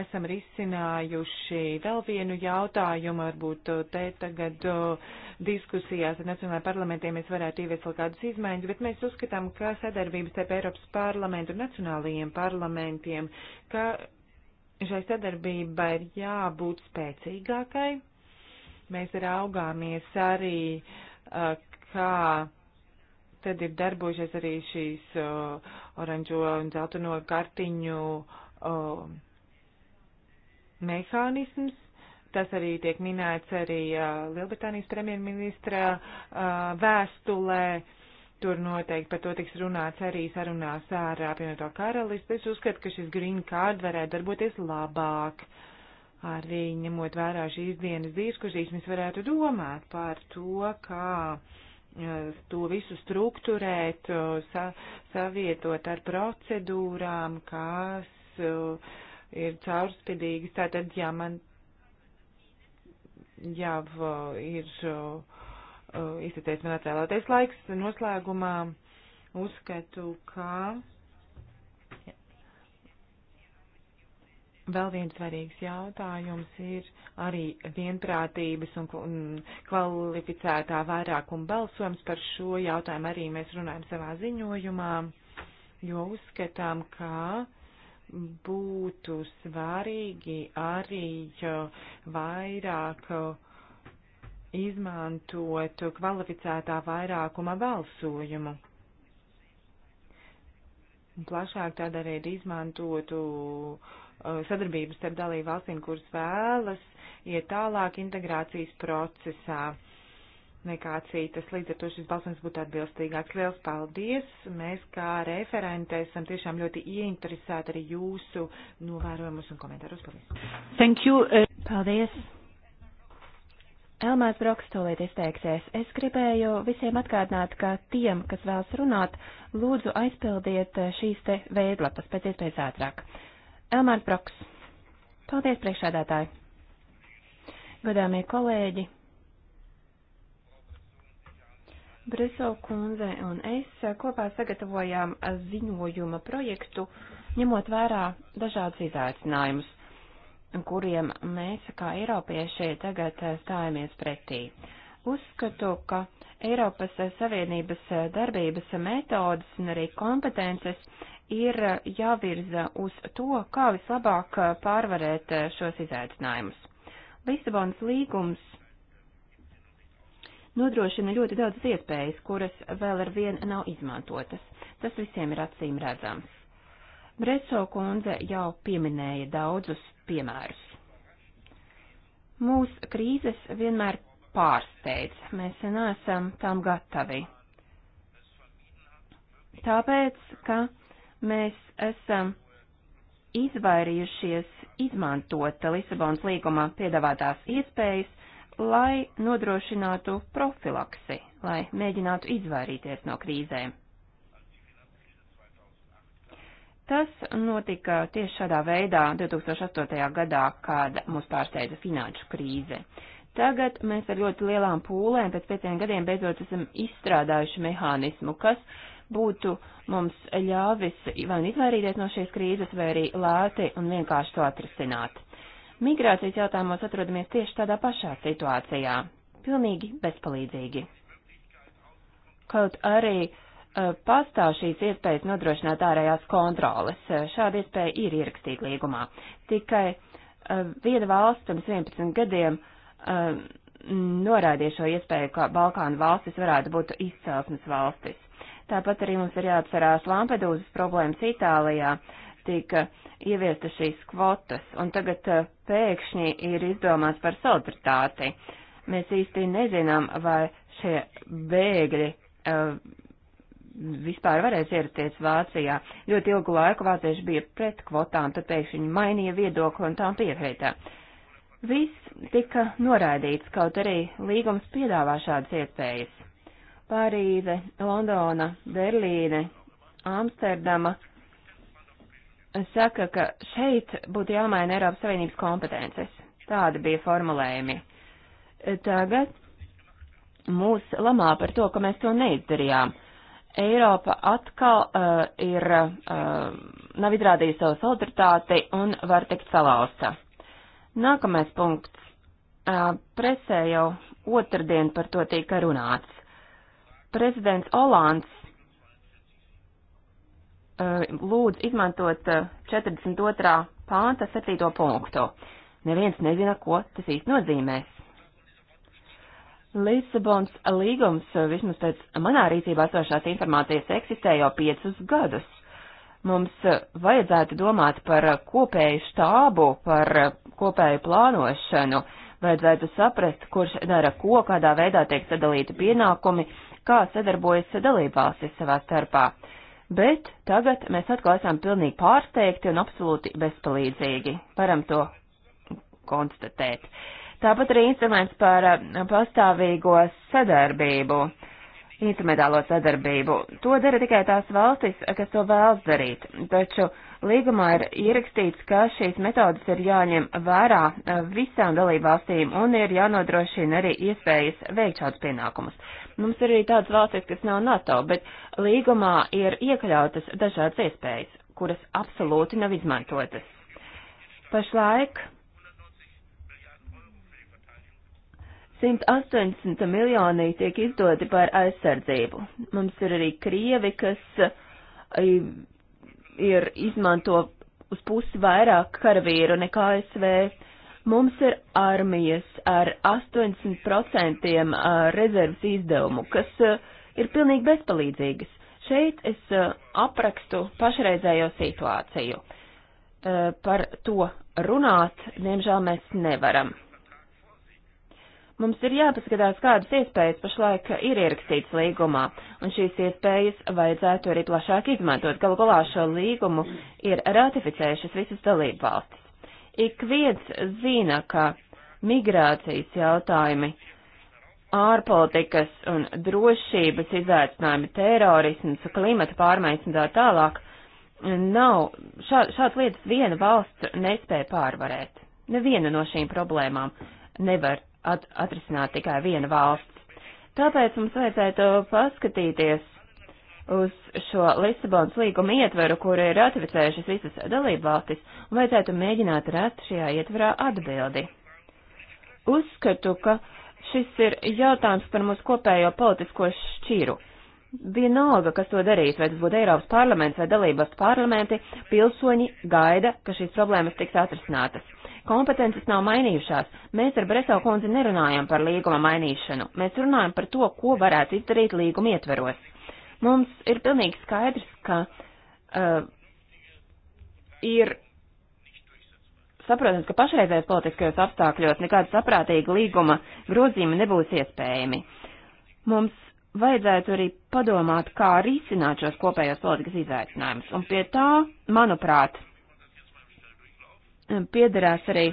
esam risinājuši vēl vienu jautājumu, varbūt te tagad diskusijās ar Nacionālajiem parlamentiem mēs varētu ieviest vēl kādas izmaiņas, bet mēs uzskatām, ka sadarbības starp Eiropas parlamentu un Nacionālajiem parlamentiem, ka šai sadarbībai ir jābūt spēcīgākai. Mēs raugāmies arī, kā tad ir darbojušies arī šīs oranžo un zeltaino kartiņu mehānisms. Tas arī tiek minēts arī Lielbritānijas premjerministra vēstulē Tur noteikti par to tiks runāts arī sarunās ar apvienoto karalisti. Es uzskatu, ka šis green card varētu darboties labāk. Arī ņemot vērā šīs dienas diskusijas, mēs varētu domāt par to, kā eh, to visu struktūrēt, eh, sa savietot ar procedūrām, kas eh, ir caurspidīgas. Tātad, ja man jau ir. Uh, izteicies man atvēlētais laiks. Noslēgumā uzskatu, ka vēl viens svarīgs jautājums ir arī vienprātības un kvalificētā vairākuma balsojums. Par šo jautājumu arī mēs runājam savā ziņojumā, jo uzskatām, ka būtu svarīgi arī vairāk izmantot kvalificētā vairākuma balsojumu. Un plašāk tādējādi izmantotu uh, sadarbības starp dalību valstīm, kuras vēlas iet tālāk integrācijas procesā nekā citas. Līdz ar to šis balsojums būtu atbilstīgāks. Liels paldies! Mēs kā referente esam tiešām ļoti ieinteresēti arī jūsu novērojumus un komentārus. Paldies! Thank you! Uh, paldies! Elmārs Broks tūlīt izteiksies. Es gribēju visiem atgādināt, ka tiem, kas vēlas runāt, lūdzu aizpildiet šīs te veidlapas pēc iespējas ātrāk. Elmārs Broks. Paldies, priekšādātāji. Godāmie kolēģi. Breso kundze un es kopā sagatavojām ziņojuma projektu, ņemot vērā dažādus izaicinājumus kuriem mēs, kā Eiropieši, tagad eh, stājamies pretī. Uzskatu, ka Eiropas Savienības eh, darbības metodas un arī kompetences ir eh, jāvirza uz to, kā vislabāk pārvarēt šos izaicinājumus. Lisabonas līgums nodrošina ļoti daudz iespējas, kuras vēl ar vienu nav izmantotas. Tas visiem ir acīm redzams. Breso kundze jau pieminēja daudzus piemērus. Mūs krīzes vienmēr pārsteidz, mēs neesam tam gatavi. Tāpēc, ka mēs esam izvairījušies izmantot Lisabonas līgumā piedāvātās iespējas, lai nodrošinātu profilaksi, lai mēģinātu izvairīties no krīzēm. Tas notika tieši šādā veidā 2008. gadā, kad mūs pārsteidza finanšu krīze. Tagad mēs ar ļoti lielām pūlēm pēc pieciem gadiem beidzot esam izstrādājuši mehānismu, kas būtu mums ļāvis vai nu izvairīties no šīs krīzes, vai arī lēti un vienkārši to atrisināt. Migrācijas jautājumos atrodamies tieši tādā pašā situācijā. Pilnīgi bezpalīdzīgi. Kaut arī uh, Eh, pastāv šīs iespējas nodrošināt ārējās kontroles. Eh, šāda iespēja ir ierakstīta līgumā. Tikai eh, viena valsts pirms 11 gadiem norādīja šo iespēju, ka Balkānu valstis varētu būt izcelsmes valstis. Tāpat arī mums ir jāatcerās Lampedūzas problēmas Itālijā, tika ieviesta šīs kvotas, un tagad pēkšņi ir izdomāts par solidaritāti. Mēs īsti nezinām, vai šie bēgļi vispār varēs ierasties Vācijā. Ļoti ilgu laiku vācieši bija pret kvotām, tad pēkšņi mainīja viedokli un tām piekrītā. Viss tika noraidīts, kaut arī līgums piedāvā šādas iespējas. Pārīze, Londona, Berlīne, Amsterdama saka, ka šeit būtu jāmaina Eiropas Savienības kompetences. Tādi bija formulējumi. Tagad mūs lamā par to, ka mēs to neizdarījām. Uh, Eiropa atkal uh, ir, uh, nav izrādījusi savu solidaritāti un var tikt salauzta. Nākamais punkts. Uh, presē jau otrdien par to tika runāts. Prezidents Olāns uh, lūdz izmantot 42. pānta 7. punktu. Neviens nezina, ko tas īsti nozīmēs. Lisabons līgums, eh, vismaz pēc manā rīcībā esošās informācijas, eksistē jau piecus gadus. Mums eh, vajadzētu domāt par eh, kopēju štābu, par kopēju plānošanu, vajadzētu saprast, kurš dara ko, kādā veidā tiek sadalīti pienākumi, kā sadarbojas dalībvalstis savā starpā. Bet tagad mēs atkal esam pilnīgi pārsteigti un absolūti bezpalīdzīgi. Varam to konstatēt. Uh, Tāpat arī instruments par eh, pastāvīgo sadarbību, instrumentālo sadarbību. To dara tikai tās valstis, kas to vēlas darīt, taču līgumā ir ierakstīts, ka šīs metodas ir jāņem vērā eh, visām dalībvalstīm un ir jānodrošina arī iespējas veikt šādus pienākumus. Mums ir arī tādas valstis, kas nav NATO, bet līgumā ir iekļautas dažādas iespējas, kuras absolūti nav izmantotas. Pašlaik 180 miljoni tiek izdoti par aizsardzību. Mums ir arī krievi, kas ir izmanto uz pusi vairāk karavīru nekā ASV. Mums ir armijas ar 80% rezerves izdevumu, kas ir pilnīgi bezpalīdzīgas. Šeit es aprakstu pašreizējo situāciju. Par to runāt, diemžēl, mēs nevaram. Mums ir jāpaskatās, kādas iespējas pašlaik ir ierakstītas līgumā, un šīs iespējas vajadzētu arī plašāk izmantot. Galu galā šo līgumu ir ratificējušas visas dalību valstis. Ik viens zina, ka migrācijas jautājumi, ārpolitikas un drošības izaicinājumi, terorisms, klimata pārmaiņas un tā tālāk nav, šā, šāds lietas viena valsts nespēja pārvarēt. Neviena no šīm problēmām nevar at atrisināt tikai viena valsts. Tāpēc mums vajadzētu paskatīties uz šo Lisabonas līgumu ietveru, kuru ir ratificējušas visas dalību valstis, un vajadzētu mēģināt rast šajā ietverā atbildi. Uzskatu, ka šis ir jautājums par mūsu kopējo politisko šķiru. Vienalga, kas to darīs, vai tas būtu Eiropas parlaments vai dalībās parlamenti, pilsoņi gaida, ka šīs problēmas tiks atrisinātas. Kompetences nav mainījušās. Mēs ar Breso kundzi nerunājam par līguma mainīšanu. Mēs runājam par to, ko varētu izdarīt līguma ietveros. Mums ir pilnīgi skaidrs, ka uh, ir saprotams, ka pašreizējos politiskajos apstākļos nekāda saprātīga līguma grozījuma nebūs iespējami. Mums vajadzētu arī padomāt, kā risināt šos kopējos politikas izaicinājumus, un pie tā, manuprāt, piederās arī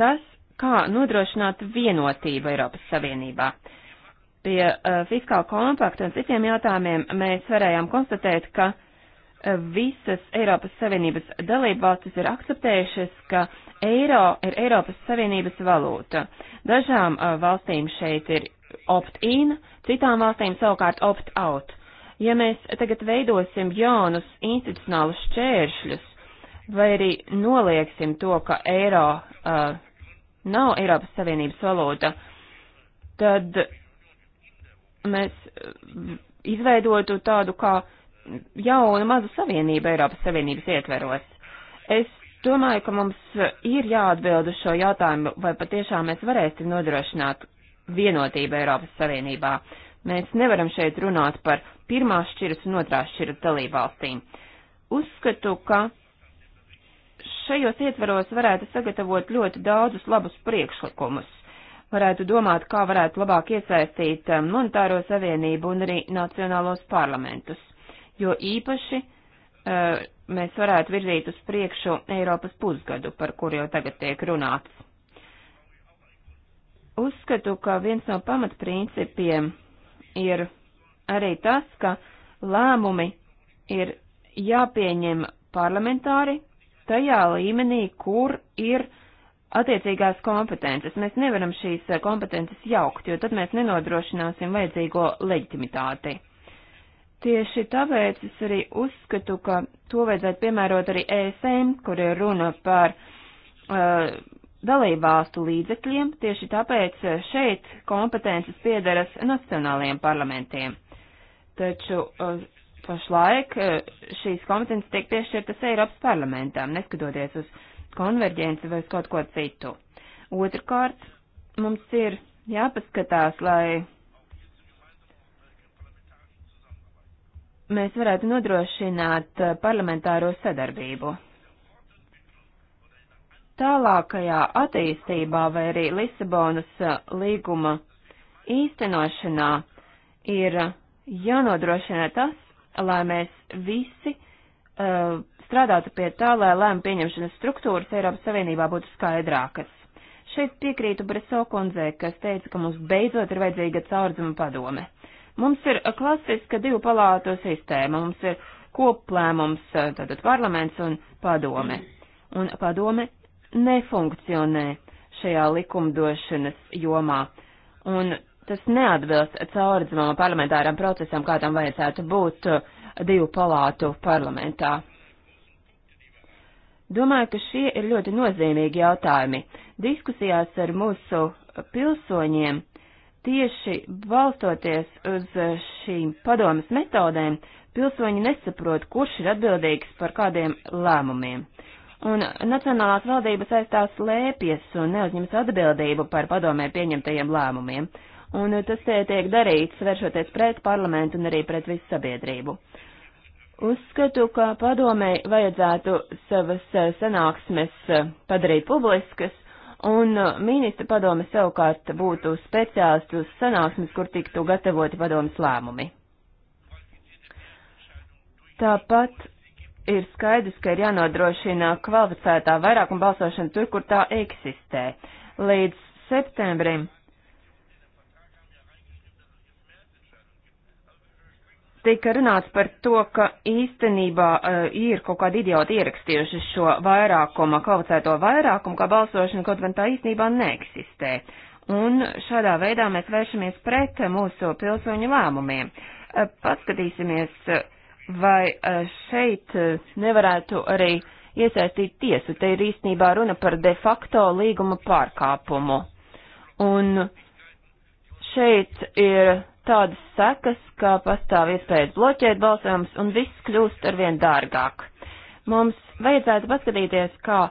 tas, kā nodrošināt vienotību Eiropas Savienībā. Pie uh, fiskāla kompakta un citiem jautājumiem mēs varējām konstatēt, ka uh, visas Eiropas Savienības dalībvalstis ir akceptējušas, ka eiro ir Eiropas Savienības valūta. Dažām uh, valstīm šeit ir opt-in, citām valstīm savukārt opt-out. Ja mēs tagad veidosim jaunus institucionālus šķēršļus, vai arī nolieksim to, ka eiro uh, nav Eiropas Savienības valūta, tad mēs uh, izveidotu tādu kā jaunu mazu savienību Eiropas Savienības ietveros. Es domāju, ka mums ir jāatbild uz šo jautājumu, vai patiešām mēs varēsim nodrošināt vienotību Eiropas Savienībā. Mēs nevaram šeit runāt par pirmās šķiras un otrās šķiras dalībvalstīm. Uzskatu, ka šajos ietveros varētu sagatavot ļoti daudzus labus priekšlikumus. Varētu domāt, kā varētu labāk iesaistīt um, monetāro savienību un arī nacionālos parlamentus, jo īpaši uh, mēs varētu virzīt uz priekšu Eiropas pusgadu, par kur jau tagad tiek runāts. Uzskatu, ka viens no pamatprincipiem ir arī tas, ka lēmumi ir jāpieņem parlamentāri tajā līmenī, kur ir attiecīgās kompetences. Mēs nevaram šīs eh, kompetences jaukt, jo tad mēs nenodrošināsim vajadzīgo leģitimitāti. Tieši tāpēc es arī uzskatu, ka to vajadzētu piemērot arī ESM, kur ir runa par uh, dalībvalstu līdzekļiem, tieši tāpēc eh, šeit kompetences piedaras nacionālajiem parlamentiem. Taču uh, Pašlaik e, šīs kompetences tiek piešķirtas Eiropas parlamentām, neskatoties uz konverģenci vai uz kaut ko citu. Otrakārt, mums ir jāpaskatās, lai mēs varētu nodrošināt e, parlamentāro sadarbību. Tālākajā attīstībā vai arī Lisabonas e, līguma īstenošanā ir jānodrošina tas, lai mēs visi uh, strādātu pie tā, lai lēma pieņemšanas struktūras Eiropas Savienībā būtu skaidrākas. Šeit piekrītu Breso kundzei, kas teica, ka mums beidzot ir vajadzīga caurdzuma padome. Mums ir klasiska divu palātu sistēma, mums ir koplēmums, uh, tātad parlaments un padome. Un padome nefunkcionē šajā likumdošanas jomā. Un tas neatbilst caurdzimama parlamentāram procesam, kādam vajadzētu būt eh, divu palātu parlamentā. Domāju, ka šie ir ļoti nozīmīgi jautājumi. Diskusijās ar mūsu pilsoņiem tieši balstoties uz šīm padomas metodēm, pilsoņi nesaprot, kurš ir atbildīgs par kādiem lēmumiem. Un nacionālās valdības aizstās lēpjas un neuzņemas atbildību par padomē pieņemtajiem lēmumiem un eh, tas te tiek darīts, vēršoties pret parlamentu un arī pret visu sabiedrību. Uzskatu, ka padomei vajadzētu savas eh, sanāksmes eh, padarīt publiskas, un ministra padome savukārt būtu speciālistu sanāksmes, kur tiktu gatavoti padomas lēmumi. Tāpat ir skaidrs, ka ir jānodrošina kvalificētā vairākuma balsošana tur, kur tā eksistē. Līdz septembrim tika runāts par to, ka īstenībā uh, ir kaut kādi idioti ierakstījuši šo vairākuma, kvalificēto vairākumu, kā balsošanu, kaut gan tā īstenībā neeksistē. Un šādā veidā mēs vēršamies pret mūsu pilsoņu lēmumiem. Uh, paskatīsimies, vai uh, šeit uh, nevarētu arī iesaistīt tiesu. Te ir īstenībā runa par de facto līguma pārkāpumu. Un šeit ir tādas sekas, ka pastāv iespējas bloķēt balsojumus un viss kļūst arvien dārgāk. Mums vajadzētu paskatīties, kā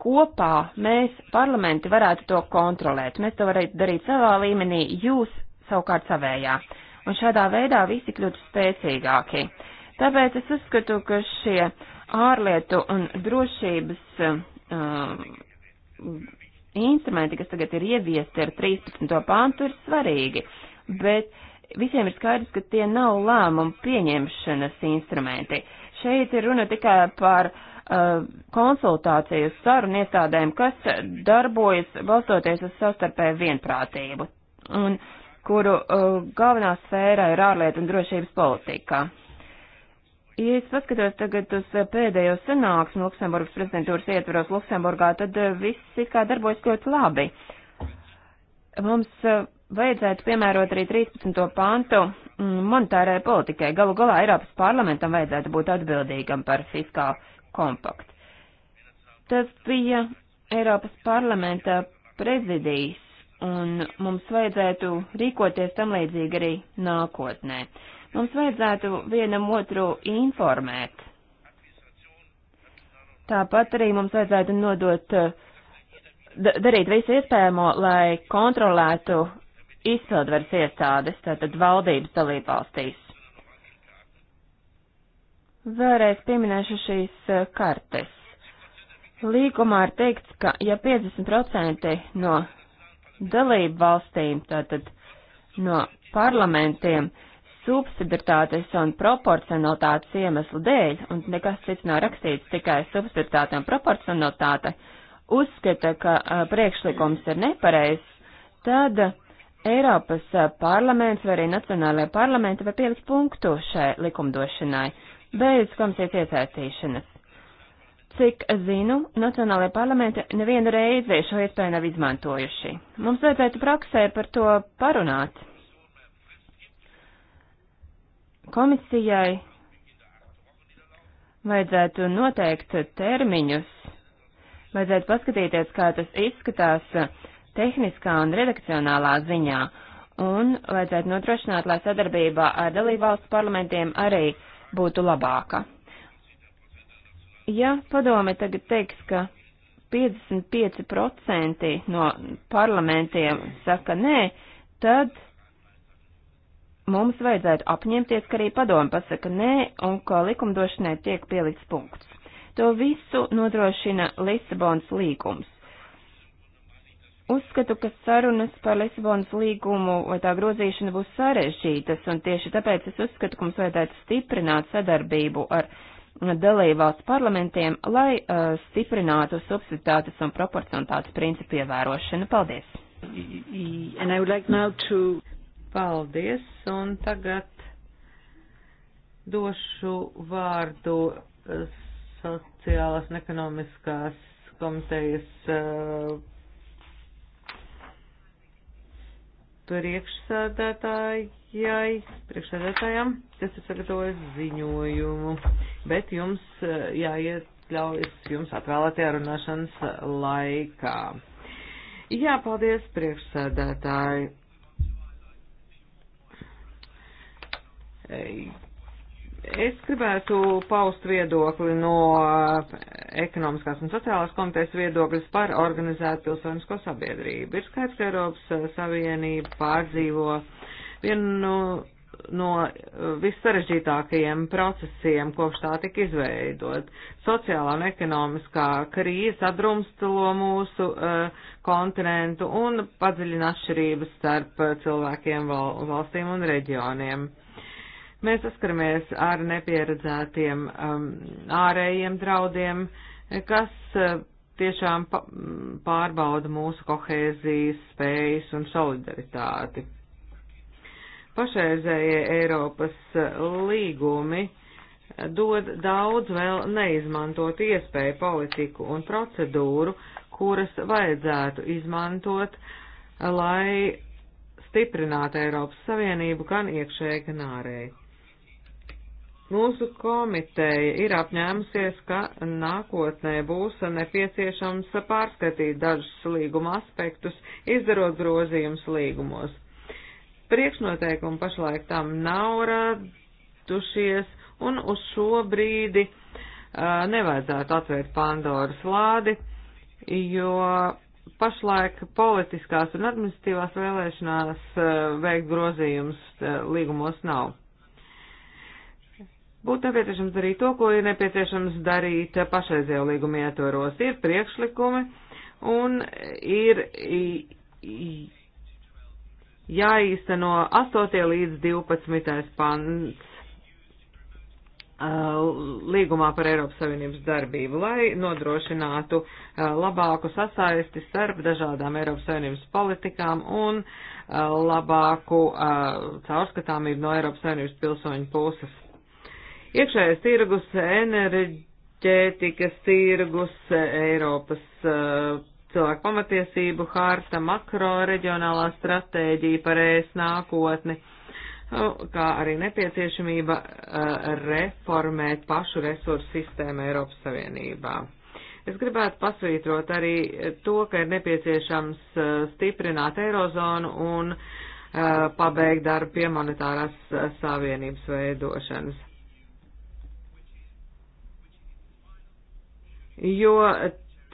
kopā mēs parlamenti varētu to kontrolēt. Mēs to varētu darīt savā līmenī, jūs savukārt savējā. Un šādā veidā visi kļūtu spēcīgāki. Tāpēc es uzskatu, ka šie ārlietu un drošības um, instrumenti, kas tagad ir ieviesti ar 13. pāntu, ir svarīgi. Bet uh, visiem ir skaidrs, ka tie nav lēmumu pieņemšanas instrumenti. Šeit ir runa tikai par uh, konsultāciju sarunu iestādēm, kas darbojas balstoties uz savstarpēju vienprātību, un kuru uh, galvenā sfēra ir ārlietu un drošības politika. Ja es paskatos tagad uz pēdējo sanāksmu Luksemburgas prezidentūras ietvaros Luksemburgā, tad uh, viss it kā darbojas ļoti labi. Mums uh, vajadzētu piemērot arī 13. pantu mm, monetārai politikai. Galu galā Eiropas parlamentam vajadzētu būt atbildīgam par fiskālu kompaktu. Tas bija Eiropas parlamenta prezidijs, un mums vajadzētu rīkoties tam līdzīgi arī nākotnē. Mums vajadzētu vienam otru informēt. Tāpat arī mums vajadzētu nodot, eh, darīt visu iespējamo, lai kontrolētu izpildvaras iestādes, tātad valdības dalībvalstīs. Vēlreiz pieminēšu šīs e, kartes. Līgumā ir teikts, ka ja 50% no dalību valstīm, tātad no parlamentiem, subsidiaritātes un proporcionalitātes iemeslu dēļ, un nekas cits nav rakstīts, tikai subsidiaritāte un proporcionalitāte, uzskata, ka a, e, priekšlikums ir nepareizs, tad Eiropas parlaments vai arī nacionālajā parlamenta var pielikt punktu šai likumdošanai bez komisijas iesaistīšanas. Cik zinu, nacionālajie parlamenti nevienu reizi šo iespēju nav izmantojuši. Mums vajadzētu praksē par to parunāt. Komisijai vajadzētu noteikt termiņus, vajadzētu paskatīties, kā tas izskatās tehniskā un redakcionālā ziņā, un vajadzētu nodrošināt, lai sadarbība ar dalībvalstu parlamentiem arī būtu labāka. Ja padome tagad teiks, ka 55% no parlamentiem saka nē, tad mums vajadzētu apņemties, ka arī padomi pasaka nē un ka likumdošanai tiek pielikts punkts. To visu nodrošina Lisabonas līgums. Uzskatu, ka sarunas par Lisabonas līgumu vai tā grozīšana būs sarežģītas, un tieši tāpēc es uzskatu, ka mums vajadzētu stiprināt sadarbību ar dalībvalsts parlamentiem, lai uh, stiprinātu subsiditātes un proporcionātas principu ievērošanu. Paldies! Like to... Paldies, un tagad došu vārdu uh, sociālās un ekonomiskās komitejas uh, priekšsēdētājai, priekšsēdētājām, kas ir sagatavojis ziņojumu, bet jums eh, jāiekļaujas jums atvēlētajā runāšanas laikā. Jā, paldies priekšsēdētāji. Es gribētu paust viedokli no ekonomiskās un sociālās komitejas viedokļas par organizētu pilsonisko sabiedrību. Ir skaidrs, ka Eiropas Savienība pārdzīvo vienu no, no vissarežģītākajiem procesiem, kopš tā tika izveidot. Sociālā un ekonomiskā krīze sadrumstalo mūsu uh, kontinentu un padziļina atšķirības starp cilvēkiem, val, valstīm un reģioniem Mēs saskaramies ar nepieredzētiem um, ārējiem draudiem, kas uh, tiešām pa mm, pārbauda mūsu kohēzijas spējas un solidaritāti. Pašreizējie Eiropas uh, līgumi uh, dod daudz vēl neizmantot iespēju politiku un procedūru, kuras vajadzētu izmantot, uh, lai stiprinātu Eiropas Savienību gan iekšēji, gan ārēji. Mūsu komiteja ir apņēmusies, ka nākotnē būs nepieciešams pārskatīt dažus līguma aspektus, izdarot grozījumus līgumos. Priekšnoteikumi pašlaik tam nav radušies, un uz šo brīdi uh, nevajadzētu atvērt Pandoras lādi, jo pašlaik politiskās un administratīvās vēlēšanās uh, veikt grozījumus uh, līgumos nav būtu nepieciešams darīt to, ko ir nepieciešams darīt pašreizējo līgumu ietvaros. Ir priekšlikumi un ir jāīsteno 8. līdz 12. pants līgumā par Eiropas Savienības darbību, lai nodrošinātu labāku sasaisti starp dažādām Eiropas Savienības politikām un labāku caurskatāmību no Eiropas Savienības pilsoņu puses. Iekšējais tirgus, enerģētikas tirgus, Eiropas uh, cilvēku pamatiesību harta, makro reģionālā stratēģija par ēs nākotni, eh, kā arī nepieciešamība eh, reformēt pašu resursu sistēmu Eiropas Savienībā. Es gribētu pasvītrot arī to, ka ir nepieciešams stiprināt eirozonu un pabeigt darbu pie monetārās savienības veidošanas jo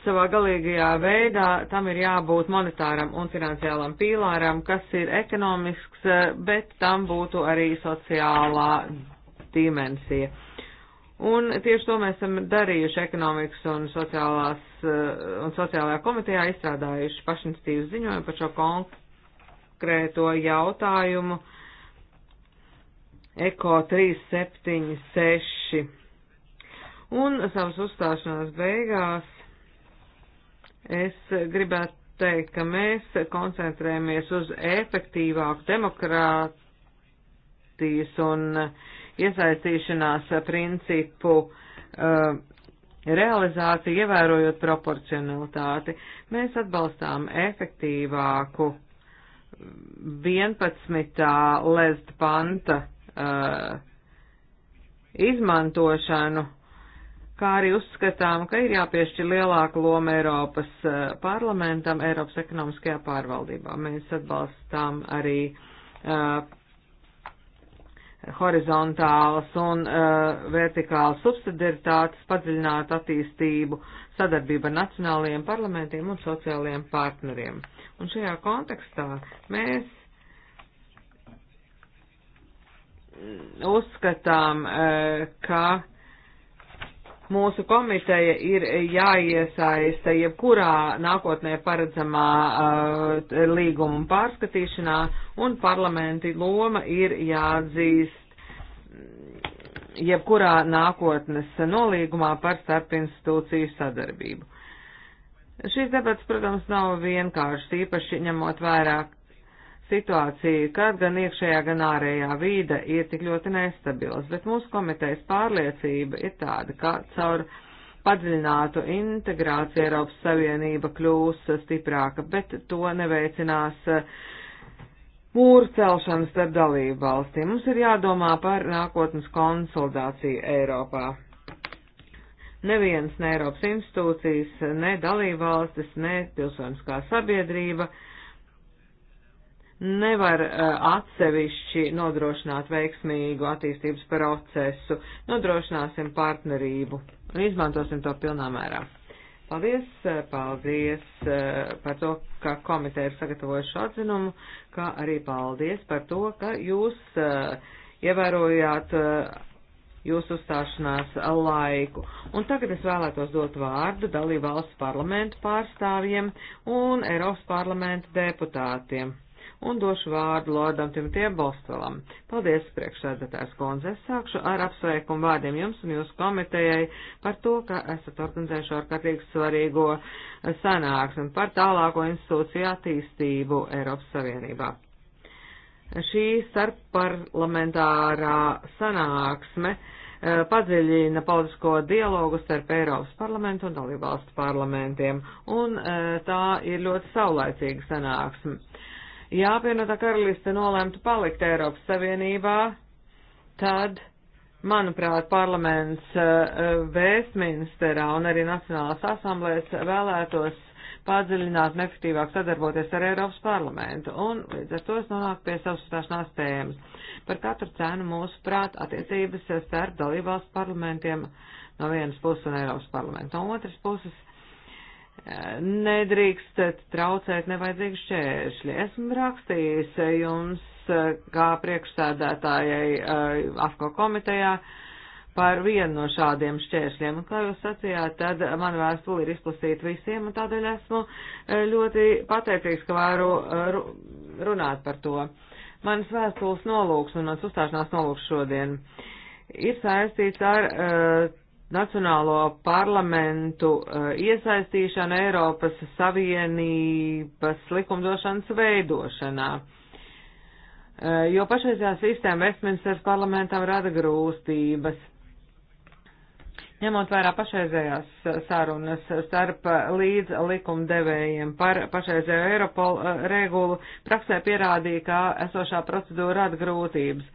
savā galīgajā veidā tam ir jābūt monetāram un finansiālam pīlāram, kas ir ekonomisks, bet tam būtu arī sociālā dimensija. Un tieši to mēs esam darījuši ekonomikas un, sociālās, un sociālajā komitejā, izstrādājuši pašinstīvu ziņojumu par šo konkrēto jautājumu. Eko 376 Un savas uzstāšanās beigās es gribētu teikt, ka mēs koncentrējamies uz efektīvāku demokrātijas un iesaistīšanās principu uh, realizāciju, ievērojot proporcionalitāti. Mēs atbalstām efektīvāku 11. lezd panta uh, izmantošanu kā arī uzskatām, ka ir jāpiešķir lielāka loma Eiropas eh, parlamentam, Eiropas ekonomiskajā pārvaldībā. Mēs atbalstām arī uh, horizontālas un uh, vertikālas subsidiaritātes, padziļinātu attīstību, sadarbību ar nacionālajiem parlamentiem un sociālajiem partneriem. Un šajā kontekstā mēs mm, uzskatām, uh, ka mūsu komiteja ir jāiesaista jebkurā nākotnē paredzamā uh, līguma pārskatīšanā, un parlamenti loma ir jāatzīst jebkurā nākotnes nolīgumā par starpinstitūciju sadarbību. Šīs debats, protams, nav vienkāršas, īpaši ņemot vērā, situācija, kad gan iekšējā, gan ārējā vīda ir tik ļoti nestabils, bet mūsu komitejas pārliecība ir tāda, ka caur padziļinātu integrāciju Eiropas Savienība kļūs stiprāka, bet to neveicinās eh, mūru celšanas starp dalību valstīm. Mums ir jādomā par nākotnes konsolidāciju Eiropā. Neviens ne Eiropas institūcijas, ne dalību valstis, ne pilsoniskā sabiedrība uh, nevar eh, atsevišķi nodrošināt veiksmīgu attīstības procesu. Nodrošināsim partnerību un izmantosim to pilnā mērā. Paldies, eh, paldies eh, par to, ka komiteja ir sagatavojuši atzinumu, kā arī paldies par to, ka jūs ievērojāt jūsu uzstāšanās laiku. Un tagad es vēlētos dot vārdu dalību valsts parlamentu pārstāvjiem un Eiropas parlamentu deputātiem un došu vārdu Lordam Timotiem Bostolam. Paldies, priekšsēdētājs Konze. Es sākšu ar apsveikumu vārdiem jums un jūsu komitejai par to, ka esat organizējuši ārkārtīgi svarīgo sanāksmi par tālāko institūciju attīstību Eiropas Savienībā šī starpparlamentārā sanāksme uh, padziļina politisko dialogu starp Eiropas parlamentu un dalībvalstu parlamentiem, un uh, tā ir ļoti saulaicīga sanāksme. Ja apvienotā karaliste nolēmtu palikt Eiropas Savienībā, tad, manuprāt, parlaments eh, Vēstminsterā un arī Nacionālās asamblēs vēlētos padziļināt un efektīvāk sadarboties ar Eiropas parlamentu, un līdz ar to es nonāku pie savas stāšanās tēmas. Par katru cenu mūsu prāt attiecības starp dalībvalstu parlamentiem no vienas puses un Eiropas parlamentu. No otras puses nedrīkstat traucēt nevajadzīgi šķēršļi. Esmu rakstījis jums eh, kā priekšsēdētājai eh, AFKO komitejā par vienu no šādiem šķēršļiem. Un, kā jūs sacījāt, tad man vēstuli ir izplatīta visiem, un tādēļ esmu eh, ļoti pateicīgs, ka varu runāt par to. Manas vēstules nolūks un mans uzstāšanās nolūks šodien ir saistīts ar uh, Nacionālo parlamentu eh, iesaistīšana Eiropas Savienības likumdošanas veidošanā, eh, jo pašreizējā sistēma Westminsters parlamentam rada grūstības. Ņemot vērā pašreizējās sarunas starp līdz likumdevējiem par pašreizējo Eiropolu eh, regulu, praksē pierādīja, ka esošā procedūra rada grūtības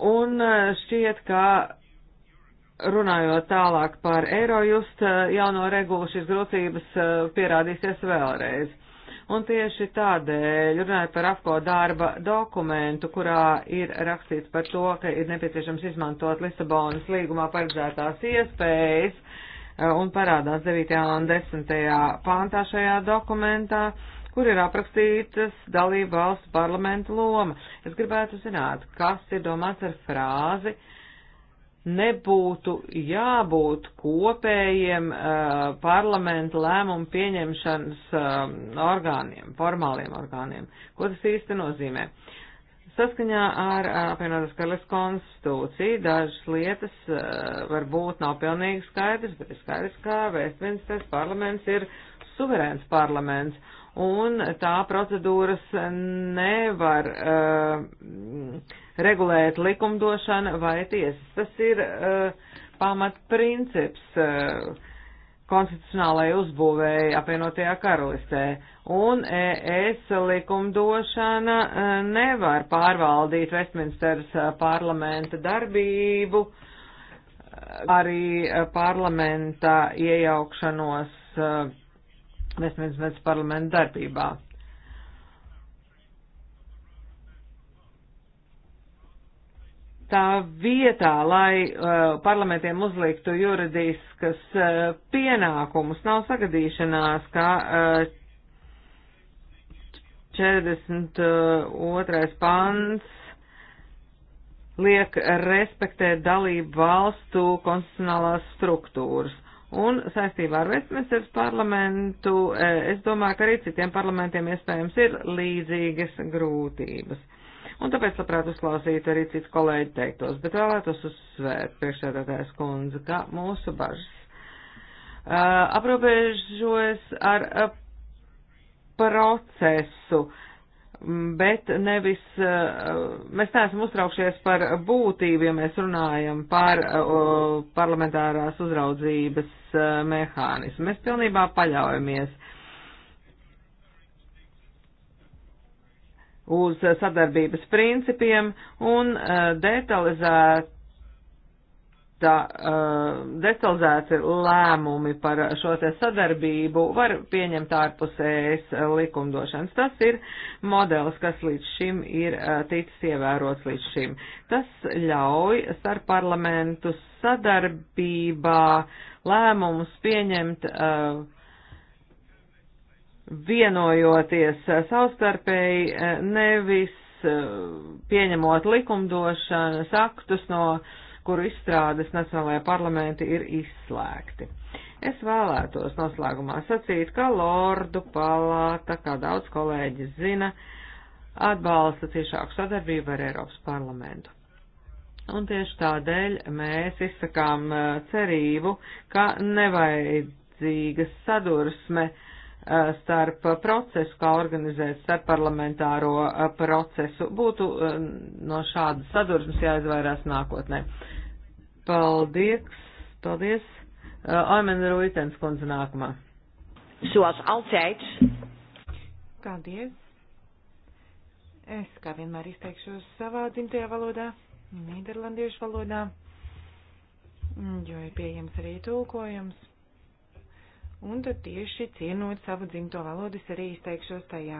Un e, šķiet, ka runājot tālāk par Eirojust e, jauno regulu, šīs grūtības e, pierādīsies vēlreiz. Un tieši tādēļ runāju par AFCO darba dokumentu, kurā ir rakstīts par to, ka ir nepieciešams izmantot Lisabonas līgumā paredzētās iespējas un parādās 9. un 10. pāntā šajā dokumentā kur ir aprakstītas dalību valstu parlamentu loma. Es gribētu zināt, kas ir domāts ar frāzi nebūtu jābūt kopējiem uh, eh, parlamentu lēmumu pieņemšanas uh, orgāniem, formāliem orgāniem. Ko tas īsti nozīmē? Saskaņā ar eh, apvienotās uh, karalists konstitūciju dažas lietas uh, varbūt nav pilnīgi skaidrs, bet ir skaidrs, ka Vēstminsters parlaments ir suverēns parlaments un tā procedūras nevar uh, regulēt likumdošana vai tiesas. Tas ir uh, pamatprincips uh, konstitucionālai uzbūvēji apvienotajā karalistē, un ES likumdošana uh, nevar pārvaldīt Westminsteras parlamenta darbību, arī parlamenta iejaukšanos uh, Vesmēnes mēs parlamentu darbībā. tā vietā, lai uh, parlamentiem uzliktu juridiskas uh, pienākumus, nav sagadīšanās, ka uh, 42. Uh, pants liek respektēt dalību valstu konstitucionālās struktūras. Un saistībā ar Vestminsteras parlamentu, e, es domāju, ka arī citiem parlamentiem iespējams ir līdzīgas grūtības. Un tāpēc labprāt uzklausītu arī citu kolēģi teiktos, bet vēlētos uzsvērt priekšsēdētājs kundze, ka mūsu bažas uh, aprobežojas ar uh, procesu. Uh, bet nevis, eh, mēs neesam uztraukšies par būtību, ja mēs runājam par eh, parlamentārās uzraudzības eh, mehānismu. Mēs pilnībā paļaujamies uz sadarbības principiem un detalizēt tā, uh, detalizēti lēmumi par šo te sadarbību var pieņemt ārpusējas e likumdošanas. Tas ir modelis, kas līdz šim ir uh, ticis ievērots līdz šim. Tas ļauj starp parlamentu sadarbībā lēmumus pieņemt uh, vienojoties savstarpēji, nevis pieņemot likumdošanas aktus no uh, kuru izstrādes Nacionālajā parlamenti ir izslēgti. Es vēlētos noslēgumā sacīt, ka Lordu palāta, kā daudz kolēģi zina, atbalsta ciešāku sadarbību ar Eiropas parlamentu. Un tieši tādēļ mēs izsakām eh, cerību, ka nevajadzīgas sadursme uh, Eh, starp procesu, kā organizēt starp parlamentāro eh, procesu. Būtu eh, no šādas sadursmes jāizvairās nākotnē. Paldies, paldies. Oimen Ruitens kundze nākamā. Zoals altijd. Paldies. Es kā vienmēr izteikšos savā dzimtajā valodā, Nīderlandiešu valodā, jo ir pieejams arī tulkojums. Un tad tieši cienot savu dzimto valodu, es arī izteikšos tajā.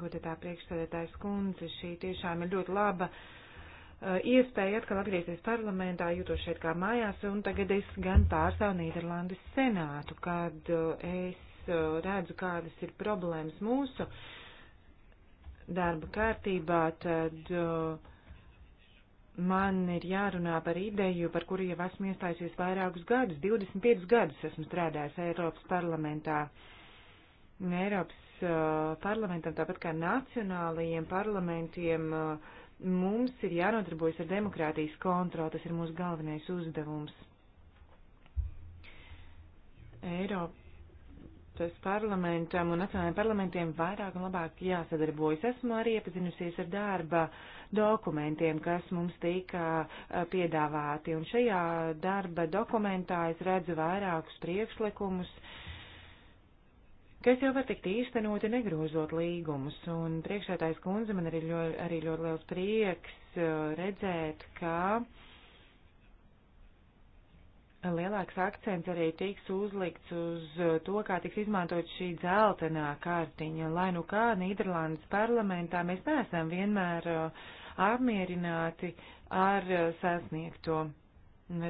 Godētā priekšsēdētājs kundze, šī tiešām ir ļoti laba uh, iespēja atkal atgriezties parlamentā, jūtos šeit kā mājās, un tagad es gan pārstāvu Nīderlandes senātu, kad uh, es uh, redzu, kādas ir problēmas mūsu darba kārtībā, tad uh, man ir jārunā par ideju, par kuru jau esmu iestājusies vairākus gadus, 25 gadus esmu strādājis Eiropas parlamentā. Eiropas uh, parlamentam, tāpat kā nacionālajiem parlamentiem, uh, mums ir jānodarbojas ar demokrātijas kontroli, tas ir mūsu galvenais uzdevums. Eiropas parlamentam un nacionālajiem parlamentiem vairāk un labāk jāsadarbojas. Esmu arī iepazinusies ar darba uh, dokumentiem, kas mums tika eh, piedāvāti. Un šajā darba dokumentā es redzu vairākus priekšlikumus, kas jau var tikt īstenoti negrozot līgumus. Un priekšētājs kundze man arī ļoti, arī ļoti liels prieks eh, redzēt, ka lielāks akcents arī tiks uzlikts uz eh, to, kā tiks izmantot šī dzeltenā kārtiņa, lai nu kā Nīderlandes parlamentā mēs neesam vienmēr uh, apmierināti ar eh, sasniegto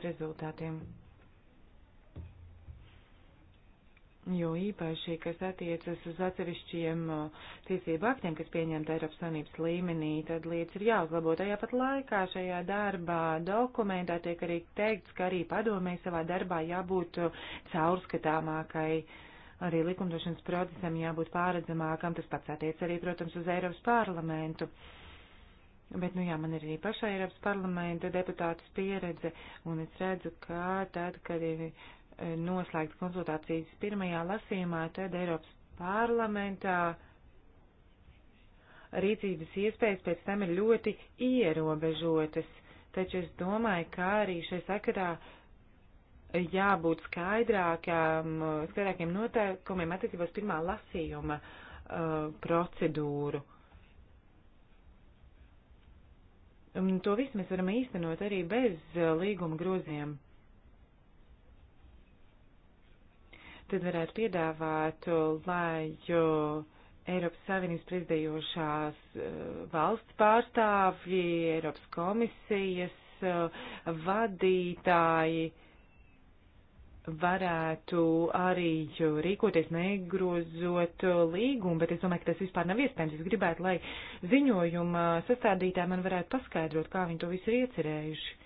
rezultātiem. Jo īpaši, kas attiecas uz atsevišķiem eh, tiesību aktiem, kas pieņemta Eiropas Savienības līmenī, tad lietas ir jāuzlabo. Tajā pat laikā šajā darbā dokumentā tiek arī teikts, ka arī padomē savā darbā jābūt eh, caurskatāmākai. Arī likumdošanas procesam jābūt pāredzamākam, tas pats attiec arī, protams, uz Eiropas parlamentu. Uh, Bet, nu jā, man ir arī pašā Eiropas parlamenta deputātas pieredze, un es redzu, ka tad, kad ir e, noslēgts konsultācijas pirmajā lasījumā, tad Eiropas parlamentā rīcības iespējas pēc tam ir ļoti ierobežotas. Taču es domāju, ka arī šai sakarā jābūt skaidrākām, skaidrākiem noteikumiem attiecībās pirmā lasījuma uh, procedūru. Uh, Un to visu mēs varam īstenot arī bez eh, līguma groziem. Tad varētu piedāvāt, eh, lai Eiropas Savienības prezidējošās eh, valsts pārstāvji, Eiropas komisijas vadītāji, varētu arī rīkoties negrozot līgumu, bet es domāju, ka tas vispār nav iespējams. Es gribētu, lai ziņojuma sastādītāji man varētu paskaidrot, kā viņi to visu ir iecerējuši.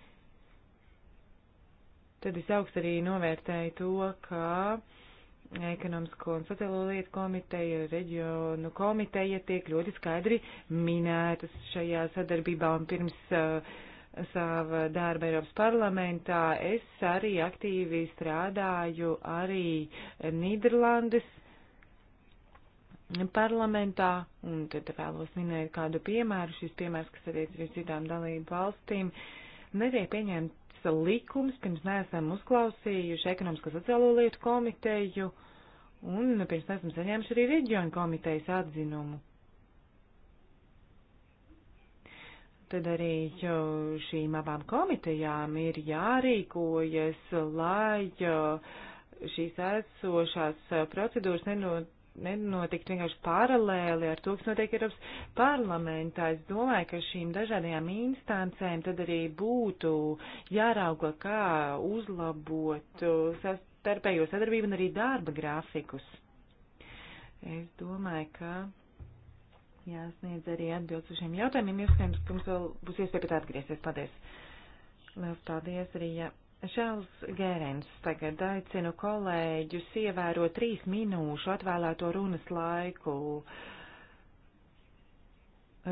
Tad es augstu arī novērtēju to, ka ekonomisko un sociālo lietu komiteja, reģionu komiteja tiek ļoti skaidri minētas šajā sadarbībā un pirms uh, sava darba Eiropas parlamentā. Es arī aktīvi strādāju arī Nīderlandes parlamentā, un tad vēlos minēt kādu piemēru, šis piemērs, kas attiec arī citām dalību valstīm, netiek pieņemts likums, pirms neesam uzklausījuši ekonomisko sociālo lietu komiteju, un pirms neesam saņēmuši arī reģionu komitejas atzinumu. tad arī šīm abām komitejām ir jārīkojas, lai uh, šīs esošās uh, procedūras nenot nenotikt vienkārši paralēli ar to, kas notiek Eiropas parlamentā. Es domāju, ka šīm dažādajām instancēm tad arī būtu jārauga, kā uzlabot uh, starpējo sadarbību un arī darba grafikus. Es domāju, ka jāsniedz arī atbildes uz šiem jautājumiem. Iespējams, ka mums vēl būs iespēja pie tā atgriezties. Paldies! Liels paldies arī, ja Šāls Gērens tagad aicinu kolēģus ievērot trīs minūšu atvēlēto runas laiku.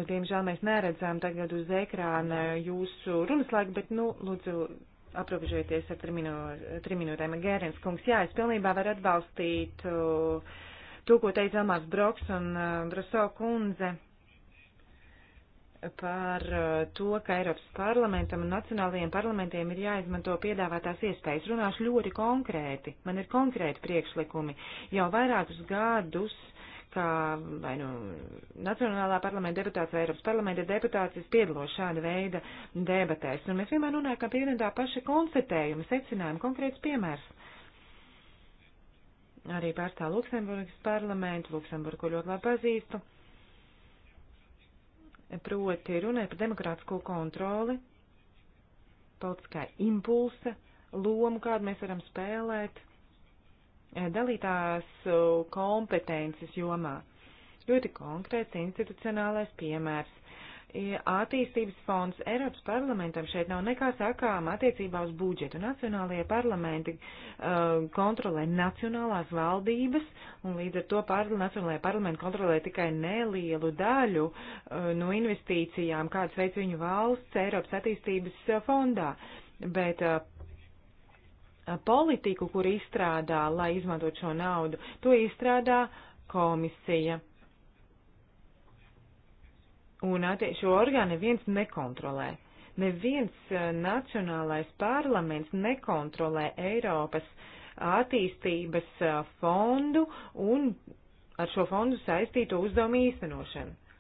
Diemžēl mēs neredzām tagad uz ekrāna jūsu runas laiku, bet, nu, lūdzu, aprobežojieties ar trim minūtēm. Gērens kungs, jā, es pilnībā varu atbalstīt. Uh, to, ko teica Amās Broks un Braso uh, kundze par uh, to, ka Eiropas parlamentam un nacionālajiem parlamentiem ir jāizmanto piedāvātās iespējas. Runāšu ļoti konkrēti. Man ir konkrēti priekšlikumi. Jau vairākus gadus kā vai nu Nacionālā parlamenta deputāts vai Eiropas parlamenta deputāts, es piedalos šāda veida debatēs. Un mēs vienmēr nonākam pie vienā paša konstatējuma, secinājuma, konkrēts piemērs arī pārstāv Luksemburgas parlamentu, Luksemburgu ļoti labi pazīstu. Proti runēt par demokrātisko kontroli, politiskā impulsa, lomu, kādu mēs varam spēlēt eh, dalītās uh, kompetences jomā. Ļoti konkrēts institucionālais piemērs attīstības fonds Eiropas parlamentam šeit nav nekā sakām attiecībā uz budžetu. Nacionālajie parlamenti uh, kontrolē nacionālās valdības, un līdz ar to par, nacionālajie parlamenti kontrolē tikai nelielu daļu uh, no investīcijām, kāds veic viņu valsts Eiropas attīstības uh, fondā. Bet uh, uh, politiku, kur izstrādā, lai izmantot šo naudu, to izstrādā komisija Un šo orgānu neviens nekontrolē. Neviens eh, nacionālais parlaments nekontrolē Eiropas attīstības eh, fondu un ar šo fondu saistīto uzdevumu īstenošanu.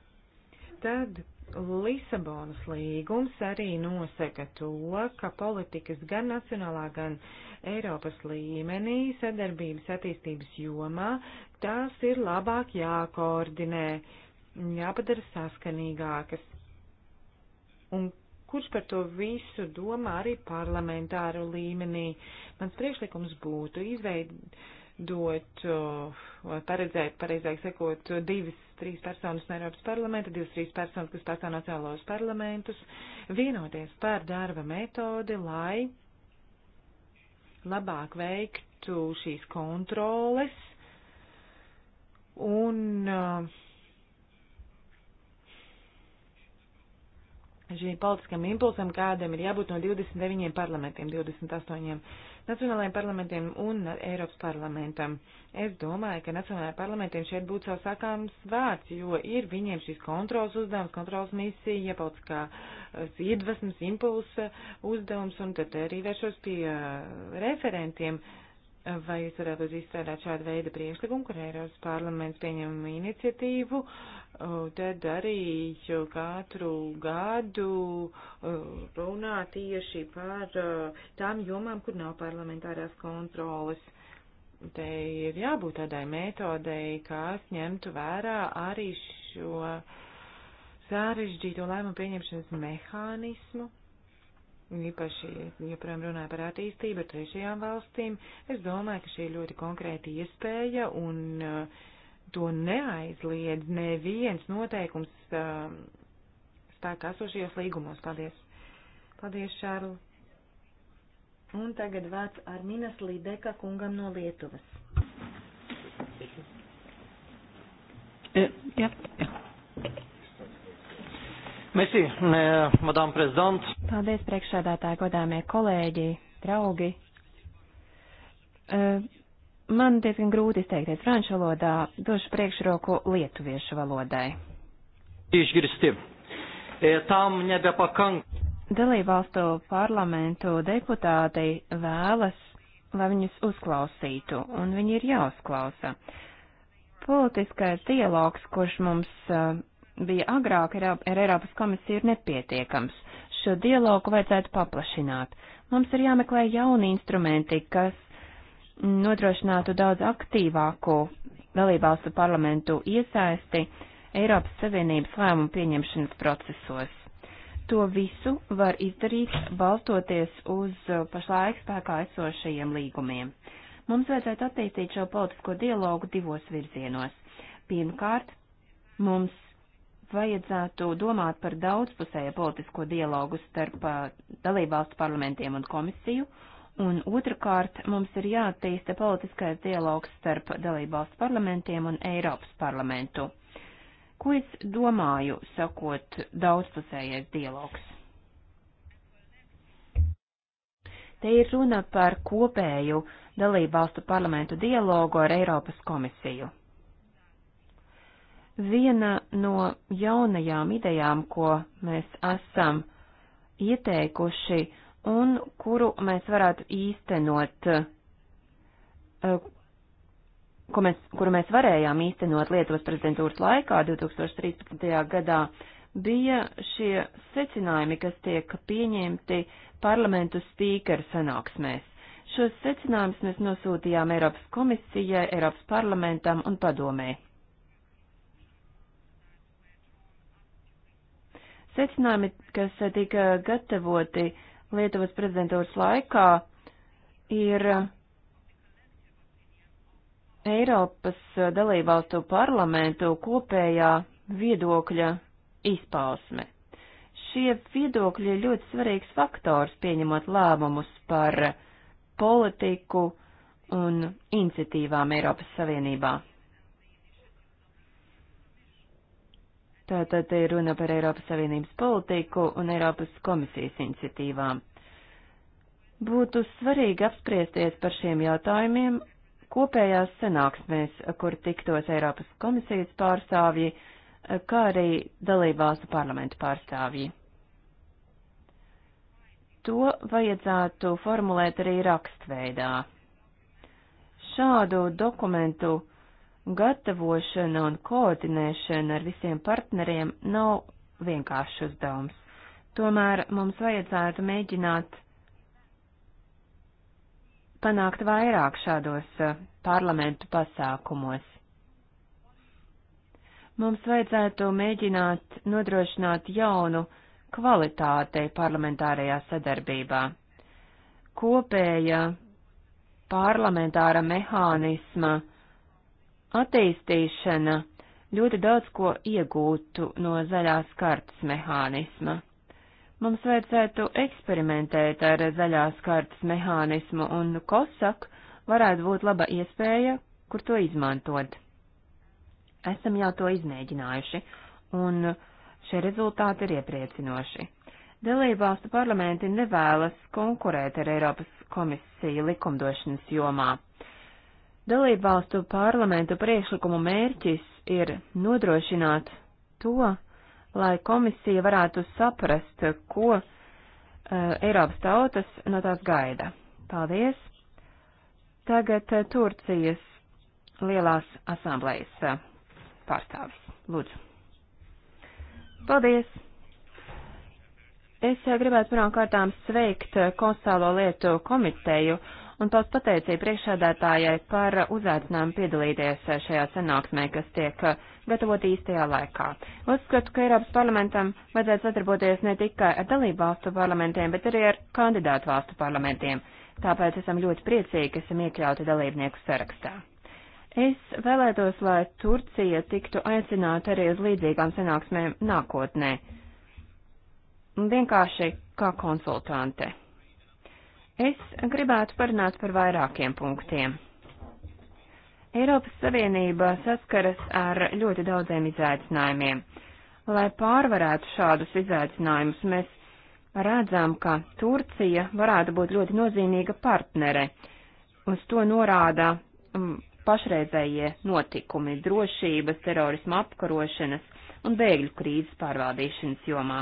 Tad Lisabonas līgums arī nosaka to, ka politikas gan nacionālā, gan Eiropas līmenī sadarbības attīstības jomā tās ir labāk jākoordinē jāpadara saskanīgākas. Un kurš par to visu domā arī parlamentāru līmenī? Mans priekšlikums būtu izveidot, vai paredzēt, pareizāk sakot, divas, trīs personas no Eiropas parlamenta, divas, trīs personas, kas pārstāv nacionālos parlamentus, vienoties par darba metodi, lai labāk veiktu šīs kontroles un uh, šīm politiskam impulsam, kādam ir jābūt no 29 parlamentiem, 28 nacionālajiem parlamentiem un Eiropas parlamentam. Es domāju, ka nacionālajiem parlamentiem šeit būtu savs sakāms vārds, jo ir viņiem šīs kontrols uzdevums, kontrols misija, politiskā eh, iedvesmas impulsa uzdevums, un tad arī vēršos pie eh, referentiem. Uh, Vai jūs varētu izstrādāt šādu veidu priekšlikumu, kur Eiropas parlaments pieņem iniciatīvu, tad arī katru gadu runā tieši par tām jomām, kur nav parlamentārās kontrolas. Te ir jābūt tādai metodei, kas ņemtu vērā arī šo sarežģīto lēmumu pieņemšanas mehānismu īpaši, joprojām runāja par attīstību ar trešajām valstīm, es domāju, ka šī ir ļoti konkrēta iespēja un uh, to neaizliedz neviens noteikums uh, spēkā esošajos līgumos. Paldies! Paldies, Šārl! Un tagad vārds Arminas Līdeka kungam no Lietuvas. Uh, jā, jā. Mesī, euh, madām prezidents. Paldies, priekšsēdētāji, godāmie kolēģi, draugi. Man diezgan grūti izteikties franču valodā, došu priekšroku lietuviešu valodai. Išgirsti. Tām nebepakank. Dalībvalstu parlamentu deputāti vēlas, lai viņus uzklausītu, un viņi ir jāuzklausa politiskais dialogs, kurš mums uh, bija agrāk ar Eiropas komisiju, ir nepietiekams. Šo dialogu vajadzētu paplašināt. Mums ir jāmeklē jauni instrumenti, kas nodrošinātu daudz aktīvāku dalībvalstu parlamentu iesaisti Eiropas Savienības lēmumu pieņemšanas procesos. To visu var izdarīt balstoties uz pašlaik spēkā esošajiem līgumiem. Mums vajadzētu attīstīt šo politisko dialogu divos virzienos. Pirmkārt, mums vajadzētu domāt par daudzpusēju politisko dialogu starp dalībvalstu parlamentiem un komisiju, un otrkārt mums ir jāattīsta politiskais dialogs starp dalībvalstu parlamentiem un Eiropas parlamentu. Ko es domāju, sakot, daudzpusējais dialogs? Te ir runa par kopēju dalībvalstu parlamentu dialogu ar Eiropas komisiju. Viena no jaunajām idejām, ko mēs esam ieteikuši un kuru mēs varētu īstenot, eh, ko mēs, kuru mēs varējām īstenot Lietuvas prezidentūras laikā 2013. gadā, bija šie secinājumi, kas tiek pieņemti parlamentu spīkeru sanāksmēs. Šos secinājumus mēs nosūtījām Eiropas komisijai, Eiropas parlamentam un padomēji. Secinājumi, kas eh, tika gatavoti Lietuvas prezidentūras laikā, ir eh, Eiropas eh, dalībvalstu parlamentu kopējā viedokļa izpausme. Šie viedokļi ir ļoti svarīgs faktors pieņemot lēmumus par politiku un iniciatīvām Eiropas Savienībā. Tātad te ir runa par Eiropas Savienības politiku un Eiropas komisijas iniciatīvām. Būtu svarīgi apspriesties par šiem jautājumiem kopējās sanāksmēs, kur tiktos Eiropas komisijas pārstāvji, kā arī dalībvalstu parlamentu pārstāvji. To vajadzētu formulēt arī rakstveidā. Šādu dokumentu Gatavošana un koordinēšana ar visiem partneriem nav vienkāršs uzdevums. Tomēr mums vajadzētu mēģināt panākt vairāk šādos eh, parlamentu pasākumos. Mums vajadzētu mēģināt nodrošināt jaunu kvalitātei parlamentārajā sadarbībā. Kopēja parlamentāra mehānisma attīstīšana ļoti daudz ko iegūtu no zaļās kartas mehānisma. Mums vajadzētu eksperimentēt ar zaļās kartas mehānismu, un kosak varētu būt laba iespēja, kur to izmantot. Esam jau to izmēģinājuši, un šie rezultāti ir iepriecinoši. Dalībvalstu parlamenti nevēlas konkurēt ar Eiropas komisiju likumdošanas jomā. Dalībvalstu parlamentu priekšlikumu mērķis ir nodrošināt to, lai komisija varētu saprast, ko uh, Eiropas tautas no tās gaida. Paldies! Tagad uh, Turcijas lielās asamblējas uh, pārstāvis. Lūdzu. Paldies! Es gribētu pirmkārtām sveikt Konstālo lietu komiteju un paust pateicību priekšādātājai par uzaicinājumu piedalīties šajā sanāksmē, kas tiek uh, gatavot īstajā laikā. Uzskatu, ka Eiropas parlamentam vajadzētu sadarboties ne tikai ar dalību valstu parlamentiem, bet arī ar kandidātu valstu parlamentiem, tāpēc esam ļoti priecīgi, ka esam iekļauti dalībnieku sarakstā. Es vēlētos, lai Turcija tiktu aicināta arī uz līdzīgām sanāksmēm nākotnē, vienkārši kā konsultante. Es gribētu parunāt par vairākiem punktiem. Eiropas Savienība saskaras ar ļoti daudziem izaicinājumiem. Lai pārvarētu šādus izaicinājumus, mēs redzam, ka Turcija varētu būt ļoti nozīmīga partnere. Uz to norāda mm, pašreizējie notikumi drošības, terorisma apkarošanas un bēgļu krīzes pārvaldīšanas jomā.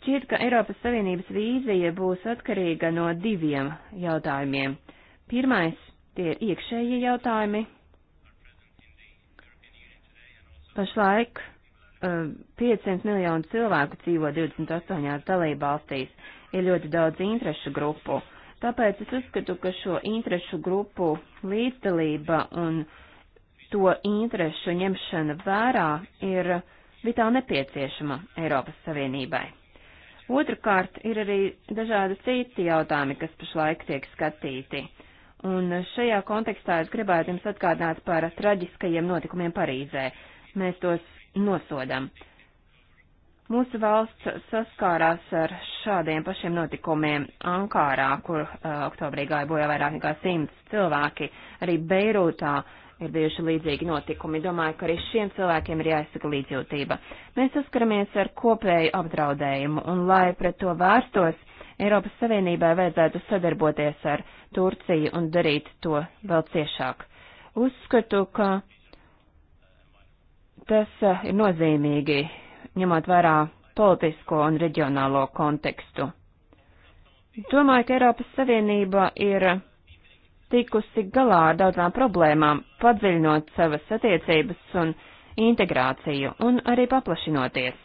Šķiet, ka Eiropas Savienības vīzija būs atkarīga no diviem jautājumiem. Pirmais - tie ir iekšējie jautājumi. Pašlaik uh, 500 miljonu cilvēku dzīvo 28 dalībvalstīs, ir ļoti daudz interešu grupu. Tāpēc es uzskatu, ka šo interešu grupu līdzdalība un to interešu ņemšana vērā ir vitāli nepieciešama Eiropas Savienībai. Otrakārt, ir arī dažādi citi jautājumi, kas pašlaik tiek skatīti. Un šajā kontekstā es gribētu jums atgādināt par traģiskajiem notikumiem Parīzē. Mēs tos nosodam. Mūsu valsts saskārās ar šādiem pašiem notikumiem Ankārā, kur uh, oktobrī gāja bojā vairāk nekā simts cilvēki, arī Beirūtā uh, ir bijuši līdzīgi notikumi. Domāju, ka arī šiem cilvēkiem ir jāizsaka līdzjūtība. Mēs saskaramies ar kopēju apdraudējumu, un lai pret to vērstos, Eiropas Savienībai vajadzētu sadarboties ar Turciju un darīt to vēl ciešāk. Uzskatu, ka tas eh, ir nozīmīgi, ņemot vērā politisko un reģionālo kontekstu. Domāju, ka Eiropas Savienība ir tikusi galā ar daudzām problēmām, padziļinot savas attiecības un integrāciju un arī paplašinoties.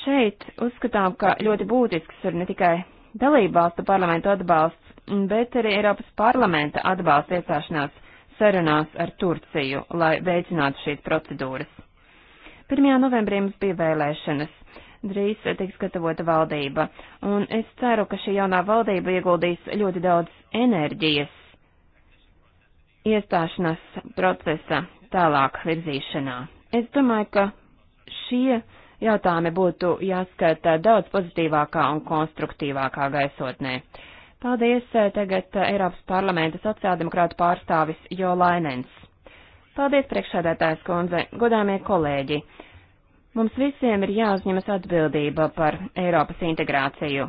Šeit uzskatām, ka ļoti būtisks ir ne tikai dalībvalstu parlamentu atbalsts, bet arī Eiropas parlamenta atbalsts iestāšanās sarunās ar Turciju, lai veicinātu šīs procedūras. 1. novembrī mums bija vēlēšanas drīz tiks gatavota valdība. Un es ceru, ka šī jaunā valdība ieguldīs ļoti daudz enerģijas iestāšanās procesa tālāk virzīšanā. Es domāju, ka šie jautājumi būtu jāskata daudz pozitīvākā un konstruktīvākā gaisotnē. Paldies eh, tagad eh, Eiropas parlamenta sociāldemokrātu pārstāvis Jo Lainens. Paldies priekšsēdētājs kundze, godāmie kolēģi. Mums visiem ir jāuzņemas atbildība par Eiropas integrāciju.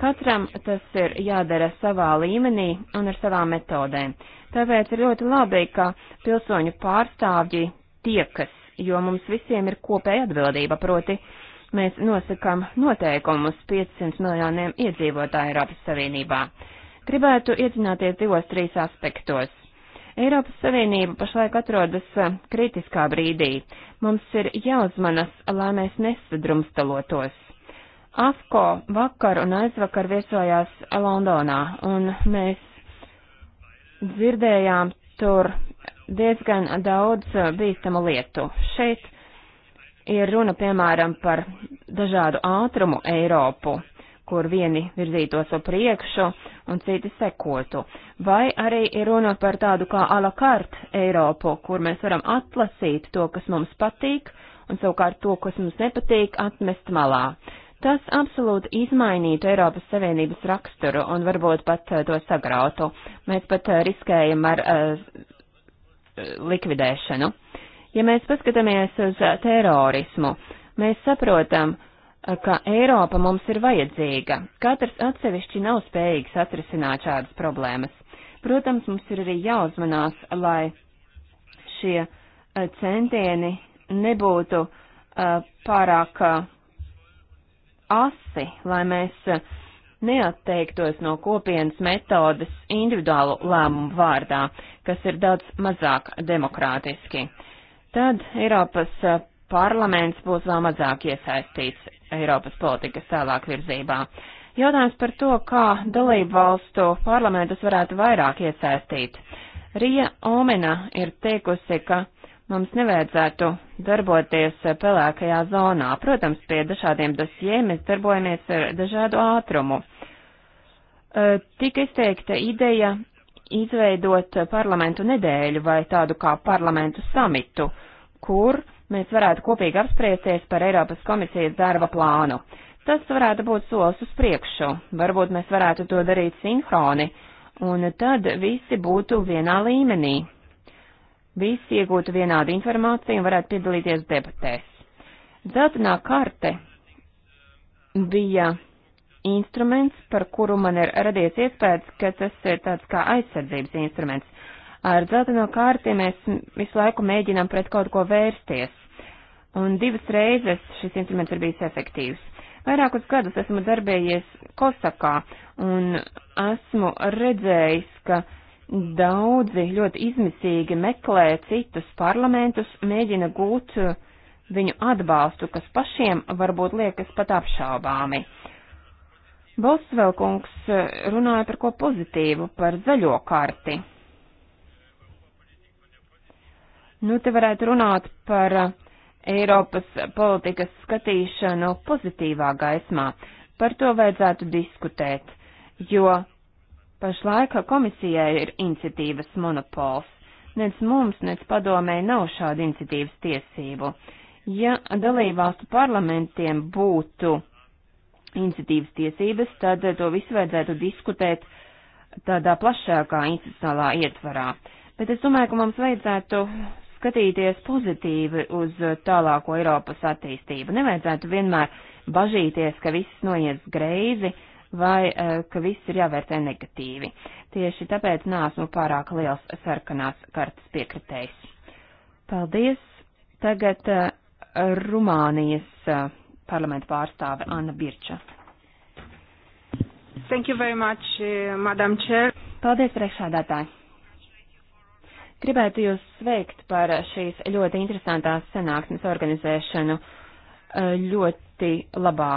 Katram tas ir jādara savā līmenī un ar savām metodēm. Tāpēc ir ļoti labi, ka pilsoņu pārstāvji tiekas, jo mums visiem ir kopēja atbildība, proti mēs nosakam noteikumus 500 miljoniem iedzīvotāju Eiropas Savienībā. Gribētu iedzināties divos, trīs aspektos. Eiropas Savienība pašlaik atrodas eh, kritiskā brīdī. Mums ir jāuzmanas, lai mēs nesadrumstalotos. AFCO vakar un aizvakar viesojās Londonā, un mēs dzirdējām tur diezgan daudz eh, bīstamu lietu. Šeit ir runa, piemēram, par dažādu ātrumu Eiropu kur vieni virzītos uz priekšu un citi sekotu. Vai arī ir runa par tādu kā ala carte Eiropu, kur mēs varam atlasīt to, kas mums patīk, un savukārt to, kas mums nepatīk, atmest malā. Tas absolūti izmainītu Eiropas Savienības raksturu un varbūt pat eh, to sagrautu. Mēs pat eh, riskējam ar uh, likvidēšanu. Ja mēs paskatāmies uz terorismu, mēs saprotam, uh, ka Eiropa mums ir vajadzīga. Katrs atsevišķi nav spējīgs atrisināt šādas problēmas. Protams, mums ir arī jāuzmanās, lai šie eh, centieni nebūtu uh, pārāk uh, asi, lai mēs uh, neatteiktos no kopienas metodas individuālu lēmumu vārdā, kas ir daudz mazāk demokrātiski. Tad Eiropas parlaments būs vēl mazāk iesaistīts. Eiropas politikas tālāk virzībā. Jautājums par to, kā dalību valstu parlamentus varētu vairāk iesaistīt. Rija Omena ir teikusi, ka mums nevajadzētu darboties pelēkajā zonā. Protams, pie dažādiem dosjiem mēs darbojamies ar dažādu ātrumu. E, tika izteikta ideja izveidot parlamentu nedēļu vai tādu kā parlamentu samitu, kur mēs varētu kopīgi apspriesties par Eiropas komisijas darba plānu. Tas varētu būt solis uz priekšu, varbūt mēs varētu to darīt sinhroni, un tad visi būtu vienā līmenī. Visi iegūtu vienādu informāciju un varētu piedalīties debatēs. Dzeltenā karte bija instruments, par kuru man ir radies iespējas, ka tas ir tāds kā aizsardzības instruments. Ar dzelteno kārti mēs visu laiku mēģinām pret kaut ko vērsties un divas reizes šis instruments ir bijis efektīvs. Vairākus gadus esmu darbējies Kosakā un esmu redzējis, ka daudzi ļoti izmisīgi meklē citus parlamentus, mēģina gūt viņu atbalstu, kas pašiem varbūt liekas pat apšaubāmi. Bosvelkungs runāja par ko pozitīvu, par zaļo karti. Nu, te varētu runāt par Eiropas politikas skatīšanu pozitīvā gaismā. Par to vajadzētu diskutēt, jo pašlaika komisijai ir iniciatīvas monopols. Nec mums, nec padomē nav šāda iniciatīvas tiesību. Ja dalībvalstu parlamentiem būtu iniciatīvas tiesības, tad to visu vajadzētu diskutēt tādā plašākā institucionālā ietvarā. Bet es domāju, ka mums vajadzētu skatīties pozitīvi uz tālāko Eiropas attīstību. Nevajadzētu vienmēr bažīties, ka viss noies greizi vai e, ka viss ir jāvērtē negatīvi. Tieši tāpēc nāsmu pārāk liels sarkanās kartas piekritējs. Paldies! Tagad e, Rumānijas e, parlamenta pārstāve Anna Birča. Thank you very much, Madam Chair. Paldies, priekšādātāji! Gribētu jūs sveikt par šīs ļoti interesantās sanāksmes organizēšanu eh, ļoti labā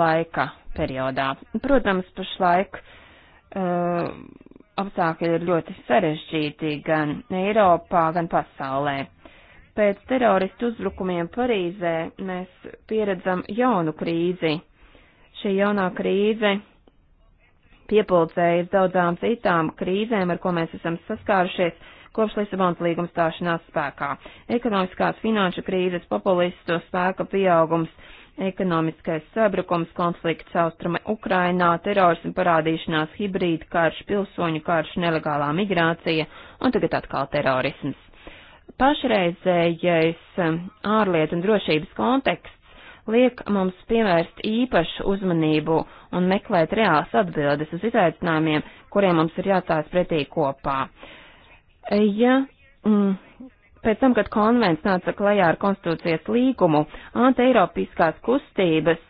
laika periodā. Protams, pašlaik uh, apstākļi ir ļoti sarežģīti gan Eiropā, gan pasaulē. Pēc teroristu uzbrukumiem Parīzē mēs pieredzam jaunu krīzi. Šī jaunā krīze piepildējas daudzām citām krīzēm, ar ko mēs esam saskārušies kopš Lisabonas līguma stāšanās spēkā. Ekonomiskās finanšu krīzes, populistu spēka pieaugums, ekonomiskais sabrukums, konflikts austruma Ukrainā, terorismu parādīšanās, hibrīda karš, pilsoņu karš, nelegālā migrācija un tagad atkal terorisms. Pašreizējais um, ārlietu un drošības konteksts liek mums pievērst īpašu uzmanību un meklēt reāls atbildes uz izaicinājumiem, kuriem mums ir jācās pretī kopā. Uh, Ja mm, pēc tam, kad konvents nāca klajā ar konstitūcijas līgumu, antieiropiskās kustības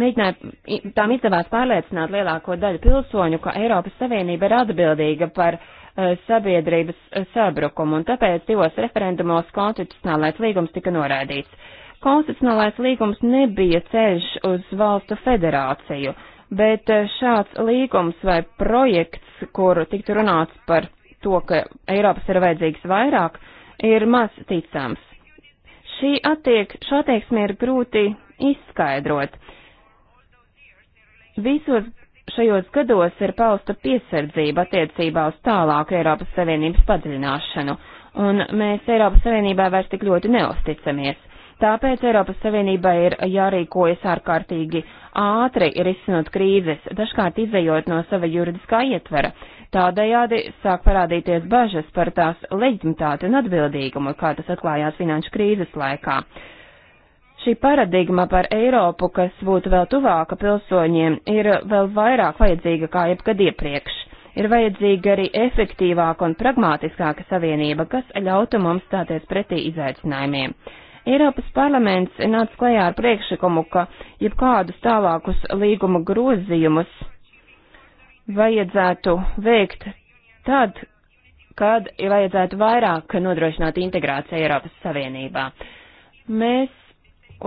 mēģināja, tām izdevās pārliecināt lielāko daļu pilsoņu, ka Eiropas Savienība ir atbildīga par uh, sabiedrības uh, sabrukumu, un tāpēc divos referendumos konstitucionālais līgums tika noraidīts. Konstitucionālais līgums nebija ceļš uz valstu federāciju, bet e, šāds līgums vai projekts, kuru tiktu runāts par to, ka Eiropas ir vajadzīgs vairāk, ir maz ticams. Šī attiek, šo attieksmi ir grūti izskaidrot. Visos šajos gados ir pausta piesardzība attiecībā uz tālāku Eiropas Savienības padziļināšanu, un mēs Eiropas Savienībā vairs tik ļoti neusticamies. Tāpēc Eiropas Savienībai ir jārīkojas ārkārtīgi ātri risinot krīzes, dažkārt izējot no sava juridiskā ietvera. Tādējādi sāk parādīties bažas par tās leģitimitāti un atbildīgumu, kā tas atklājās finanšu krīzes laikā. Šī paradigma par Eiropu, kas būtu vēl tuvāka pilsoņiem, ir vēl vairāk vajadzīga kā jebkad iepriekš. Ir vajadzīga arī efektīvāka un pragmātiskāka savienība, kas ļautu mums stāties pretī izaicinājumiem. Eiropas parlaments nāca klajā ar priekšlikumu, ka jebkādus tālākus līguma grozījumus vajadzētu veikt tad, kad vajadzētu vairāk nodrošināt integrāciju Eiropas Savienībā. Mēs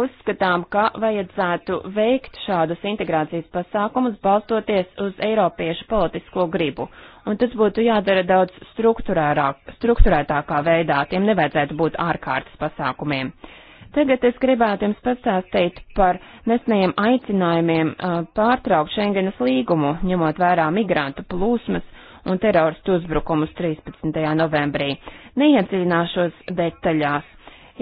uzskatām, ka vajadzētu veikt šādus integrācijas pasākumus balstoties uz Eiropiešu politisko gribu, un tas būtu jādara daudz struktūrētākā veidā, tiem nevajadzētu būt ārkārtas pasākumiem. Uh, Tagad es gribētu jums pastāstīt par nesnējiem aicinājumiem pārtraukt Schengenas līgumu, ņemot vērā migrantu plūsmas un teroristu uzbrukumus 13. novembrī. Neiedziļināšos detaļās.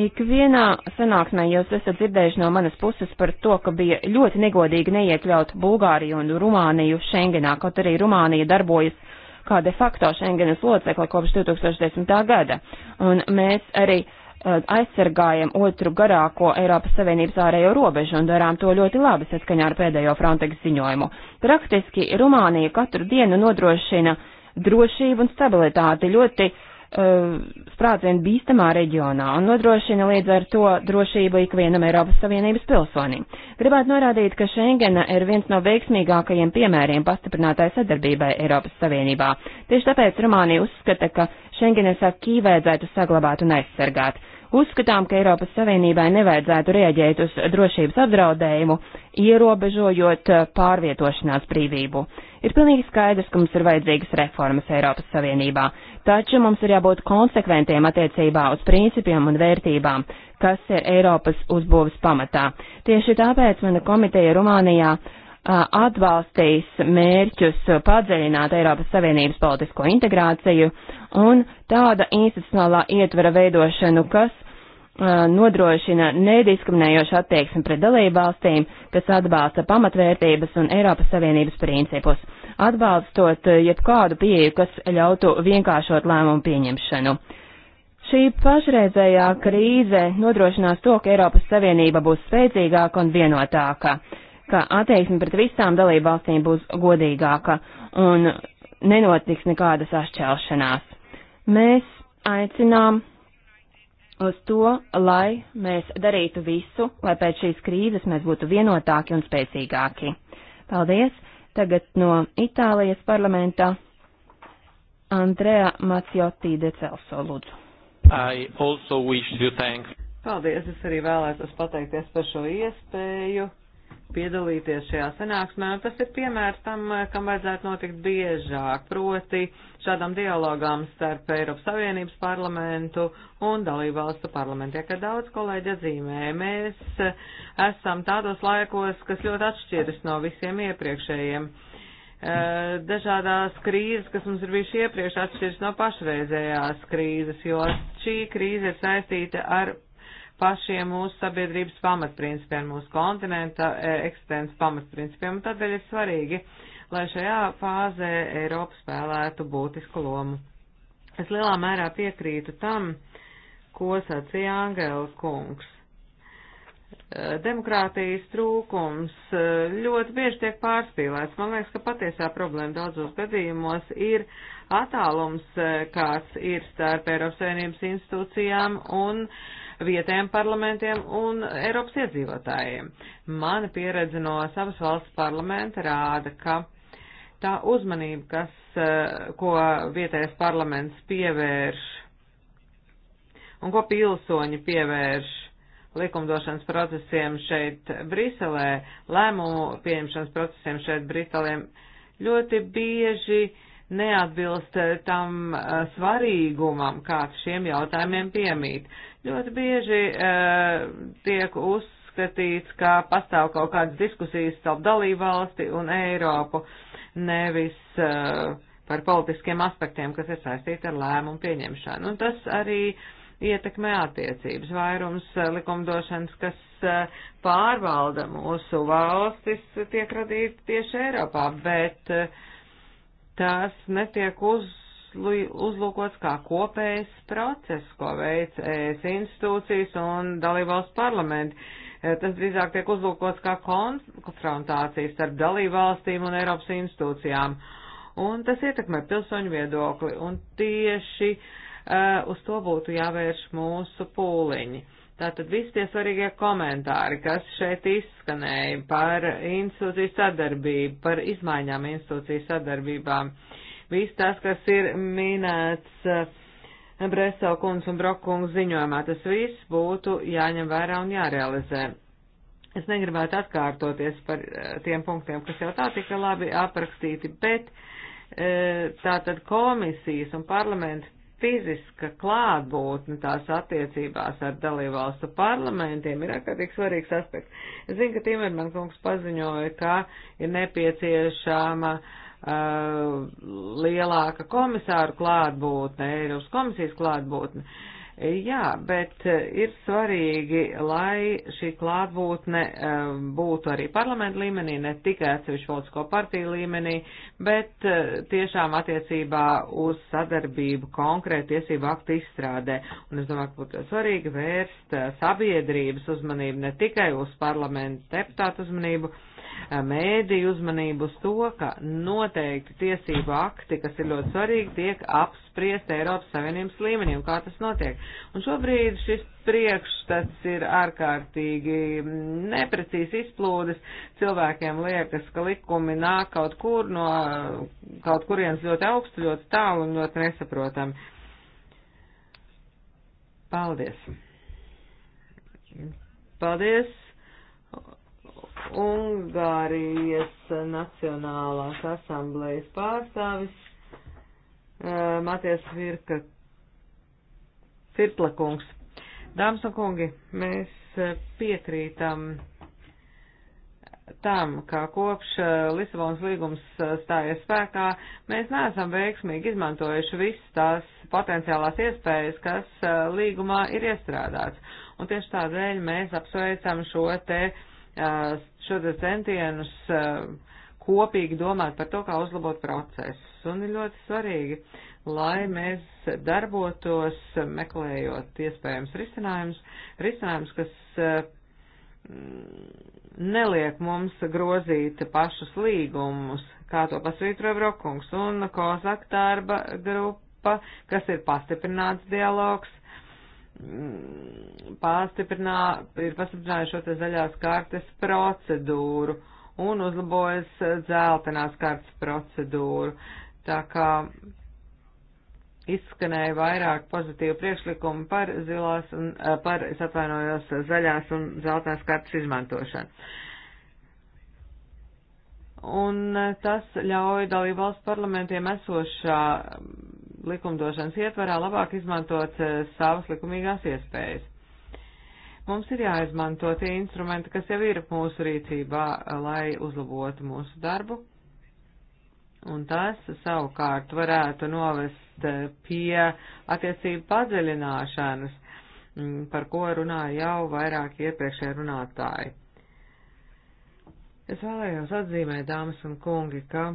Ikvienā sanāksmē jūs esat dzirdējuši no manas puses par to, ka bija ļoti negodīgi neiekļaut Bulgāriju un Rumāniju Schengenā, kaut arī Rumānija darbojas kā de facto Schengenas locekla kopš 2010. gada. Un mēs arī uh, Eh, aizsargājam otru garāko Eiropas Savienības ārējo robežu un darām to ļoti labi saskaņā ar pēdējo Frontex ziņojumu. Praktiski Rumānija katru dienu nodrošina drošību un stabilitāti ļoti uh, sprādzien bīstamā reģionā un nodrošina līdz ar to drošību ikvienam Eiropas Savienības pilsonim. Gribētu norādīt, ka Schengena ir viens no veiksmīgākajiem piemēriem pastiprinātai sadarbībai Eiropas Savienībā. Tieši tāpēc Rumānija uzskata, ka Schengenes akī vajadzētu saglabāt un aizsargāt. Uzskatām, ka Eiropas Savienībai nevajadzētu rēģēt uz drošības apdraudējumu, ierobežojot eh, pārvietošanās brīvību. Ir pilnīgi skaidrs, ka mums ir vajadzīgas reformas Eiropas Savienībā, taču mums ir jābūt konsekventiem attiecībā uz principiem un vērtībām, kas ir Eiropas uzbūves pamatā. Tieši tāpēc mana komiteja Rumānijā eh, atbalstīs mērķus padziļināt Eiropas Savienības politisko integrāciju un tāda institucionālā ietvera veidošanu, kas uh, nodrošina nediskriminējošu attieksmi pret dalībvalstīm, kas atbalsta pamatvērtības un Eiropas Savienības principus, atbalstot jebkādu pieeju, kas ļautu vienkāršot lēmumu pieņemšanu. Šī pašreizējā krīze nodrošinās to, ka Eiropas Savienība būs spēcīgāka un vienotāka, ka attieksme pret visām dalībvalstīm būs godīgāka un nenotiks nekāda sašķelšanās. Mēs aicinām uz to, lai mēs darītu visu, lai pēc šīs krīzes mēs būtu vienotāki un spēcīgāki. Paldies! Tagad no Itālijas parlamenta Andrea Macioti de Celso lūdzu. Paldies, es arī vēlētos pateikties par šo iespēju piedalīties šajā sanāksmē, un tas ir piemērs tam, eh, kam vajadzētu notikt biežāk, proti šādam dialogām starp Eiropas Savienības parlamentu un dalībvalstu parlamentiem, ka daudz kolēģi atzīmē, mēs eh, esam tādos laikos, kas ļoti atšķiras no visiem iepriekšējiem. Eh, dažādās krīzes, kas mums ir bijuši iepriekš, atšķiras no pašreizējās krīzes, jo šī krīze ir saistīta ar pašiem mūsu sabiedrības pamatprincipiem, mūsu kontinenta e, eksistences pamatprincipiem, un tādēļ ir svarīgi, lai šajā fāzē Eiropa spēlētu būtisku lomu. Es lielā mērā piekrītu tam, ko sacīja Angela kungs. E, demokrātijas trūkums e, ļoti bieži tiek pārspīlēts. Man liekas, ka patiesā problēma daudzos gadījumos ir attālums, kāds ir starp Eiropas Savienības institūcijām un uh, vietējiem parlamentiem un Eiropas iedzīvotājiem. Mana pieredze no savas valsts parlamenta rāda, ka tā uzmanība, kas, eh, ko vietējais parlaments pievērš un ko pilsoņi pievērš likumdošanas procesiem šeit Briselē, lēmumu pieņemšanas procesiem šeit Briselēm, ļoti bieži neatbilst tam eh, svarīgumam, kāds šiem jautājumiem piemīt. Ļoti bieži uh, tiek uzskatīts, ka pastāv kaut kādas diskusijas starp dalībvalsti un Eiropu, nevis uh, par politiskiem aspektiem, kas ir saistīti ar lēmumu pieņemšanu. Un tas arī ietekmē attiecības. Vairums eh, likumdošanas, kas uh, pārvalda mūsu valstis, tiek radīti tieši Eiropā, bet uh, tas netiek uz uzlūkots kā kopējs process, ko veic ES institūcijas un dalībvalsts parlamenti. E, tas drīzāk tiek uzlūkots kā konfrontācijas starp dalībvalstīm un Eiropas institūcijām. Un tas ietekmē pilsoņu viedokli, un tieši uh, uz to būtu jāvērš mūsu pūliņi. Tātad visi tie svarīgie komentāri, kas šeit izskanēja par institūciju sadarbību, par izmaiņām institūciju sadarbībām. Uh, Viss tas, kas ir minēts eh, Bresau kungs un Brokungs ziņojumā, tas viss būtu jāņem vērā un jārealizē. Es negribētu atkārtoties par eh, tiem punktiem, kas jau tā tika labi aprakstīti, bet eh, tātad komisijas un parlamenta fiziska klātbūtne tās attiecībās ar dalībvalstu parlamentiem ir ārkārtīgi svarīgs aspekts. Es zinu, ka Timerman kungs paziņoja, ka ir nepieciešama uh, Uh, lielāka komisāru klātbūtne, Eiropas komisijas klātbūtne. Jā, bet uh, ir svarīgi, lai šī klātbūtne uh, būtu arī parlamentu līmenī, ne tikai atsevišķu politisko partiju līmenī, bet tiešām attiecībā uz sadarbību konkrēti tiesību aktu izstrādē. Un es domāju, ka būtu svarīgi vērst sabiedrības uzmanību ne tikai uz parlamentu deputātu uzmanību, mēdīju uzmanību uz to, ka noteikti tiesību akti, kas ir ļoti svarīgi, tiek apspriest Eiropas Savienības līmenī un kā tas notiek. Un šobrīd šis priekšstats ir ārkārtīgi neprecīzi izplūdes. Cilvēkiem liekas, ka likumi nāk kaut kur no kaut kurienes ļoti augstu, ļoti tālu un ļoti nesaprotami. Paldies! Paldies! Ungārijas Nacionālās asamblejas pārstāvis uh, eh, Matijas Virka Firplakungs. Dāmas un kungi, mēs eh, piekrītam tam, ka kopš eh, Lisabonas līgums stājies spēkā, mēs neesam veiksmīgi izmantojuši visas tās potenciālās iespējas, kas līgumā ir iestrādāts. Un tieši tādēļ mēs apsveicam šo te uh, šo centienus kopīgi domāt par to, kā uzlabot procesus. Un ir ļoti svarīgi, lai mēs darbotos, meklējot iespējams risinājumus, risinājumus, kas neliek mums grozīt pašus līgumus, kā to pasvītroja Brokungs un Kozak darba grupa, kas ir pastiprināts dialogs Mm, pāstiprinā, ir pastiprinājuši šo te zaļās kartes procedūru un uzlabojas dzeltenās kartes procedūru. Tā kā izskanēja vairāk pozitīvu priekšlikumu par zilās un eh, par, es atvainojos, zaļās un zeltās kartes izmantošanu. Un eh, tas ļauj dalībvalstu parlamentiem esošā likumdošanas ietvarā labāk izmantot eh, savas likumīgās iespējas. Mums ir jāizmanto tie instrumenti, kas jau ir mūsu rīcībā, eh, lai uzlabotu mūsu darbu, un tas savukārt varētu novest eh, pie attiecību padziļināšanas, mm, par ko runāja jau vairāk iepriekšēji runātāji. Es vēlējos atzīmēt, dāmas un kungi, ka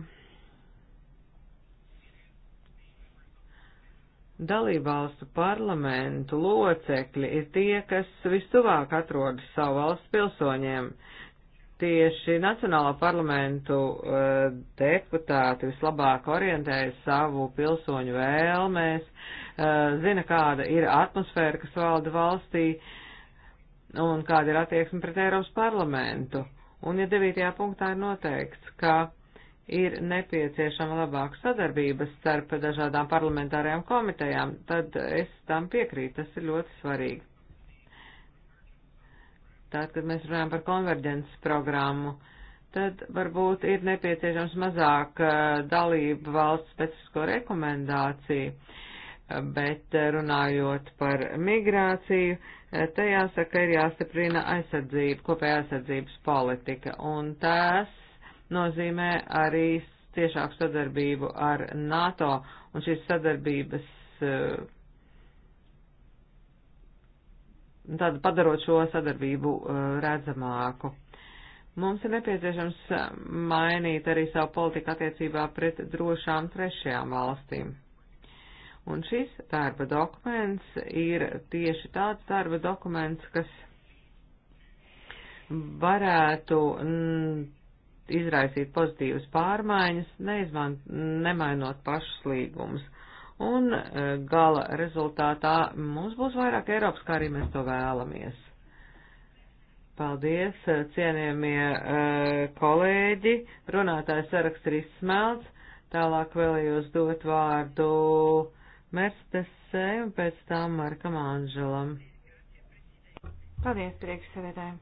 Dalībvalstu parlamentu locekļi ir tie, kas vistuvāk atrodas savu valstu pilsoņiem. Tieši Nacionālā parlamentu uh, deputāti vislabāk orientējas savu pilsoņu vēlmēs, uh, zina, kāda ir atmosfēra, kas valda valstī un kāda ir attieksme pret Eiropas parlamentu. Un, ja devītajā punktā ir noteikts, ka ir nepieciešama labāka sadarbība starp dažādām parlamentārajām komitejām, tad es tam piekrītu, tas ir ļoti svarīgi. Tātad, kad mēs runājam par konverģences programmu, tad varbūt ir nepieciešams mazāk eh, dalību valsts specifisko rekomendāciju, bet eh, runājot par migrāciju, eh, te jāsaka, ir jāstiprina aizsardzība, kopējā aizsardzības politika, un tas nozīmē arī tiešāku sadarbību ar NATO, un šīs sadarbības eh, tāda padarot šo sadarbību eh, redzamāku. Mums ir nepieciešams mainīt arī savu politiku attiecībā pret drošām trešajām valstīm. Un šis darba dokuments ir tieši tāds darba dokuments, kas varētu mm, izraisīt pozitīvas pārmaiņas, neizman, nemainot pašus līgumus. Un e, gala rezultātā mums būs vairāk Eiropas, kā arī mēs to vēlamies. Paldies, e, cienījamie e, kolēģi. Runātājs saraksts ir izsmelts. Tālāk vēlējos dot vārdu Mercedesē un pēc tam Markam Anželam. Paldies, priekšsēdētājiem.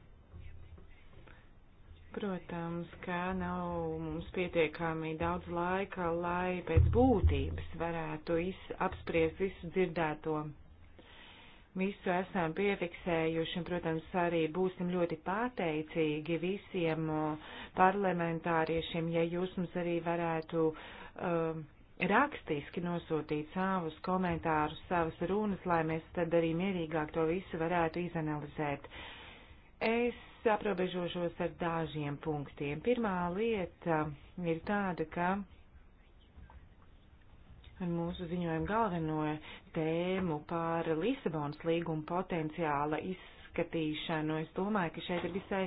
Protams, ka nav mums pietiekami daudz laika, lai pēc būtības varētu iz, apspriest visu dzirdēto. Visu esam piefiksējuši un, protams, arī būsim ļoti pateicīgi visiem parlamentāriešiem, ja jūs mums arī varētu uh, rakstiski nosūtīt savus komentārus, savas runas, lai mēs tad arī mierīgāk to visu varētu izanalizēt. Es aprobežošos ar dažiem punktiem. Pirmā lieta ir tāda, ka ar mūsu ziņojumu galveno tēmu par Lisabonas līgumu potenciāla izskatīšanu. Es domāju, ka šeit ir visai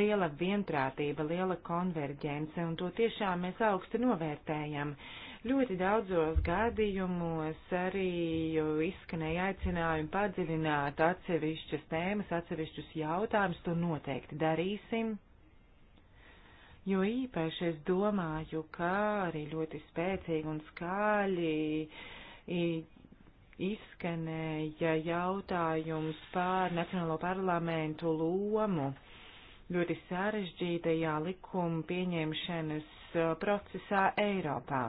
liela vienprātība, liela konverģence, un to tiešām mēs augstu novērtējam. Uh, Ļoti daudzos gadījumos arī izskanēja aicinājumi padziļināt atsevišķas tēmas, atsevišķus jautājumus, to noteikti darīsim. Jo īpaši es domāju, ka arī ļoti spēcīgi un skaļi izskanēja jautājums par Nacionālo parlamentu lomu ļoti sarežģītajā likuma pieņemšanas procesā Eiropā.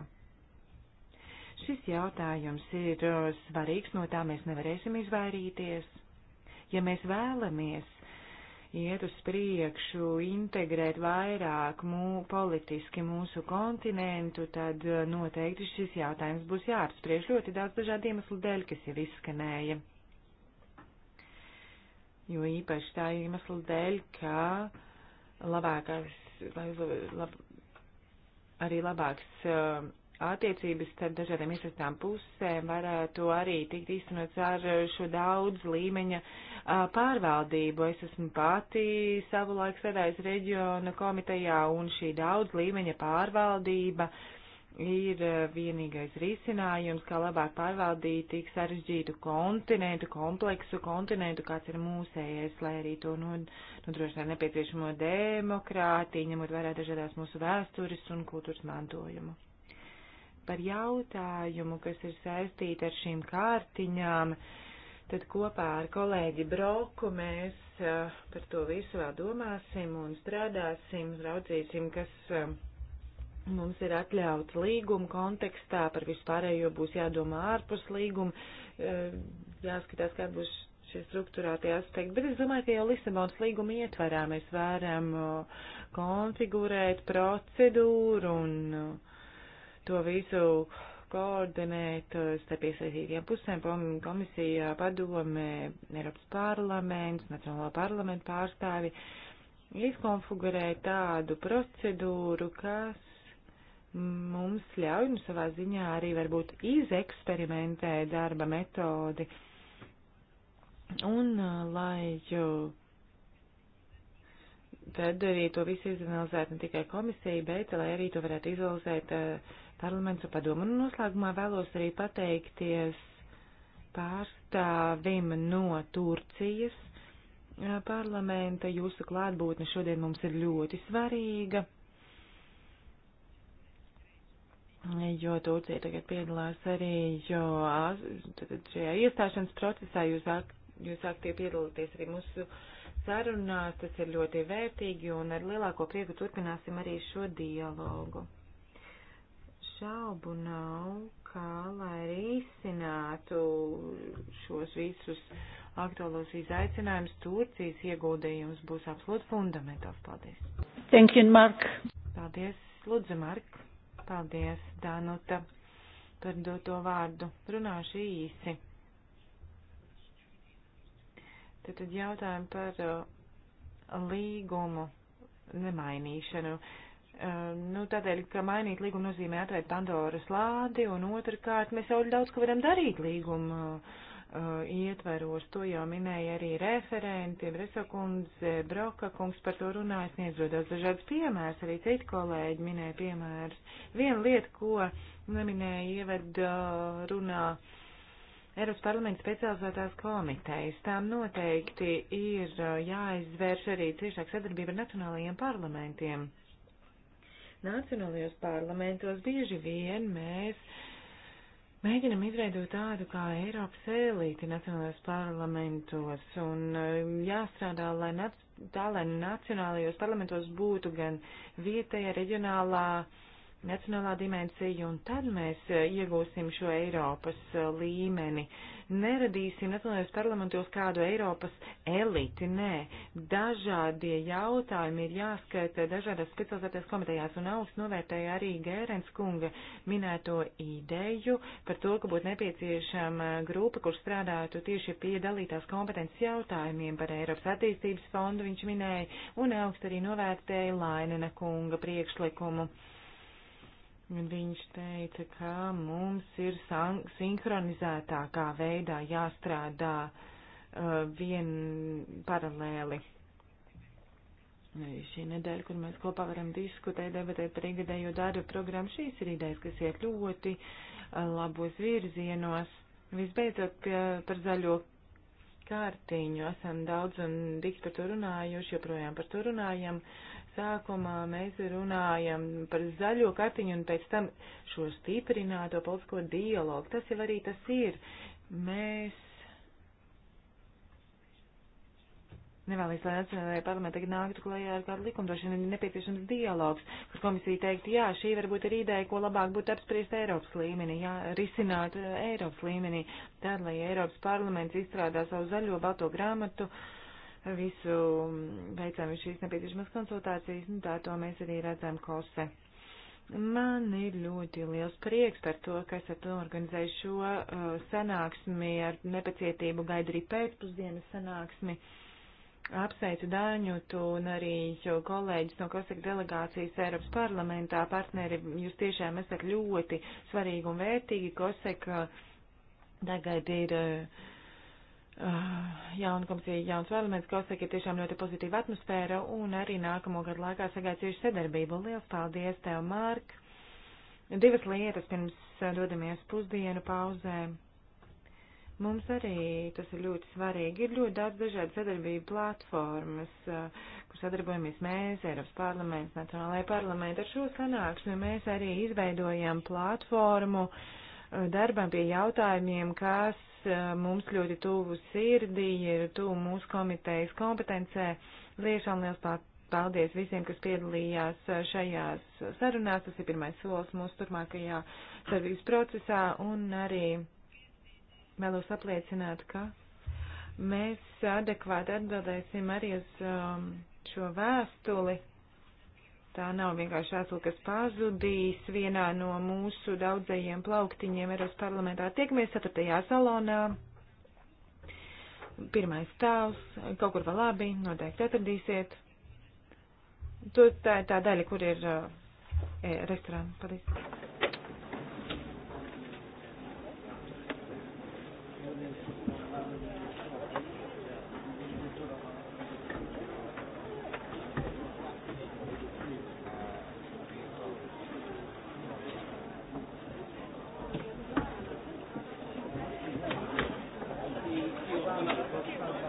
Šis jautājums ir uh, svarīgs, no tā mēs nevarēsim izvairīties. Ja mēs vēlamies iet uz priekšu, integrēt vairāk mū, politiski mūsu kontinentu, tad uh, noteikti šis jautājums būs jāapspriež ļoti daudz dažādu iemeslu dēļ, kas jau izskanēja. Jo īpaši tā iemesla dēļ, ka labākās, lab, lab, arī labāks uh, attiecības starp dažādiem iesaistām pusēm varētu arī tikt īstenots ar šo daudz līmeņa pārvaldību. Es esmu pati savulaik sēdājusi reģiona komitejā un šī daudz līmeņa pārvaldība ir vienīgais risinājums, kā labāk pārvaldīt tik sarežģītu kontinentu, kompleksu kontinentu, kāds ir mūsējais, lai arī to nu, nodrošinātu nepieciešamo demokrātiju, ņemot vērā dažādās mūsu vēstures un kultūras mantojumu par jautājumu, kas ir saistīti ar šīm kārtiņām, tad kopā ar kolēģi Broku mēs eh, par to visu vēl domāsim un strādāsim, raudzīsim, kas eh, mums ir atļauts līguma kontekstā, par vispārējo būs jādomā ārpus līguma, eh, jāskatās, kā būs šie struktūrātie aspekti, bet es domāju, ka jau Lisabonas līguma ietvarā mēs varam konfigurēt procedūru un to visu koordinēt uh, starp iesaistītiem pusēm - komisija, padome, Eiropas parlaments, Nacionālā parlamenta pārstāvi - izkonfigurēt tādu procedūru, kas mums ļauj nu, savā ziņā arī varbūt izeksperimentēt darba metodi. Un uh, lai jau tad arī to visu izanalizētu ne tikai komisija, bet lai arī to varētu izanalizēt uh, parlaments un padomu. Un nu, noslēgumā vēlos arī pateikties pārstāvim no Turcijas parlamenta. Jūsu klātbūtne šodien mums ir ļoti svarīga, jo Turcija tagad piedalās arī jo, šajā iestāšanas procesā. Jūs, ak, jūs aktīvi piedalāties arī mūsu sarunās, tas ir ļoti vērtīgi un ar lielāko prieku turpināsim arī šo dialogu šaubu nav, kā lai risinātu šos visus aktuālos izaicinājumus, Turcijas ieguldījums būs absolūti fundamentāls. Paldies! Thank you, Mark! Paldies, Lūdzu, Mark! Paldies, Danuta, par doto vārdu. Runāšu īsi. Tad jautājumi par uh, līgumu nemainīšanu. Uh, Ehm, nu, tādēļ, ka mainīt līgumu nozīmē atvērt Pandoras lādi, un otrkārt mēs jau daudz ko varam darīt līgumu uh, eh, ietveros. To jau minēja arī referenti, Bresokundze, Broka kungs par to runāja, sniedzot daudz dažādas piemēras, arī citi kolēģi minēja piemērus. Viena lieta, ko neminēja ieved uh, eh, runā. Eiropas parlamenta specializētās komitejas. Tām noteikti ir eh, jāizvērš arī ciešāk sadarbība ar nacionālajiem parlamentiem. Nacionālajos parlamentos bieži vien mēs mēģinam izveidot tādu kā Eiropas elīti nacionālajos parlamentos un um, jāstrādā, lai nac, tā, lai nacionālajos parlamentos būtu gan vietēja, reģionālā, nacionālā dimensija, un tad mēs uh, iegūsim šo Eiropas uh, līmeni. Uh, neradīsim nacionālajos parlamentos kādu Eiropas eliti, nē. Dažādie jautājumi ir jāskata dažādās specializētās komitejās un augsts novērtēja arī Gērens kunga minēto ideju par to, ka būtu nepieciešama grupa, kur strādātu tieši pie dalītās kompetences jautājumiem par Eiropas attīstības fondu, viņš minēja, un augsts arī novērtēja Lainena kunga priekšlikumu. Viņš teica, ka mums ir sinhronizētākā veidā jāstrādā uh, vien paralēli. Arī šī nedēļa, kur mēs kopā varam diskutēt, debatēt par ikgadējo darbu programmu, šīs ir idejas, kas iet ļoti uh, labos virzienos. Visbeidzot, uh, par zaļo kārtiņu esam daudz un dikti par to runājuši, joprojām par to runājam. Uh, sākumā mēs runājam par zaļo kartiņu un pēc tam šo stiprināto politisko dialogu. Tas jau arī tas ir. Mēs nevēlamies, lai Nacionālajā parlamentā tagad nāktu klajā ar kādu likumdošanu, ir nepieciešams dialogs, kur komisija teikt, jā, šī varbūt ir ideja, ko labāk būtu apspriest Eiropas līmenī, jā, risināt eh, Eiropas līmenī, tad, lai Eiropas parlaments izstrādā savu zaļo balto grāmatu. Uh, visu veicām šīs nepieciešamās konsultācijas, nu tā to mēs arī redzam kose. Man ir ļoti liels prieks par to, ka esat organizējuši šo uh, sanāksmi ar nepacietību gaidu arī pēcpusdienas sanāksmi. Apsveicu Dāņutu un arī kolēģis no Kosek delegācijas Eiropas parlamentā. Partneri, jūs tiešām esat ļoti svarīgi un vērtīgi. Kosek uh, tagad ir. Uh, Ah, jauna komisija, jauns parlaments, Kausek ir tiešām ļoti pozitīva atmosfēra un arī nākamo gadu laikā sagaidījuši sadarbību. Lielas paldies tev, Mārk! Divas lietas pirms eh, dodamies pusdienu pauzē. Mums arī tas ir ļoti svarīgi. Ir ļoti daudz dažādu sadarbību platformas, eh, kur sadarbojamies mēs, Eiropas parlaments, Nacionālajā parlamentā. Ar šo sanāksmi mēs arī izveidojam platformu eh, darbam pie jautājumiem, kas mums ļoti tuvu sirdī, ir tuvu mūsu komitejas kompetencē. Liešām liels paldies visiem, kas piedalījās šajās sarunās. Tas ir pirmais solis mūsu turpmākajā sadarbības procesā un arī vēlos apliecināt, ka mēs adekvāti atbildēsim arī uz um, šo vēstuli Tā nav vienkārši vēstule, kas pazudīs vienā no mūsu daudzajiem plauktiņiem Eiropas parlamentā. Tiekamies 4. salonā. Pirmais stāvs, kaut kur vēl labi, noteikti atradīsiet. Tur tā ir tā daļa, kur ir e, eh, restorāna. Paldies.